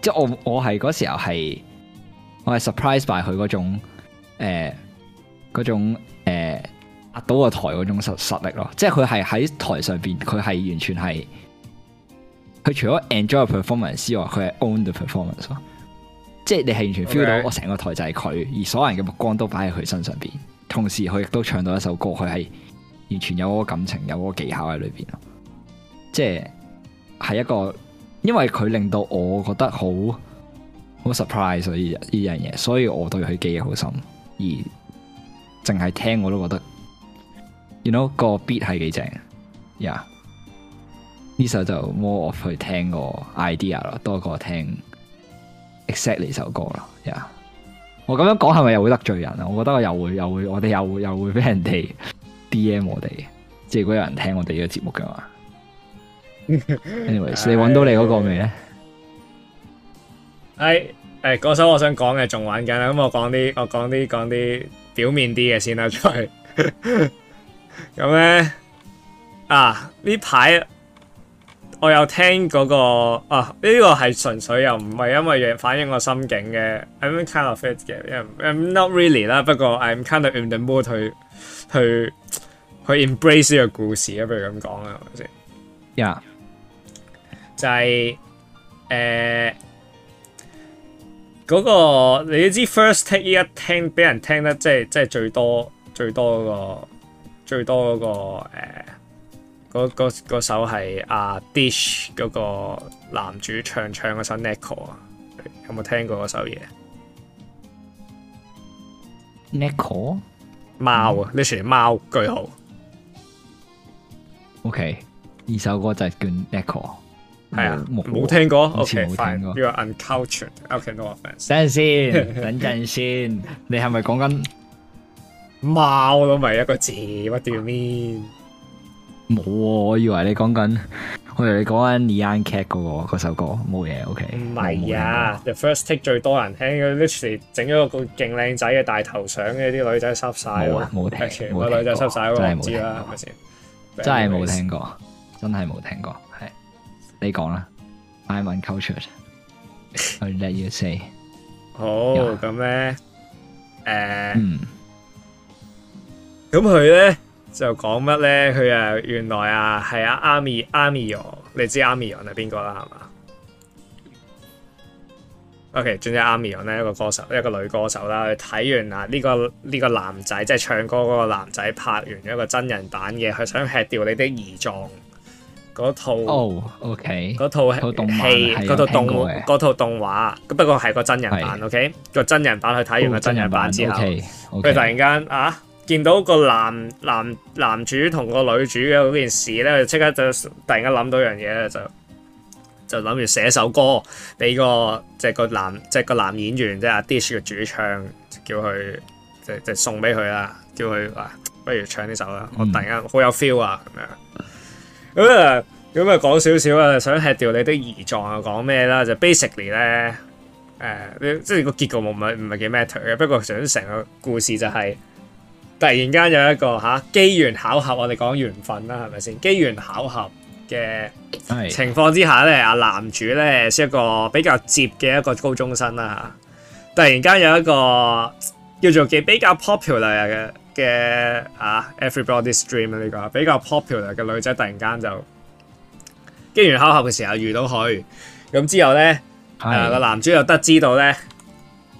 即係我我係嗰時候係我係 surprise by 佢嗰種誒嗰、呃、種誒壓到個台嗰種實實力咯，即係佢係喺台上邊，佢係完全係。佢除咗 enjoy the performance 之外，佢係 own the performance，即係你係完全 feel 到我成個台就係佢，而所有人嘅目光都擺喺佢身上邊。同時佢亦都唱到一首歌，佢係完全有嗰個感情，有嗰個技巧喺裏邊咯。即係一個，因為佢令到我覺得好好 surprise 所以呢樣嘢，所以我對佢記憶好深。而淨係聽我都覺得，you know 個 beat 係幾正，yeah。呢首就 more of 去聽個 idea 咯，多過聽 exactly 呢首歌咯。Yeah. 我咁樣講係咪又會得罪人啊？我覺得我又會又會，我哋又會又會俾人哋 DM 我哋，即係如果有人聽我哋呢個節目嘅話。Anyways， 哎、你揾到你嗰個未咧？誒誒、哎，嗰、哎、首我想講嘅仲玩緊啦。咁我講啲，我講啲，講啲表面啲嘅先啦。出去，咁 咧啊，呢排。我有聽嗰個啊，呢個係純粹又唔係因為反映我心境嘅，I'm kind of fit 嘅，因為 I'm not really 啦。不過 I'm kind of in the mood to 去去去 embrace 呢個故事啊，不如咁講啊，係咪先 Yeah 就係誒嗰個你都知 first take 依家聽俾人聽得即係即係最多最多嗰個最多嗰個、呃嗰嗰嗰首係阿 Dish 嗰個男主唱唱嗰首 Neko 啊，有冇聽過嗰首嘢？Neko 貓啊，呢成貓句號。OK，呢首歌就係叫 Neko。係啊，冇聽過，以前冇聽過。呢個 Uncultured。OK，No offence。等陣先，等陣先，你係咪講緊貓都咪一個字？What do you mean? 冇啊！我以為你講緊，我以為你講緊、那個《Nyan Cat》嗰個嗰首歌，冇嘢。O K，唔係啊，我沒《The First Take》最多人聽 literally 整咗個勁靚仔嘅大頭相嘅啲女仔濕晒。冇啊，冇聽，冇聽過，冇聽。真係冇聽過，真係冇聽過。係你講啦，I'm uncultured. I'll Let You Say、oh, Yeah. 嗯。好咁咧，誒，咁佢咧。就講乜咧？佢誒原來啊，係阿阿米阿米揚，你知 a 阿米揚係邊個啦？係嘛？OK，仲有阿米揚咧，一個歌手，一個女歌手啦。佢睇完啊、這個，呢個呢個男仔即係唱歌嗰個男仔，拍完一個真人版嘅，佢想吃掉你啲胰臟嗰套。Oh, okay. 套哦，OK，嗰戲套動戲，嗰套動套動畫，不過係個真人版。是 OK，個真人版佢睇完個真人版之後，佢、oh, okay. okay. 突然間啊～見到個男男男主同個女主嘅嗰件事咧，就即刻就突然間諗到樣嘢咧，就就諗住寫首歌俾個即係、就是、個男即係、就是、個男演員即係、就、阿、是、Dish 嘅主唱，叫佢即即送俾佢啦，叫佢話、啊、不如唱呢首啦，我突然間好有 feel 啊咁樣。咁啊咁啊講少少啊，想吃掉你的胰臟啊，講咩啦？就 basically 咧、呃、誒，即係個結局唔係唔係幾 matter 嘅，不，不, atter, 不過想成個故事就係、是。突然間有一個嚇、啊、機緣巧合，我哋講緣分啦，係咪先？機緣巧合嘅情況之下咧，阿男主咧係一個比較接嘅一個高中生啦嚇、啊。突然間有一個叫做比較 popular 嘅嘅、啊、everybody’s dream 呢、呢個、比較 popular 嘅女仔，突然間就機緣巧合嘅時候遇到佢，咁之後咧，啊個、啊、男主又得知道咧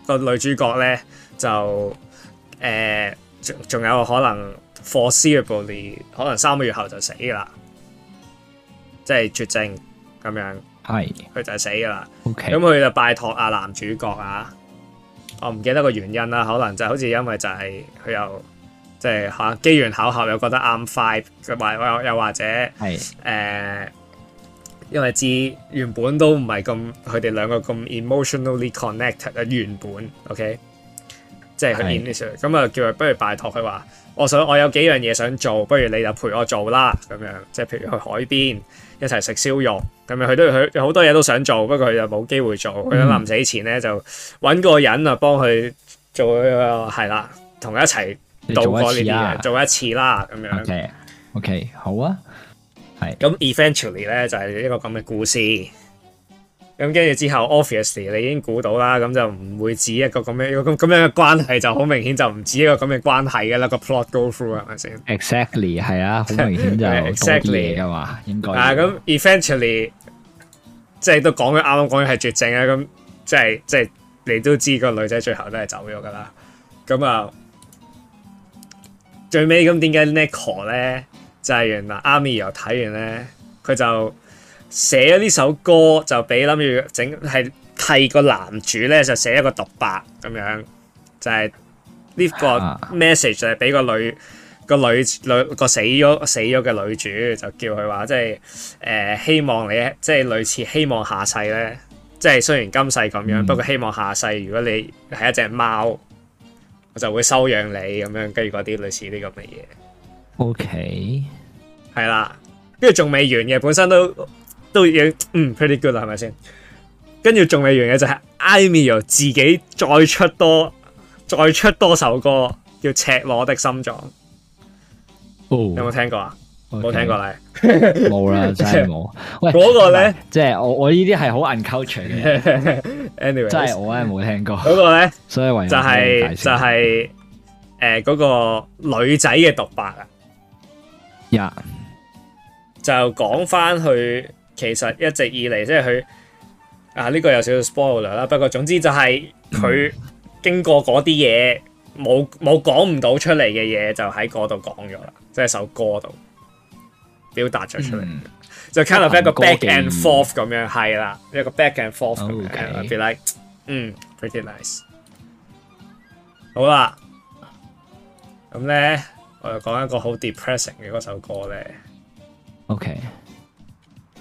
個女主角咧就誒。呃仲仲有可能 foreseeably 可能三個月後就死啦，即係絕症咁樣，係佢 Yes. 就死噶啦。咁佢就拜託阿男主角啊，我唔記得個原因啦，可能就係好似因為就係佢又即係嚇機緣巧合又覺得啱 five，或或又或者係誒 Yes.、呃，因為至原本都唔係咁佢哋兩個咁 emotionally connected 嘅原本 OK。即係去 research，咁啊的叫佢不如拜託佢話，我想我有幾樣嘢想做，不如你就陪我做啦咁樣。即係譬如去海邊一齊食燒肉，咁樣佢都佢好多嘢都想做，不過佢就冇機會做。佢喺、嗯、臨死前咧就搵個人啊幫佢做係啦，同佢一齊度過呢啲嘢，做一次啦、啊、咁樣。Okay. OK 好啊，係。咁 eventually 咧就係、是、一個咁嘅故事。咁跟住之後，obviously 你已經估到啦，咁就唔會指一個咁樣咁咁樣嘅關係，就好明顯就唔止一個咁嘅關係噶啦，那個 plot go through 是是 exactly，啊，係咪先？Exactly 係啊，好明顯就 e x 講啲嘢噶嘛， exactly，應該。啊，咁 eventually 即係都講咗啱啱講嘢係絕症啊，咁即係即係你都知個女仔最後都係走咗噶啦，咁啊最尾咁點解 Nico 咧就係 Amy 又睇完咧，佢就。寫咗呢首歌就俾諗住整係替個男主咧就寫一個獨白咁樣就係、是、呢個 message 就係俾個女個女女個死咗死咗嘅女主就叫佢話即係誒、呃、希望你即係類似希望下世咧即係雖然今世咁樣、嗯、不過希望下世，如果你係一隻貓我就會收養你咁樣，跟住嗰啲類似呢個乜嘢。OK 係啦，跟住仲未完嘅本身都。都已經嗯 pretty good 啦，係咪先？跟住仲未完嘅就係 Aimyon 自己再出多再出多首歌叫《赤裸的心臟》。哦，有冇聽過啊？冇 okay. 聽過你冇啦，真係冇。喂，嗰個咧，即係、就是、我我呢啲係好 unculture 嘅。Anyway，真係我咧冇聽過。嗰個咧，所以就係、是、就係誒嗰個女仔嘅獨白啊。呀，Yeah. 就講翻去。其實一直以嚟，即係佢啊，呢個有少少 spoiler 啦。不過總之就係佢經過嗰啲嘢，冇冇講唔到出嚟嘅嘢，就喺嗰度講咗啦，即係首歌度表達咗出嚟。就 kind of like 個 back and forth 咁樣係啦，一個 back and forth，我 feel like 嗯，pretty nice。好啦，咁咧我又講一個好 depressing 嘅嗰首歌咧。OK。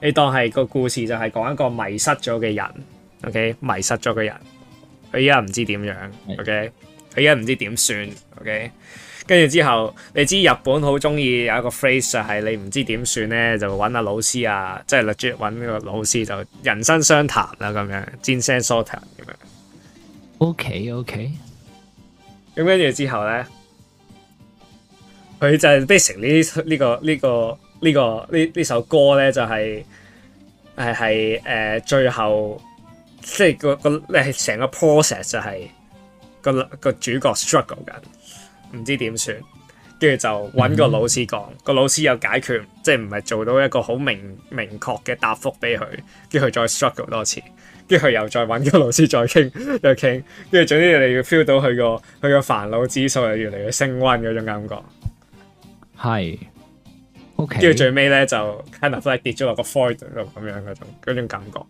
你當係個故事，就係講一個迷失咗嘅人，OK？迷失咗嘅人，佢依家唔知點樣，OK？佢依家唔知點算，OK？跟住之後，你知日本好中意有一個 phrase 就係你唔知點算咧，就搵下老師啊，即係嚟住搵個老師就人生相談啦，咁樣尖聲說話咁樣。OK，OK。咁跟住之後咧，佢就係 basically 呢、這、呢個呢個。這個呢、這個呢呢首歌咧就係係係誒最後，即係個個咧成個 process 就係、是、個個主角 struggle 緊，唔知點算，跟住就揾個老師講，個、嗯、哼老師又解決，即係唔係做到一個好明明確嘅答覆俾佢，跟住佢再 struggle 多次，跟住佢又再揾個老師再傾再傾，跟住總之你要 feel 到佢個佢個煩惱指數係越嚟越升溫嗰種感覺，係。跟住 Okay. 最尾咧就，kind of like 跌咗落個 fire 度咁樣嗰種感覺。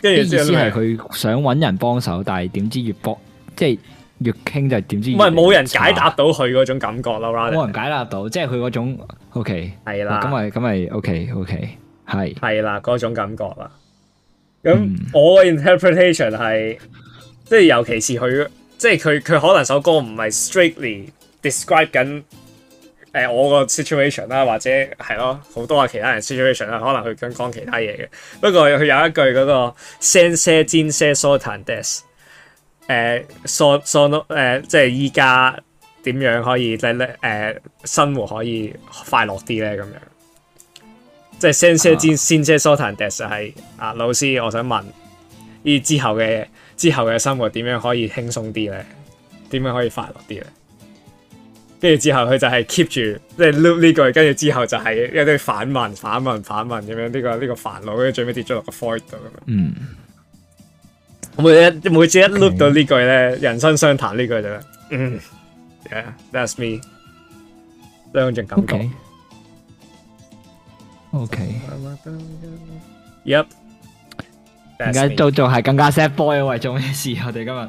跟住意思係佢想搵人幫手，但係點知越搏即係越傾就點知唔係冇人解答到佢嗰種感覺啦。冇人解答到，即係佢嗰種。O K，係啦。咁咪咁咪 O K O K，係係啦嗰種感覺啦。咁我嘅 interpretation 係、嗯、即係尤其是佢即係佢佢可能首歌唔係 strictly describe 緊。呃、我個 situation 啦，或者係咯好多啊其他人 situation 啦，可能佢咁講其他嘢嘅。不過佢有一句嗰、那個 sense, sense, sort and death sort, sort 即係依家點樣可以即係、呃、生活可以快樂啲咧？咁樣即係 sense, sense, sort and death 就係、是、啊，老師，我想問依之後嘅之後嘅生活點樣可以輕鬆啲咧？點樣可以快樂啲咧？跟住之後佢就係 keep 住即係 loop 呢句，跟住之後就係一啲反問、反問、反問咁樣呢個呢個煩惱，跟住最尾跌咗落個 fight 度。嗯。每一每次一 loop 到呢句咧，人生相談呢句就。嗯。啊，that's me。都係好正感覺。O K。Yup。而家都仲係更加 sad boy 因為，做咩事啊？我哋今日。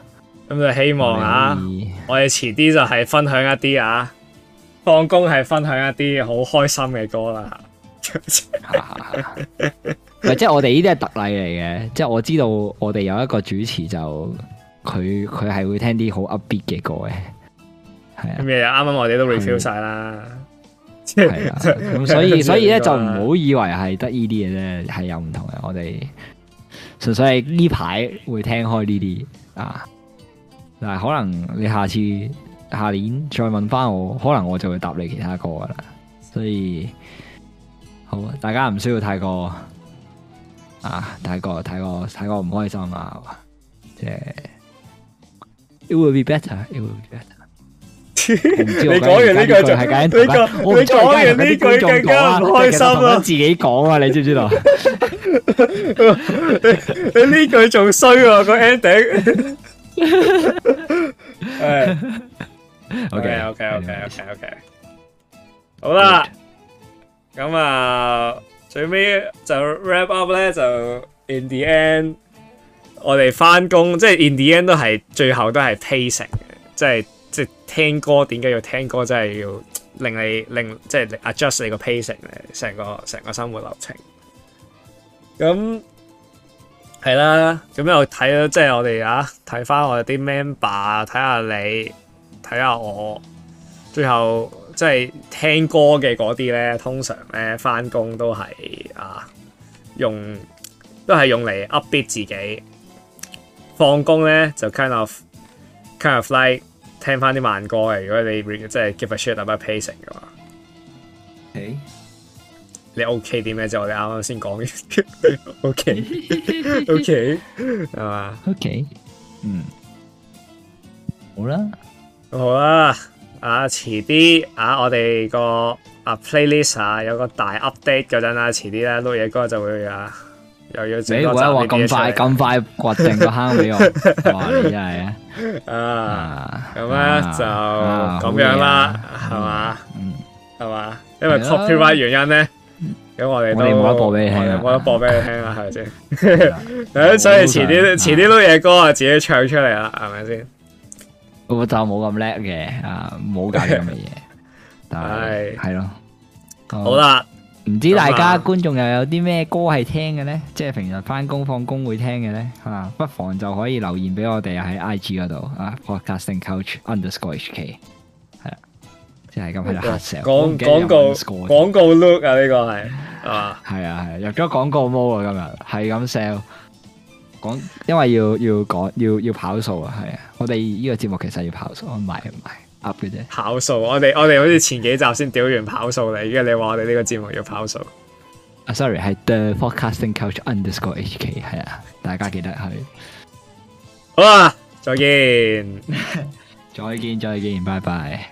咁就希望啊，我哋遲啲就係分享一啲啊，放工係分享一啲好開心嘅歌啦、啊。唔 即係我哋呢啲係特例嚟嘅。即係我知道我哋有一個主持就佢佢係會聽啲好 upbeat 嘅歌嘅，係啊咩啱啱我哋都 review 晒啦，係啊。咁、嗯啊、所以 所以咧就唔好以為係得呢啲嘢咧係有唔同嘅。我哋純粹係呢排會聽開呢啲啊。嗱，但可能你下次下年再問翻我，可能我就會答你其他歌噶啦，所以好啊，大家唔需要太過啊，太過，太過，太過唔開心啊，即係，it will be better，it will be better。唔 我講 完呢這句係點解？我我講完呢句更加唔開心啊！ 自己講啊，你知唔知道？ 你呢句仲衰啊，個 ending。 哎，OK，OK，OK，OK，OK，好啦，咁啊，最尾就 wrap up 咧，就 in the end，我哋翻工，即係 in the end 都係最後都係 pacing 嘅，即係即係聽歌，點解要聽歌？真係要令你令即係 adjust 你個 pacing，成個成個生活流程，咁。係啦，咁又睇咗，即係我哋啊，睇翻我哋啲 member，睇下你，睇下我，最後即係聽歌嘅嗰啲咧，通常咧翻工都係啊，用都係用嚟 upbeat 自己，放工咧就 kind of kind of like 聽翻啲慢歌嘅，如果你即係 give a shit about pacing 嘅嘛。h、hey。你 OK 啲咩？就我哋啱啱先講嘅，OK，OK 係嘛？OK，嗯，好啦，好啦。啊，遲啲啊，我哋個啊 playlist 啊有個大 update 嗰陣啊，遲啲啦，錄嘢嗰日就會啊，又要整，唔好話咁快咁快掘定個坑俾我，哇！你真係啊，啊，咁咧就咁樣啦，係嘛，嗯，係嘛，因為 copyright 原因咧。咁我哋得播俾你都，我得播俾你聽啦，係咪先？所以遲啲遲啲老嘢歌啊，自己唱出嚟啦，係咪先？我就冇咁叻嘅，啊，冇搞咁嘅嘢，但係係咯，好啦，唔知大家觀眾又有啲咩歌係聽嘅咧？即係平日翻工放工會聽嘅咧，啊，不妨就可以留言俾我哋喺 IG 嗰度啊 Podcasting Coach Under Score HK。即係咁喺度 hard sell，廣廣告廣告 look 啊，呢個係啊係啊係入咗廣告 mode 啊，今日係咁 sell，廣因為要要講要要跑數啊係啊，我哋呢個節目其實要跑數，唔係唔係噏嘅啫。跑數，我哋我哋好似前幾集先屌完跑數嚟，而家你話我哋呢個節目要跑數。啊，sorry，係 The Forecasting Coach Underscore HK 係啊，大家記得佢。好啊，再見，再見，再見，拜拜。